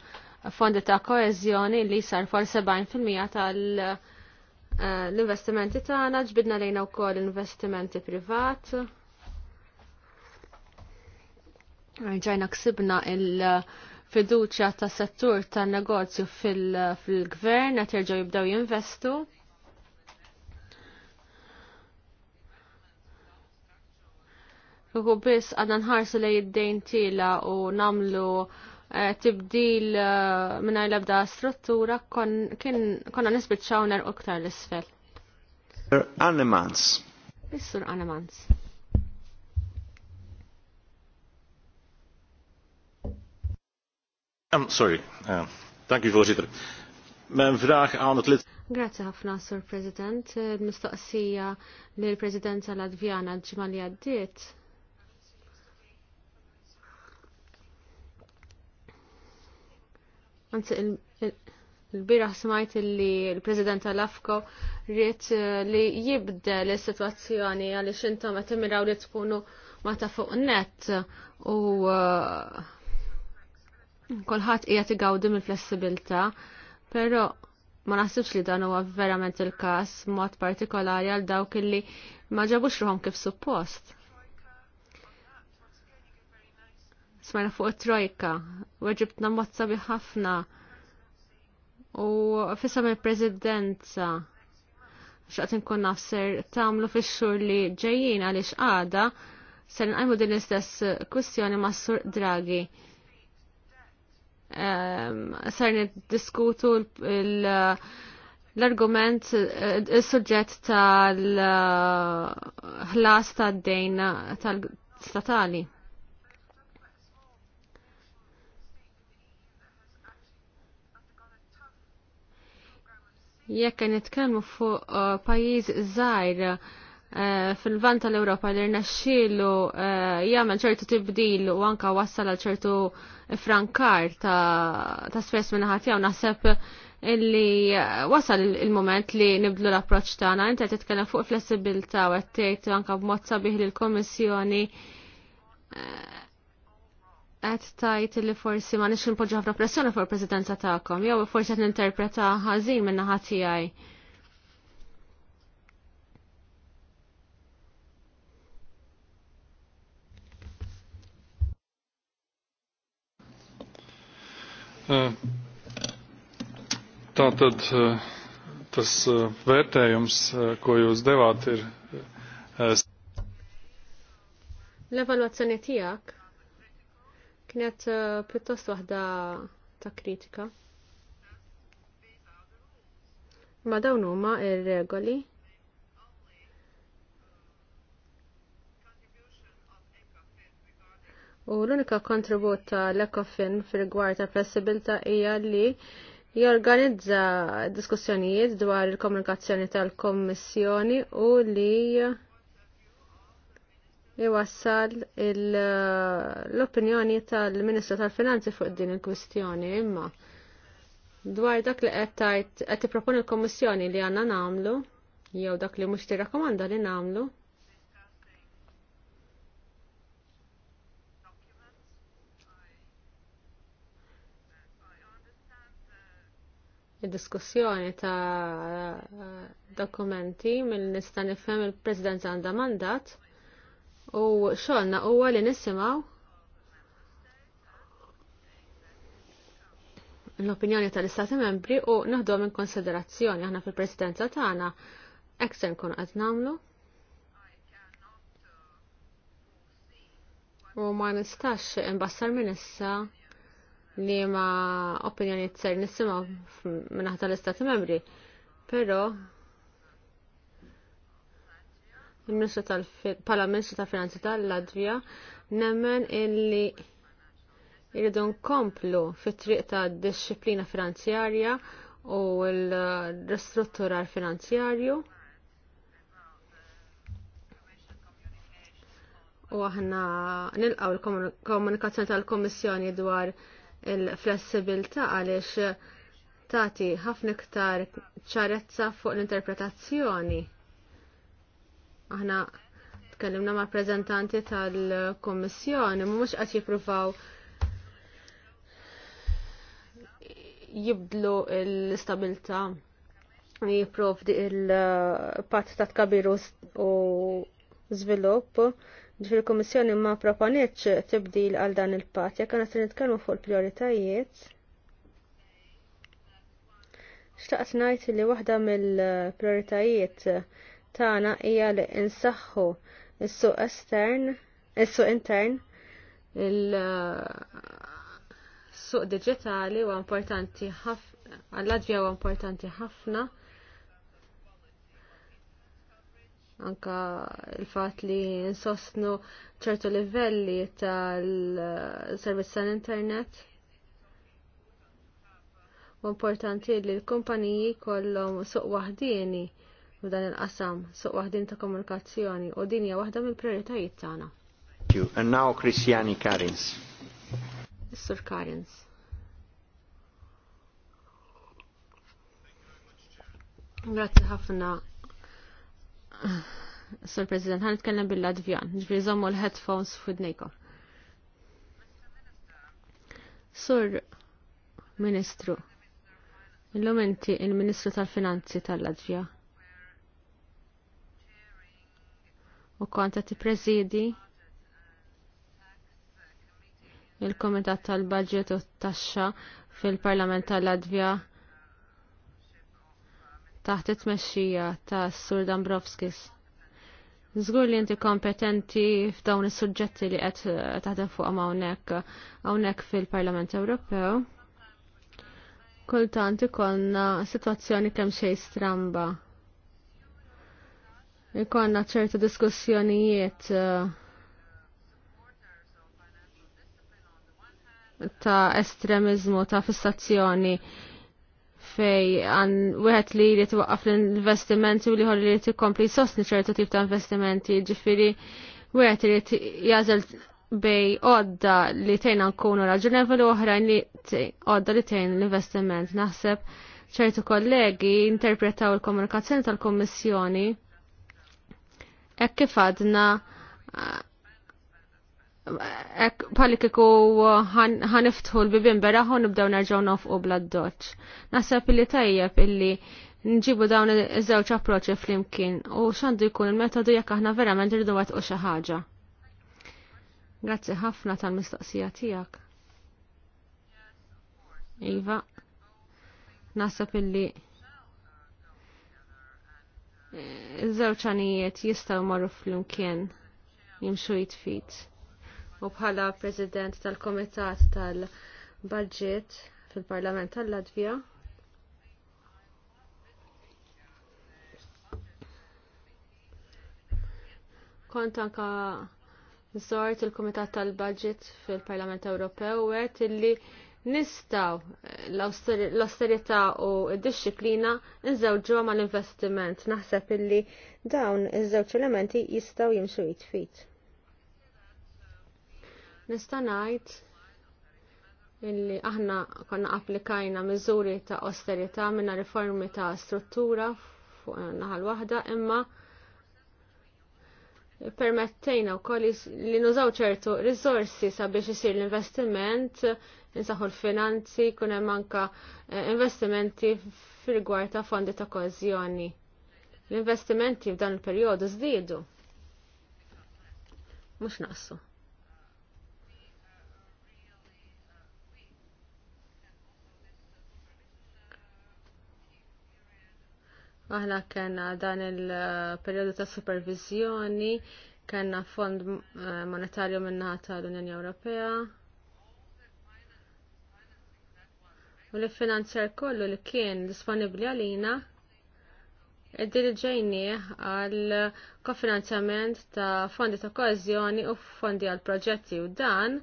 fondi ta' koezjoni li sar for 70% tal-investimenti eh, tagħna ġbidna lejna wkoll investimenti privat. Ġajna ksibna il- fiduċja ta' settur ta' negozju fil-gvern għat jirġaw jibdaw jinvestu. Kieku biss għadna nħarsu li id-dejn tila u namlu eh, tibdil eh, minna l-ebda struttura konna nisbitxaw ner uktar l-isfel. Sur Annemans. Missur Annemans. Um, sorry, uh, thank you, voorzitter. Men vraag aan het lid... Grazie ħafna, Sur President. Eh, mistoqsija lill presidenza Latvjana ġimali għaddiet Anzi, il-biraħ smajt li l-President tal-Afko rrit eh, li jibde l-situazzjoni għalli intom għet imiraw li tkunu ma ta' fuq net u eh, kolħat ija tigawdi mill-flessibilta, pero ma naħsibx li dan huwa verament il-kas mod partikolari għal dawk illi ma ġabux ruħom kif suppost. Smajna fuq it-trojka, weġibtna bi ħafna u fissa me prezidenza xaqt nkun nafser tamlu fix-xhur li ġejjin għaliex għada se nqajmu din l-istess kwistjoni ma' sur Draghi. Ehm, ser niddiskutu l-argument eh, il-suġġett tal-ħlas eh, tad-dejn tal-statali. Jekk nitkellmu fuq uh, pajjiż żgħir uh, fil-vant tal-Ewropa li rnexxielu uh, jagħmel ċertu tibdil u anke wassal għal ċertu frankar ta' spess minn ħadd jew naħseb illi wasal il-moment li nibdlu l-approċ tagħna. Inti qed titkellem fuq flessibilità u qed tgħid anke b'mod sabiħ lill-Kummissjoni għed tajt li forsi ma nix nipoġġu ħafna pressjoni fuq il-Presidenza tagħkom, jew forsi qed ninterpreta ħażin minn naħa tiegħi. Eh, tātad eh, tas eh, vērtējums, ko jūs devāt, ir. L-evaluazzjoni tiegħek kienet eh, pjuttost waħda ta' kritika. Ma dawn huma ir-regoli U l-unika kontribut ta' l-Ecofin fil-gwar ta' flessibilta hija li jorganizza diskussjonijiet dwar il-komunikazzjoni tal-Kommissjoni u li iwassal eh, l-opinjoni tal-Ministru tal-Finanzi fuq din il-kwistjoni imma dwar dak li qed tajt qed tipproponi l-Kommissjoni li għandna nagħmlu jew dak li mhux tirrakkomanda li nagħmlu. id-diskussjoni ta' dokumenti mill-nista' nifhem il-President għandha mandat u xolna huwa li nisimgħu l-opinjoni tal-Istati membri u naħdom in konsiderazzjoni aħna fil-Presidenza tagħna hekk se nkun qed nagħmlu. U ma nistax imbassar minn issa li ma opinjoni tser nisimgħu minn tal-Istati membri, però il-Ministru tal ministru tal-Finanzi tal-Latvija nemmen illi irridu nkomplu fit-triq ta' disċiplina finanzjarja u l-ristrutturar finanzjarju. U aħna nilqaw il-komunikazzjoni tal komissjoni dwar il-flessibilta għaliex tati ħafna iktar ċarezza fuq l-interpretazzjoni aħna tkellimna ma' prezentanti tal-Kommissjoni, mhux qed jippruvaw jibdlu l-istabilta li jipprovdi il-patt ta' tkabiru u żvilupp. il kommissjoni ma proponieċ tibdil għal dan il-patt, jekk għana se nitkellmu fuq il-prioritajiet. Xtaqt ngħid li waħda mill-prioritajiet tagħna hija li insaħħu is-suq estern, is-suq intern, il-suq uh, diġitali huwa importanti ħafna, għall-Latvja huwa importanti ħafna. Anka il-fat li nsostnu ċertu livelli tal-servizz tal-internet u importanti li l-kumpaniji kollhom suq waħdieni f'dan il-qasam suq waħdin ta' komunikazzjoni u din hija waħda mill-prioritajiet tagħna. And now Christiani Karins. Mr. sur Karins. Grazzi ħafna. Sur President, ħan nitkellem bil-Latvjan, ġifri żommu l-headphones f'udnejkom. Sur Ministru, illum inti il-Ministru tal-Finanzi tal-Latvja. u konta prezidi il-Komitat tal-Budget u t-Taxxa fil-Parlament tal-Latvja taħt it-tmexxija ta' Sur Dambrovskis. Żgur li inti kompetenti f'dawn is-suġġetti li qed taħdem fuqhom hawnhekk hawnhekk fil-Parlament Ewropew. Kultant ikollna sitwazzjoni kemm xejn stramba ikonna ċerta diskussjonijiet uh, ta' estremizmu, ta' fissazzjoni fej għan wieħed li jrid twaqqaf l-investimenti u li li jrid ikompli sostni ċertu tip ta' investimenti, jiġifieri wieħed li jażel bej odda li tejna nkunu raġunevoli oħrajn li odda li tejn l-investiment. Naħseb ċertu kollegi interpretaw il-komunikazzjoni tal-Kommissjoni Ek kif għadna hekk bħalli ħaniftħu l-bibin beraħu nibdew nerġgħu nofqu bla-doċ. Naħseb illi tajjeb illi nġibu dawn iż-żewġ approċċi flimkien u x'għandu jkun il-metodu jekk aħna verament irridu u xi ħaġa. Grazzi ħafna tal-mistoqsija tiegħek. Iva, naħseb illi iż-żewġ għanijiet jistgħu marru flimkien jimxu jitfit. U bħala President tal-Komitat tal-Budget fil-Parlament tal-Latvija, kont anka zort il-Komitat tal-Budget fil-Parlament Ewropew u għet illi nistaw eh, l-austerità u d-disciplina nżawġuwa ma l-investiment. Naħseb illi dawn iż-żewġ elementi jistaw jimxu jitfit. Nista' ngħid illi aħna konna applikajna miżuri ta' austerità minna riformi ta' struttura fuq naħal waħda imma permettejna wkoll li nużaw ċertu risorsi sabiex isir l-investiment, nsaħu l-finanzi, kun hemm anka eh, investimenti fil-gwar ta' fondi ta' kozjoni. L-investimenti f'dan il-perjodu zdidu. Mhux naqsu. Aħna kena dan il-periodu ta' supervizjoni, kena fond eh, monetarju ta' tal-Unjoni Ewropea. U li finanzjar kollu li kien disponibli għalina id-dirġejni għal kofinanzjament ta' fondi ta' koezjoni u fondi għal proġetti u dan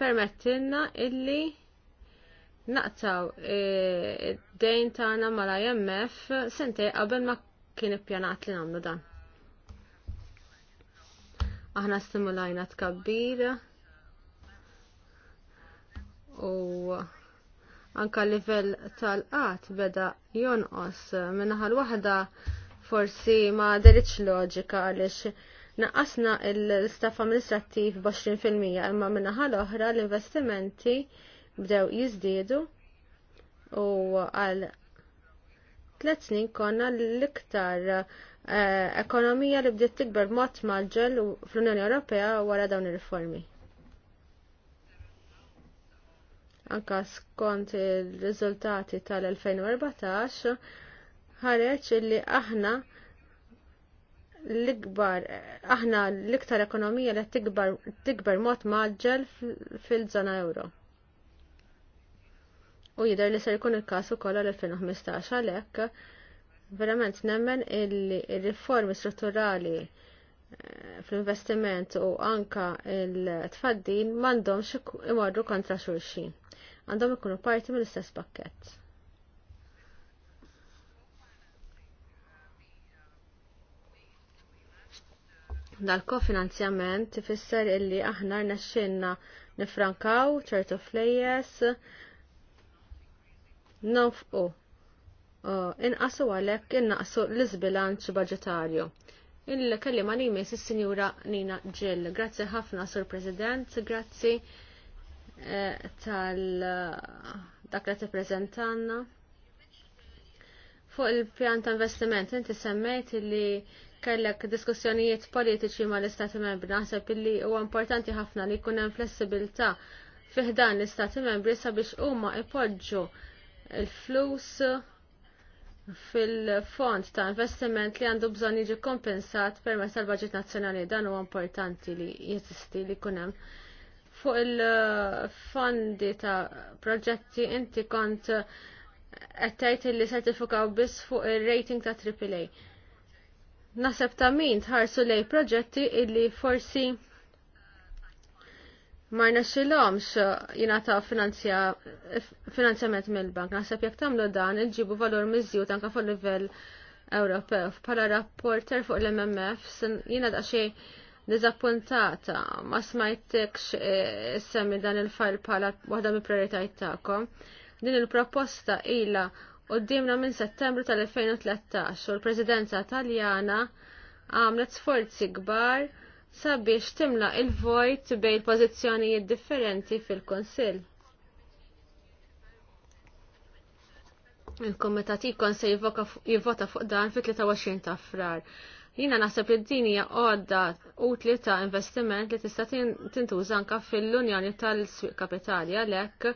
permettinna illi naqtaw e, id-dejn tagħna mal-IMF sentej qabel ma kien ippjanat li nagħmlu dan. Aħna stimulajna tkabbir u anka livell tal-qat beda jonqos minnaħa l-waħda forsi ma deriċ loġika għaliex naqqasna l-istaff amministrattiv b'20% imma minnaħa l-oħra l-investimenti bdew jizdiedu u għal tlet snin konna l-iktar eh, ekonomija li bdiet tikber b'mod maġġel fl-Unjoni Ewropea wara dawn ir-riformi. Anka skont il-riżultati tal-2014 ħareġ li aħna l-ikbar, aħna l-iktar ekonomija li tikber mod maġġel fil-żona euro u jidher li ser jkun il-każ ukoll għal-2015 għalhekk verament nemmen il-riformi strutturali eh, fl-investiment u anka il-tfaddin m'għandhomx imorru kontra xulxin. Għandhom ikunu parti mill-istess pakkett. dal-kofinanzjament tifisser illi aħna rnexxinna nifrankaw ċertu flejjes Nafqu. inqasu għalhekk innaqsu l isbilanċ budgetarju. il kelli ma' jmiss is-Sinjura Nina Gill. Grazzi ħafna, Sur President, grazzi eh, tal dak li tippreżentanna. Fuq il-pjan ta' investiment, inti semmejt li kellek diskussjonijiet politiċi ma l-Istati Membri, naħseb li huwa importanti ħafna li jkun hemm flessibilità fiħdan l-Istati Membri sabiex huma ipoġġu il-flus fil-fond ta' investiment li għandu bżonn jiġi kompensat permezz tal-Baġit Nazzjonali dan huwa importanti li jeżisti li jkun hemm. Fuq il-fondi ta' proġetti inti kont għettajt li sertifikaw biss fuq il-rating ta' AAA. Naseb ta' min tħarsu lej proġetti illi forsi ma jnexxilhomx uh, jingħataw finanzjament mill-bank. Naħseb jekk tagħmlu dan iġibu valur miżjud anke fuq livell Ewropew. Bħala rapporter fuq l-MMF jiena daqsxejn diżappuntata ma smajtekx eh, semmi dan il-fajl bħala waħda mill prioritajiet tagħkom. Din il-proposta ilha qudiemna minn Settembru tal-2013 u l-Presidenza Taljana għamlet sforzi kbar sabiex timla il-vojt bej il-pozizjonijiet differenti fil-Konsil. Il-Komitat ikon se jivvota fuq dan fit-23 ta' frar. Jina naħseb li din hija għodda utli ta' investiment li tista' tintuża anka fil-Unjoni tal-Swiq Kapitali għalhekk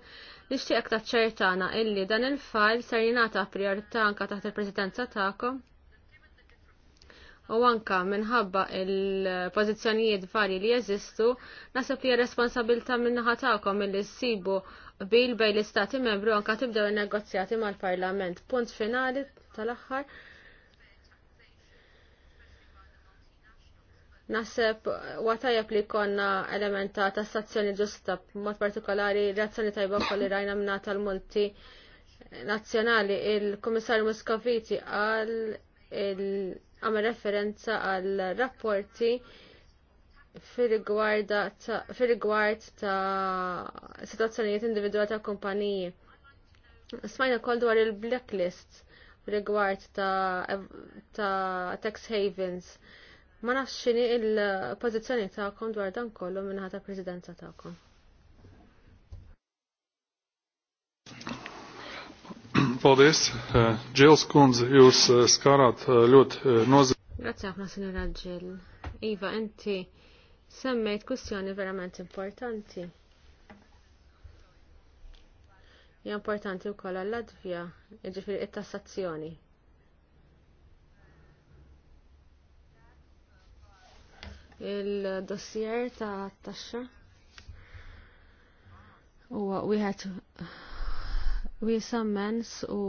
nixtieq taċċertana illi dan il-fajl ser jingħata priorità anka taħt il-Presidenza tagħkom u anka minħabba il-pozizjonijiet varji li jeżistu, nasib li responsabilta minnaħa tagħkom illi ssibu bil bej l-istati membru anka tibdew il-negozjati mal-parlament. Punt finali tal-aħħar. Nasib, watajab li konna elementa ta' stazzjoni ġusta mod partikolari reazzjoni tajba kolli rajna minna tal-multi nazjonali, il komissar Muscoviti għal il għamma referenza għal rapporti fir-rigward ta', situazzjonijiet individwali ta' kumpaniji. Smajna kol dwar il-blacklist rigward ta', ta tax havens. Ma nafx xini il-pozizjoni ta'kom dwar dan kollu minnaħa ta' prezidenza ta'kom. Paldies. Ġils eh, Kunz, jūs eh, skarāt eh, ļoti nozīmīgi. Grazie għafna, signora Ġil. Iva, inti semmejt kustjoni verament importanti. Ja importanti u kolla Latvija, ġifiri it-tassazzjoni. Il-dossier ta' taxxa huwa wieħed wiesa mens u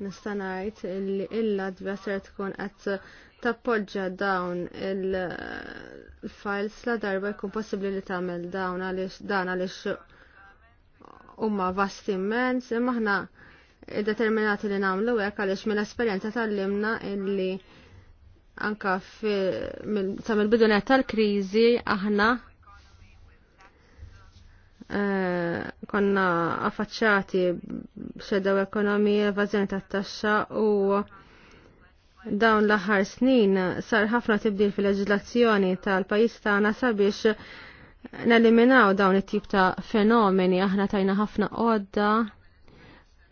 nistanajt li il d ser tkun qed tappoġġa dawn il-files la darba jkun possibbli li tagħmel dawn għaliex dan għaliex huma vasti immens, imma aħna determinati li nagħmlu hekk għaliex mill-esperjenza tal-limna illi anka sa mill-bidunet tal-kriżi aħna Eh, konna affaċċati b'xedew ekonomija, evażjoni tat-taxxa u dawn l-aħħar snin sar ħafna tibdil fil-leġislazzjoni tal-pajjiż tagħna sabiex neliminaw dawn it-tip ta' fenomeni aħna tajna ħafna għodda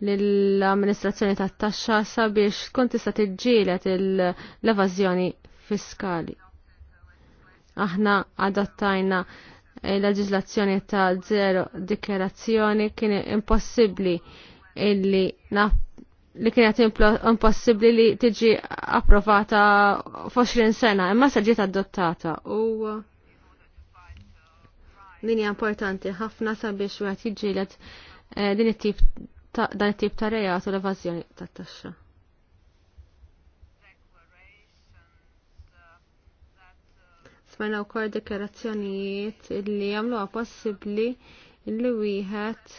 lill-amministrazzjoni tat-taxxa sabiex tkun tista' tiġġieled l-evażjoni fiskali. Aħna adattajna il-leġizlazzjoni ta' zero dikjerazzjoni kien impossibbli illi li kienet impossibbli li tiġi approvata f'20 sena imma se ġiet adottata u din hija importanti ħafna sabiex wieħed jiġġieled eh, din it-tip ta' dan it-tip ta' rejat u l-evażjoni tat-taxxa. Smajna wkoll illi li jagħmluha possibbli li wieħed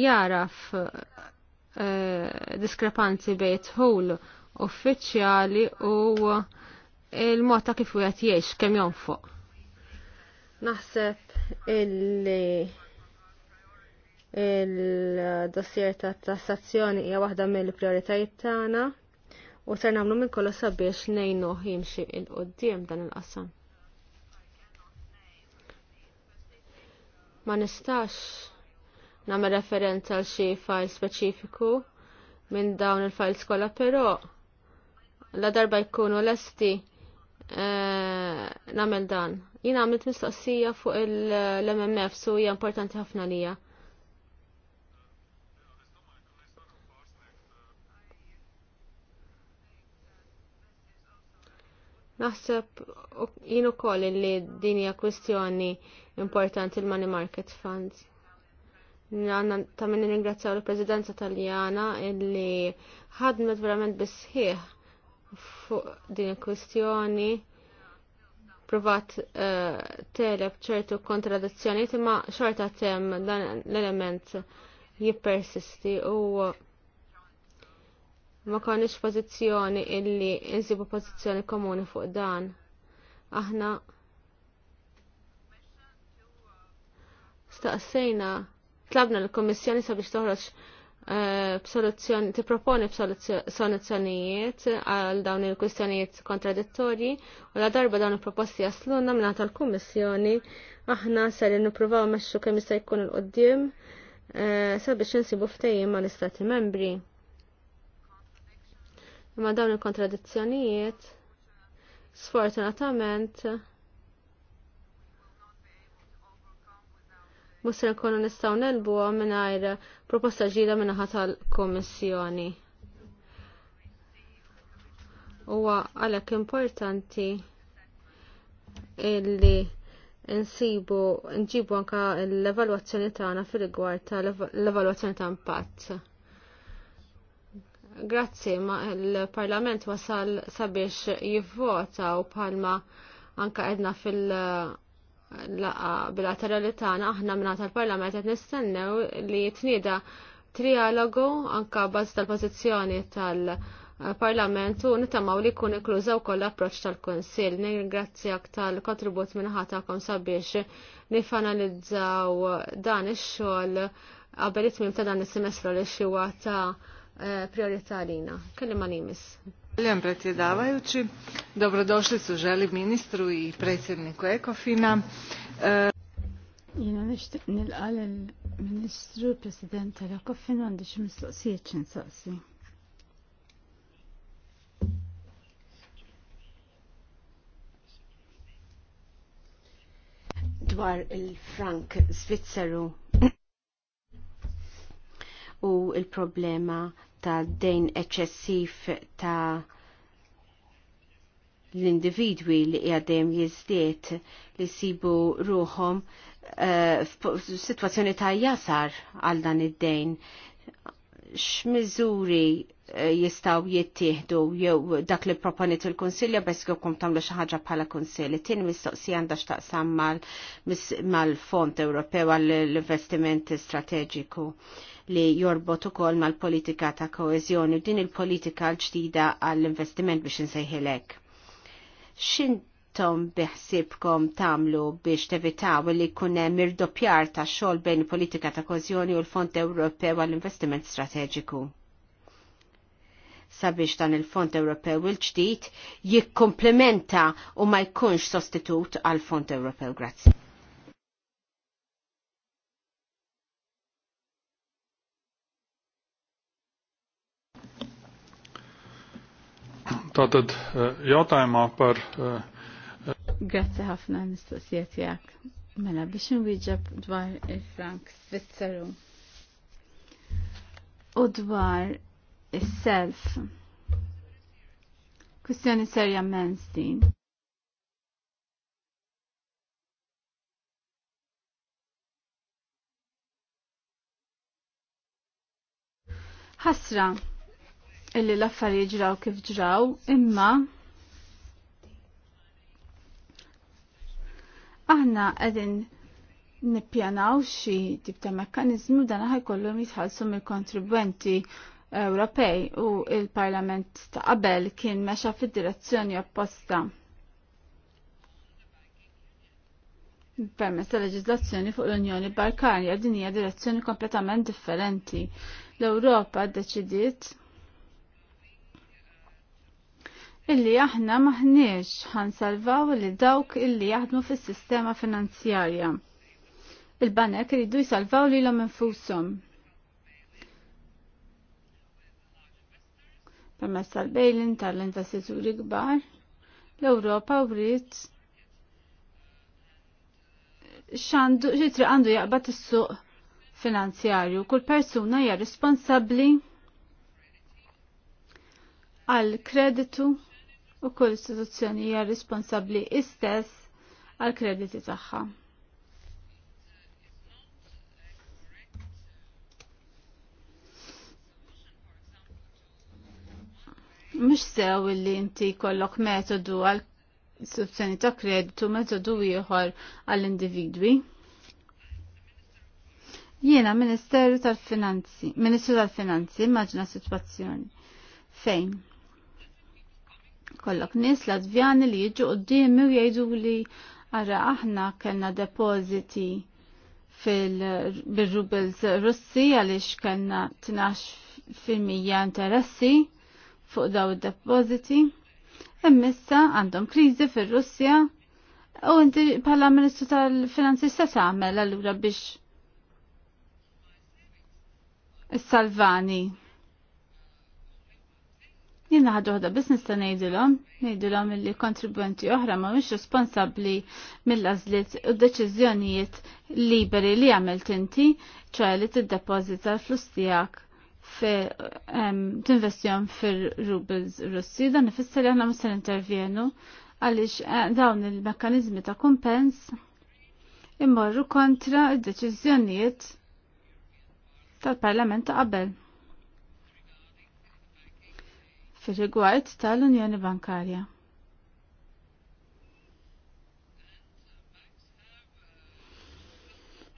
jaraf eh, diskrepanzi bejn hul uffiċjali u il-mod ta' kif wieħed jgħix kemm jonfoq. Naħseb illi il-dossier ta' tassazzjoni hija waħda mill-prioritajiet tagħna u ser namlu minn kolla sabiex nejnu jimxi il-qoddim dan il-qasam. Ma nistax nagħmel referenza għal xi file speċifiku minn dawn il-files kollha però la darba jkunu lesti eh, nagħmel dan. Jien għamilt mistoqsija fuq l-MMF su hija importanti ħafna lija. Naħseb jien ukoll li din hija kwistjoni importanti il-money market funds. Għanna ta' minn ringrazzjaw l-Presidenza Taljana illi ħadmet verament bisħieħ fuq din il-kwistjoni provat uh, teleb ċertu kontradizzjoni imma xorta tem dan l-element jippersisti u ma konniex pożizzjoni illi insibu pożizzjoni komuni fuq dan. Aħna staqsejna tlabna l kummissjoni sabiex toħroġ eh, b'soluzzjoni, tipproponi b'soluzzjonijiet għal dawn il-kwistjonijiet kontradittorji u la darba dawn il-proposti jaslunna minna tal-Kommissjoni aħna ser nippruvaw meċċu kemm jista' jkun il-qoddim eh, sabiex insibu ftejjin mal istati membri. Imma dawn il-kontradizzjonijiet sfortunatament musser nkunu nistgħu nelbuha mingħajr proposta ġdida min-naħa tal-Kummissjoni. Huwa għalhekk importanti illi nsibu nġibu anka l-evalwazzjoni tagħna fil-rigward tal-evalwazzjoni ta' impatt. Grazzi, ma l-Parlament wasal sabiex jivvota u palma anka edna fil-laqa bilaterali tagħna aħna minna tal-Parlament qed nistennew li tnieda trialogu anka baż tal-pożizzjoni tal-Parlament u nitamaw li jkun ikluza wkoll koll approċ tal-Kunsill. Ningrazzjak tal-kontribut minna ħatakom sabiex nifanalizzaw dan ix-xogħol qabel it-tmim ta' dan is-semestru li xi ta' priorità għalina. Kellim għalimis. Ljem predsjedavajući. dobrodošli su želi ministru i predsjedniku Ekofina. E, Jena nishtiq nil il-Ministru, President tal-Ekofin, għandi xi sjećen xinsaqsi. Dwar il-Frank Svizzeru u il-problema ta' dejn eċessif ta' l-individwi li għadem jizdiet li sibu ruħom uh, eh, situazzjoni ta' jasar għal dan id-dejn. X'miżuri Eh, jistaw jittieħdu jew dak li proponit il-Konsilja bes jkun tagħmlu xi ħaġa bħala Konsilli. Tieni mistoqsija għandha x'taqsam mal-Fond Ewropew għall-Investiment Strateġiku li jorbot ukoll mal-politika ta' koeżjoni u din il-politika l-ġdida għall-investiment biex insejħilek. Xin tom biħsibkom tamlu biex tevitaw li kunem irdoppjar ta' xol bejn politika ta' kozjoni u l-Fond Ewropew għall-Investiment Strateġiku? sabiex dan il-Fond Ewropew il-ġdid jikkomplementa u ma jkunx sostitut għal Fond Ewropew. Grazzi. Tātad eh, jautājumā par. Eh, Grazzi ħafna mistoqsijiet tiegħek. Mela biex nwieġeb dwar il-Frank Svizzeru. U dwar is-self. Kwistjoni serja mens din. Ħasra illi l-affarijiet ġraw kif ġraw, imma aħna qegħdin nippjanaw xi tip ta' mekkaniżmu dan kollu jitħallsu mill-kontribwenti Ewropej u il-Parlament ta' qabel kien mexa fid-direzzjoni opposta. permess ta' leġislazzjoni fuq l-Unjoni Balkanja din hija direzzjoni kompletament differenti. L-Ewropa ddeċidiet illi aħna maħniex salvaw li dawk illi jaħdmu fis-sistema finanzjarja. Il-banek iridu jsalvaw lilhom infushom. Permess tal-bejlin tal-investituri kbar, l-Ewropa writ xandu xitri għandu jaqbad is-suq finanzjarju. Kull persuna hija responsabbli għal kreditu u kull istituzzjoni hija responsabbli istess għal krediti tagħha. mhux sew li inti jkollok metodu għal subseni ta' kreditu metodu ieħor għall individwi Jiena Ministeru tal-Finanzi, Ministru tal-Finanzi, immaġna situazzjoni. Fejn? Kollok nis Latvjani li jiġu qoddimi u jgħidu li ara aħna kellna depożiti fil-rubles Russi għaliex kellna 12% interessi fuq daw id-depositi. Immissa għandhom kriżi fir-Russja u inti bħala Ministru tal-Finanzi se tagħmel allura biex is-salvani. Jien naħdu ħada nista' ta' ngħidilhom, ngħidilhom li kontribwenti oħra ma mhux responsabbli mill-għażliet u deċiżjonijiet liberi li għamilt inti, ċoħe li tiddepożita l-flus tiegħek tinvestijom fil-rubles russi, dan ifisser li għanna musa intervjenu għalix eh, dawn il-mekkanizmi ta' kumpens imorru kontra id deċizjoniet tal-Parlament ta' qabel. Fil-rigward tal-Unjoni Bankarja.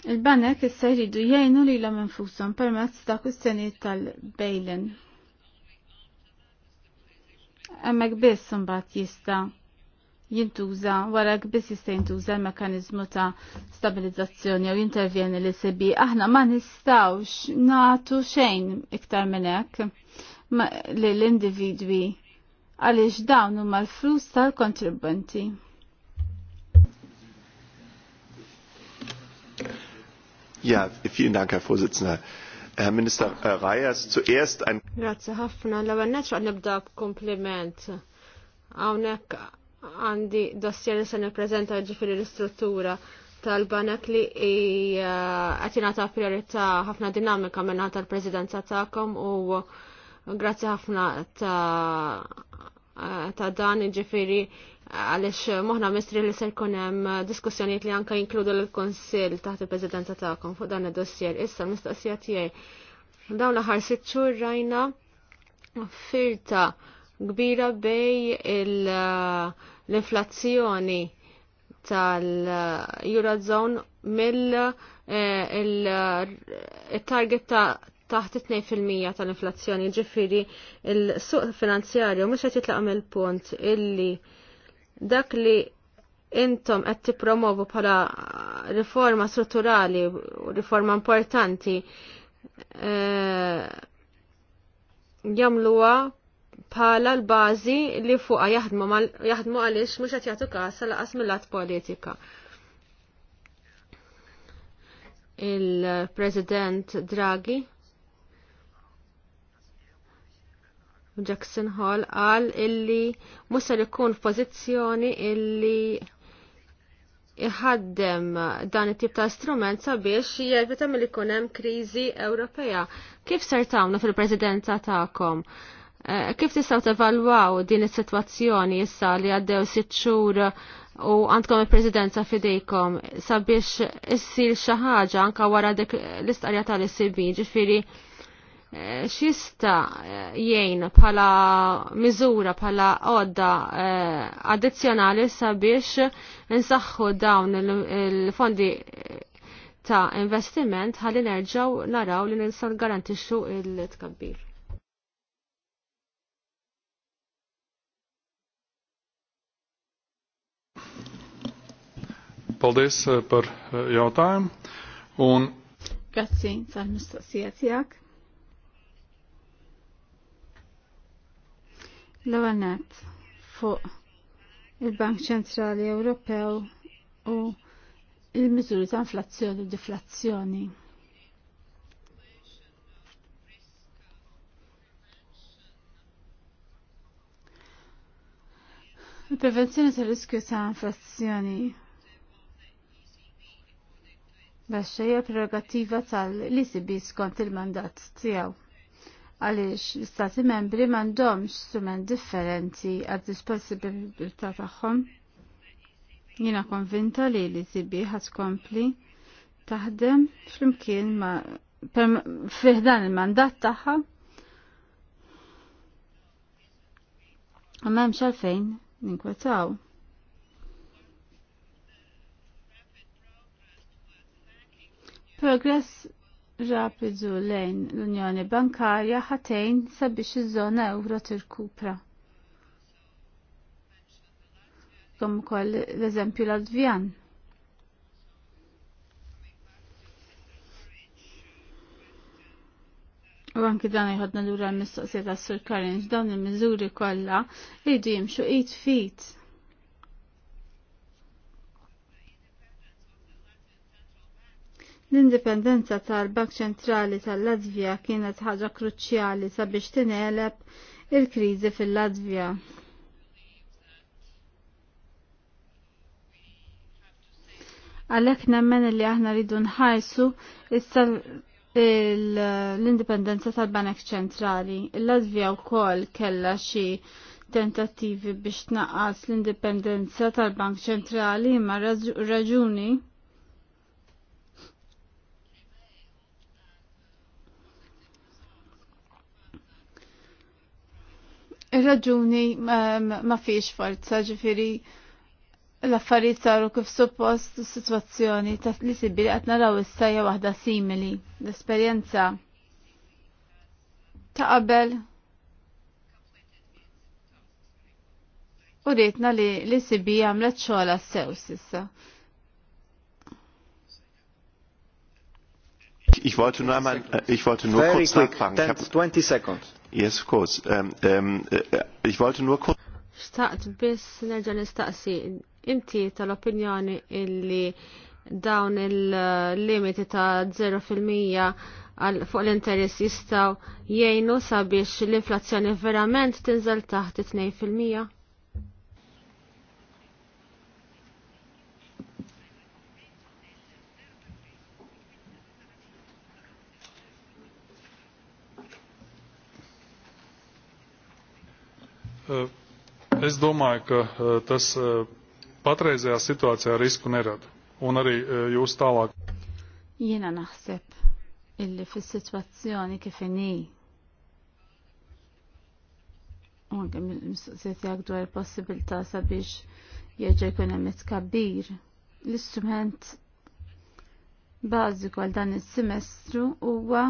Il-banek issa jridu jgħinu li l-om per permezz ta' kustjoni tal-bejlin. Emmek biss mbagħad jista' jintuża wara biss jista' jintuża l-mekanizmu ta' stabilizzazzjoni jew jintervjeni li sebi. Aħna ma nistgħux nagħtu xejn iktar minn hekk lill individwi għaliex dawn huma l-flus tal-kontribwenti. Ja, vielen Dank, Herr Vorsitzender. Herr äh, Minister äh, Reyes, zuerst ein... Grazie ħafna, La għannet xaqt nibda kompliment. Għawnek għandi dossier li se nipprezenta ġifiri l-istruttura tal-banek li äh, għatina ta' priorità ħafna dinamika minna tal-prezidenza ta'kom u grazie ħafna ta' ta' dan ġifiri għalix eh, moħna mistri li ser kunem eh, diskussjoniet li anka jinkludu l-konsil taħt il-prezidenza taħkom fuq dan id-dossier. Issa l-mistaqsija tijaj. Dawn laħar sitxur rajna firta kbira bej eh, l-inflazzjoni tal-Eurozone mill-target ta' taħt 2% tal-inflazzjoni ġifiri il-suq finanzjarju mux għet jitlaq mill-punt illi dak li intom qed tippromovu bħala riforma strutturali u riforma importanti e, jagħmluha bħala l-bażi li fuqha jaħdmu għaliex mhux qed jagħtu każ laqas mill-lat politika. Il-President Draghi Jackson Hall qal illi musar ikun f'pożizzjoni illi iħaddem dan it-tip ta' strument sabiex jevita mill ikun hemm kriżi Ewropea. Kif ser tagħmlu fil-Presidenza tagħkom? Eh, kif tistgħu tevalwaw din is-sitwazzjoni issa li għaddew sitt xhur u għandkom il-Presidenza fidejkom sabiex issir xi ħaġa anke wara dik l-istqarja tal-ICB, ġifieri Eh, xista eh, jgħin pala miżura pala għodda eh, addizzjonali sabiex nsaħħu dawn il-fondi ta' investiment ħalli nerġaw naraw li ninsan garantixxu il-tkabbir. Paldies par jautājumu. Un... tā tal-mistoqsija tiegħek l-għanet fuq il-Bank Ċentrali Ewropew u il-miżuri ta' inflazzjoni u deflazzjoni. Il-prevenzjoni ta' riskju ta' inflazzjoni Baxxejja prerogativa tal-ECB skont il-mandat tiegħu għaliex l-Istati membri m'għandhomx strument differenti għad disponibilità tagħhom. Jiena konvinta li li tibi ħad kompli taħdem flimkien ma' fiħdan il-mandat tagħha. U m'hemmx għalfejn ninkwetaw. Progress rapidu lejn l-Unjoni Bankarja ħatejn sabiex iż-żona euro tirkupra. Kom ukoll l-eżempju l l-Advjan. U anki dan iħodna l-ura l-mistoqsija ta' Sur Karinġ dawn il-miżuri kollha jridu jimxu 8 feet L-indipendenza tal-Bank Ċentrali tal-Latvija kienet ħaġa kruċjali sabiex tinelep il-kriżi fil-Latvija. Għalhekk nemmen li aħna rridu nħajsu l-indipendenza tal-Bank Ċentrali. Il-Latvija wkoll kellha xi tentattivi biex tnaqqas l-indipendenza tal-Bank Ċentrali ma raġuni il raġuni ma fiex forza ġifiri l-affarijiet saru kif suppost situazzjoni ta' li sibi li għatna raw s-sajja wahda simili. l esperienza ta' qabel u rritna li li sibi għamlet s sew sissa. Ich wollte nur einmal, äh, ich wollte nur kurz quick, nachfragen. 20 seconds. Yes, of course. Um, um, uh, uh, ich wollte nur kurz... Xtaqt biss nerġa' nistaqsi, inti tal-opinjoni illi dawn il-limiti ta' 0% għal fuq l-interess jistaw jgħinu sabiex l-inflazzjoni verament tinżal taħt 2%? Eh, es domāju, ka eh, tas eh, patreizējā situācijā risku nerada. Un arī jūs tālāk. Jena naħseb illi fis situazzjoni kif Un u anke mistoqsijiet jak dwar il-possibilità sabiex jerġa' jkun hemm kabbir. L-istrument bażiku għal dan is-semestru huwa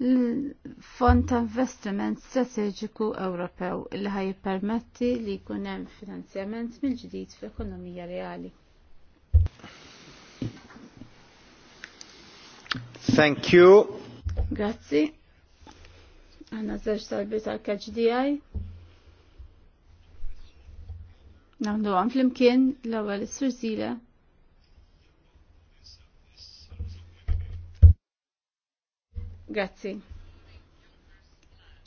l-Fond ta' Investiment Strateġiku Ewropew li ħaj permetti li jkun hemm finanzjament mill-ġdid fl-ekonomija reali. Thank you. Grazzi. Għanna zewġ talbi tal-KGDI. Namlu għan fl-imkien l-ewwel is Grazzi.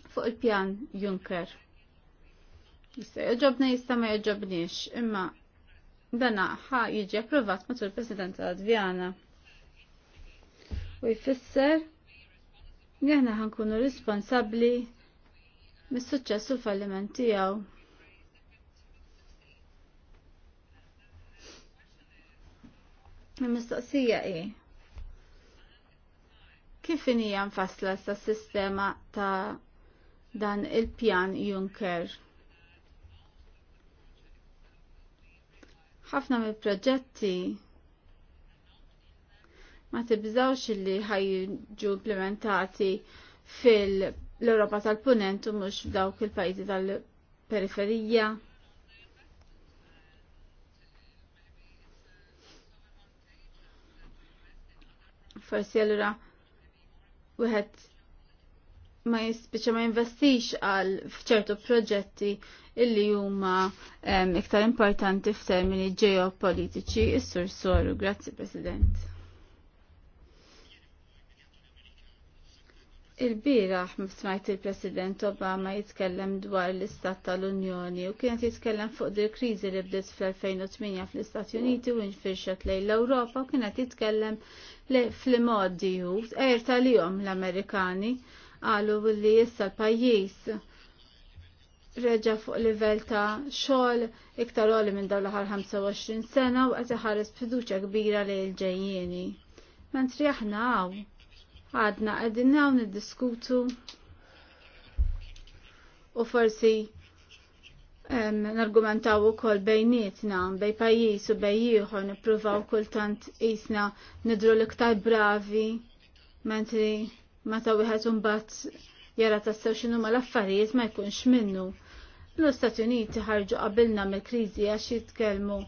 Fuq il-pjan Juncker. Jista' joġobna jista' ma joġobniex, imma dana ħa jiġi approvat matul il-President Latvjana. U jfisser li aħna ħankunu responsabbli mis-suċċess u l-falliment tiegħu. Il-mistoqsija hi kif inija nfassla sa sistema ta' dan il-pjan Juncker. ħafna mill-proġetti ma tibżawx li ħajġu implementati fil-Europa tal-Punent u mux f'dawk il-pajzi tal-periferija. Forsi allura wieħed ma jispiċa ma jinvestix għal fċertu proġetti illi huma iktar importanti f'termini ġeopolitiċi is-sur Soru. Grazzi President. Il-biraħ smajt il-President Obama jitkellem dwar l-Istat tal-Unjoni u kienet jitkellem fuq dil kriżi li bdiet fl-2008 fl-Istati Uniti u nfirxet lejn l-Ewropa u kienet jitkellem fl-modi u għer tal-jom l-Amerikani għalu li jissa l-pajjiż reġa fuq livell ta' xogħol iktar għoli minn dawn l-aħħar 25 sena u qed iħares fiduċa kbira lejn il-ġejjieni. Mentri aħna hawn Għadna għedin għaw niddiskutu u forsi Nargumentaw ukoll bejnietna, bej pajjiż u bej ieħor nippruvaw kultant isna nidru l-iktar bravi, mentri meta wieħed bat jara tassew ma l-affarijiet ma jkunx minnu. L-Istati Uniti ħarġu qabilna mill-kriżi għax jitkellmu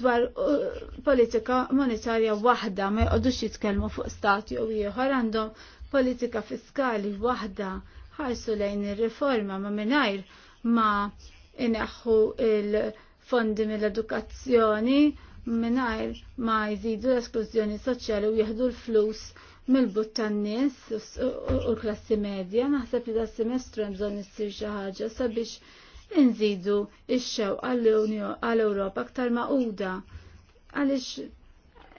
dwar uh, politika monetarja waħda ma jqodux jitkellmu fuq stati u ieħor għandhom politika fiskali waħda ħarsu lejn ir-riforma ma mingħajr ma ineħħu il-fondi mill-edukazzjoni mingħajr ma jżidu l-esklużjoni soċjali u jieħdu l-flus mill-but tan-nies u l-klassi medja naħseb li da semestru hemm bżonn issir xi ħaġa sabiex inżidu ix-xew għall-Ewropa aktar maquda għaliex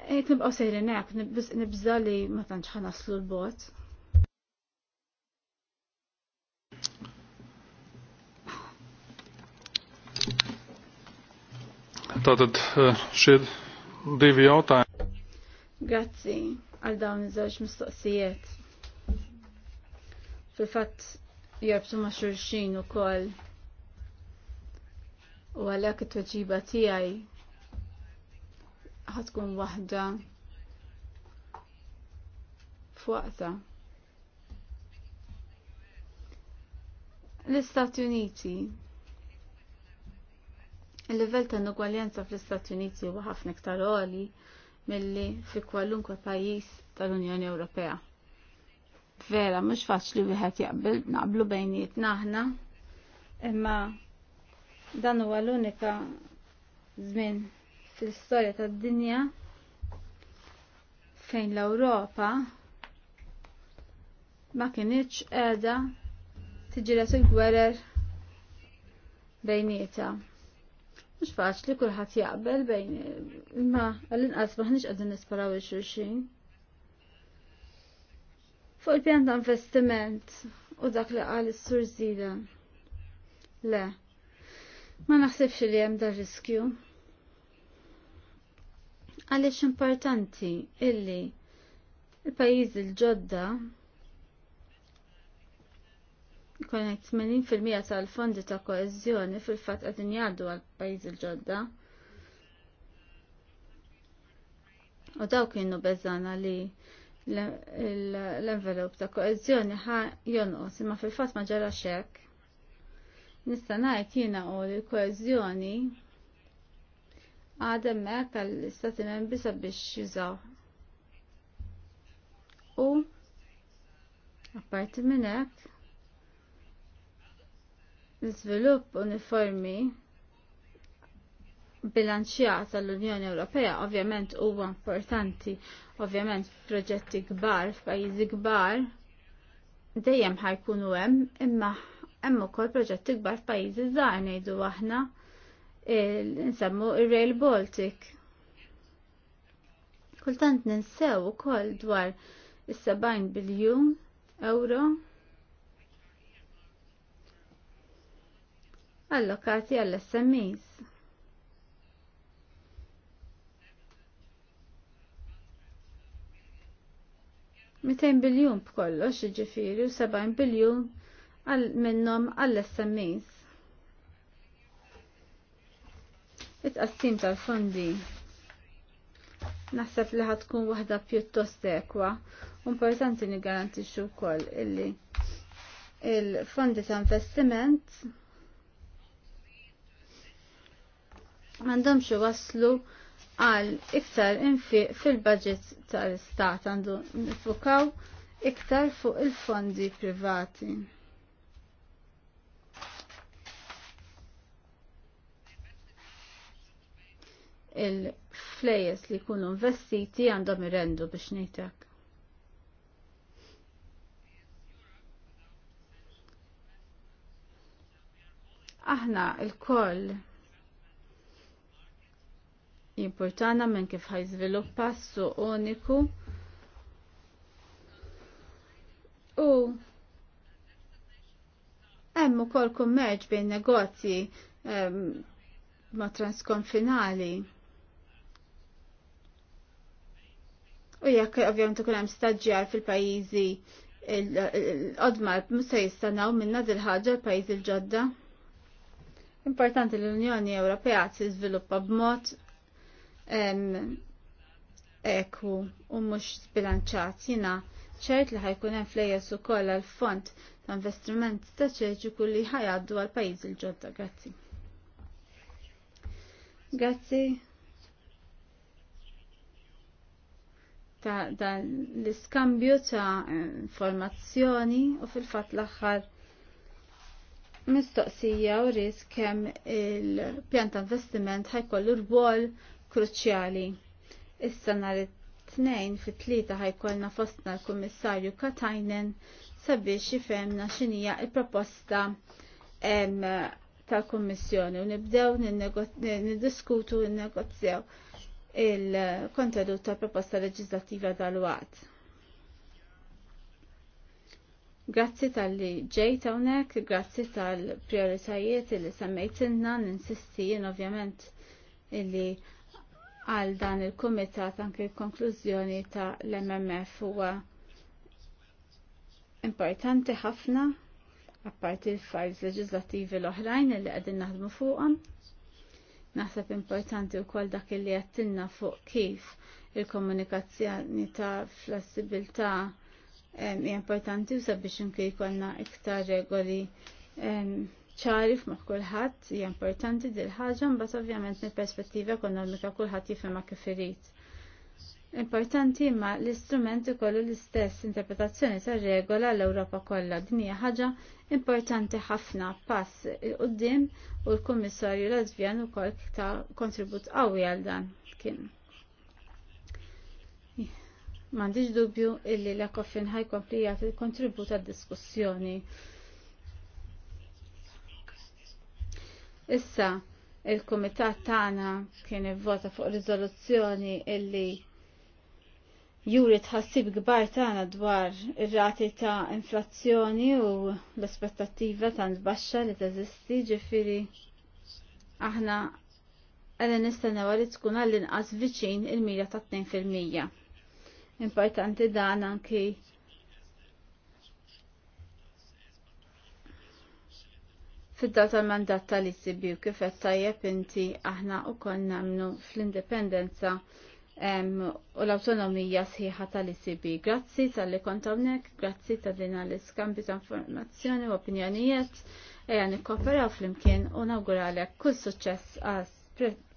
qed nibqgħu sejrin hekk nibża li ma tantx ħanaslu l-bot. Tātad eh, šie divi Grazzi għal dawn iż-żewġ mistoqsijiet. Fil-fatt jarbsu ma' xulxin ukoll u għalhekk it-tweġiba tiegħi ħatkun waħda f'waqta. L-Istati Uniti il-livell ta' nugwaljenza fl-Istati Uniti huwa ħafna iktar għoli milli fi kwalunkwe pajjiż tal-Unjoni Ewropea. Vera, mhux faċli wieħed jaqbel naqblu bejnietna aħna, imma Dan huwa l-unika żmien fl-istorja tad-dinja fejn l-Ewropa ma kienx qiegħda tiġilet il-gwerer bejnieta. Mhux faċli kulħadd jaqbel bejn imma għall-inqas maħniex qegħdin nisparaw il-xulxin. Fuq il-pjan ta' investiment u dak li qal is-Sur Zila. Le, Ma naħsibx li hemm dar riskju. Għaliex importanti illi il-pajjiżi l-ġodda konek 80% tal-fondi ta' koezjoni fil-fat għadin jgħaddu għal pajiz il-ġodda. U daw kienu bezzana li l-envelop ta' koezjoni ħa jonqos, imma fil-fat ma ġara xek. Nista' ngħid jiena u l-koeżjoni għadem hemmhekk għall-istati membri sabiex jużaw. U apparti minn hekk l-iżvilupp uniformi bilanċjat tal-Unjoni Ewropea ovvjament huwa importanti, ovvjament proġetti kbar f'pajjiżi kbar dejjem ħajkunu hemm imma hemm ukoll proġetti kbar f'pajjiżi żgħar ngħidu aħna nsemmu ir-Rail Baltic. Kultant ninsew ukoll dwar is-70 biljun euro allokati għall-SMEs. Mitejn biljun b'kollox, ġifiri, u 70 biljun minnom għall-SMEs. It-qassim tal-fondi naħseb li ħatkun waħda pjuttost ekwa. Importanti li garantixxu wkoll illi il-fondi ta' investiment għandhomx waslu għal iktar infi fil-budget tal-istat għandu nifukaw iktar fuq il-fondi privati. il-flejes li jkunu investiti għandhom irrendu biex ngħidlek. Aħna il-koll importana minn kif ħajżviluppa zviluppa suq uniku u hemm ukoll kummerġ bejn negozji ehm, ma transkonfinali. U jekk ovvjament ikun hemm staġġjar fil-pajjiżi l-qodma se jistanaw minna dil-ħaġa l-pajjiżi l-ġodda. Importanti l-Unjoni Ewropea żviluppa b'mod eku u mhux sbilanċat jiena ċert li ħajkun hemm flejjes ukoll għall-fond ta' investiment strateġiku li ħajgħaddu għal pajjiż il-ġodda. Grazzi. Grazzi. ta' dan l-iskambju ta' informazzjoni u fil-fat l-axħar mistoqsija u risk kemm il-pjan ta' investiment ħajkollu rwol kruċjali. Issa nhar it-tnejn fit-tlieta ħajkollna fostna l-Kummissarju Katajnen sabiex jifhemna x'inhija l-proposta tal-Kummissjoni u nibdew niddiskutu n-negozjaw il-kontenut ta' proposta leġislattiva dal-waqt. Grazzi tal-li ġejt hawnhekk, grazzi tal-prioritajiet li semmejtinna, ninsisti jien ovvjament li għal dan il-kumitat anke l-konklużjoni ta' l-MMF huwa importanti ħafna apparti l-fajls leġislattivi l-oħrajn li qegħdin naħdmu fuqhom. Naħseb importanti wkoll dak li għattinna fuq kif il-komunikazzjoni ta' flessibilità hija importanti u sabiex inkej jkollna iktar regoli ċari f'moħħ kulħadd hija importanti dil ħaġa mbagħad ovvjament mill-perspettiva ekonomika kulħadd jifhimha kif irid. Importanti imma l-istrument ikollu l-istess interpretazzjoni tar regola l-Ewropa kollha. Din hija ħaġa importanti ħafna pass il-qoddim u l-Kummissarju Lazvjan ukoll ta' kontribut qawwi għal dan kien. M'għandix dubju illi l-ekofin komplijat jagħti kontribut għad-diskussjoni. Issa, il-komitat tagħna kien ivvota fuq riżoluzzjoni illi juri tħassib kbar tagħna dwar ir-rati ta' inflazzjoni u l aspettativa tant baxxa li teżisti ġifiri aħna għalli nistennew li tkun għall-inqas viċin il-mira ta' 2%. Importanti dan anki fid-data tal-mandat tal-ICB u kif qed tajjeb inti aħna u konna namnu fl-indipendenza u l-autonomija sħiħa tal-ICB. Grazzi tal-li kontomnek, grazzi tal-dina l-iskambi ta' informazzjoni u opinjonijiet, e eja nikkoperaw fl-imkien u nawguralek kull suċess għas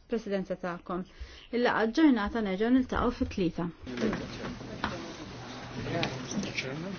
presidenza ta'kom. Illa għadġornata ġurnata nerġgħu niltaqgħu fit-tlieta. Mr. Chairman,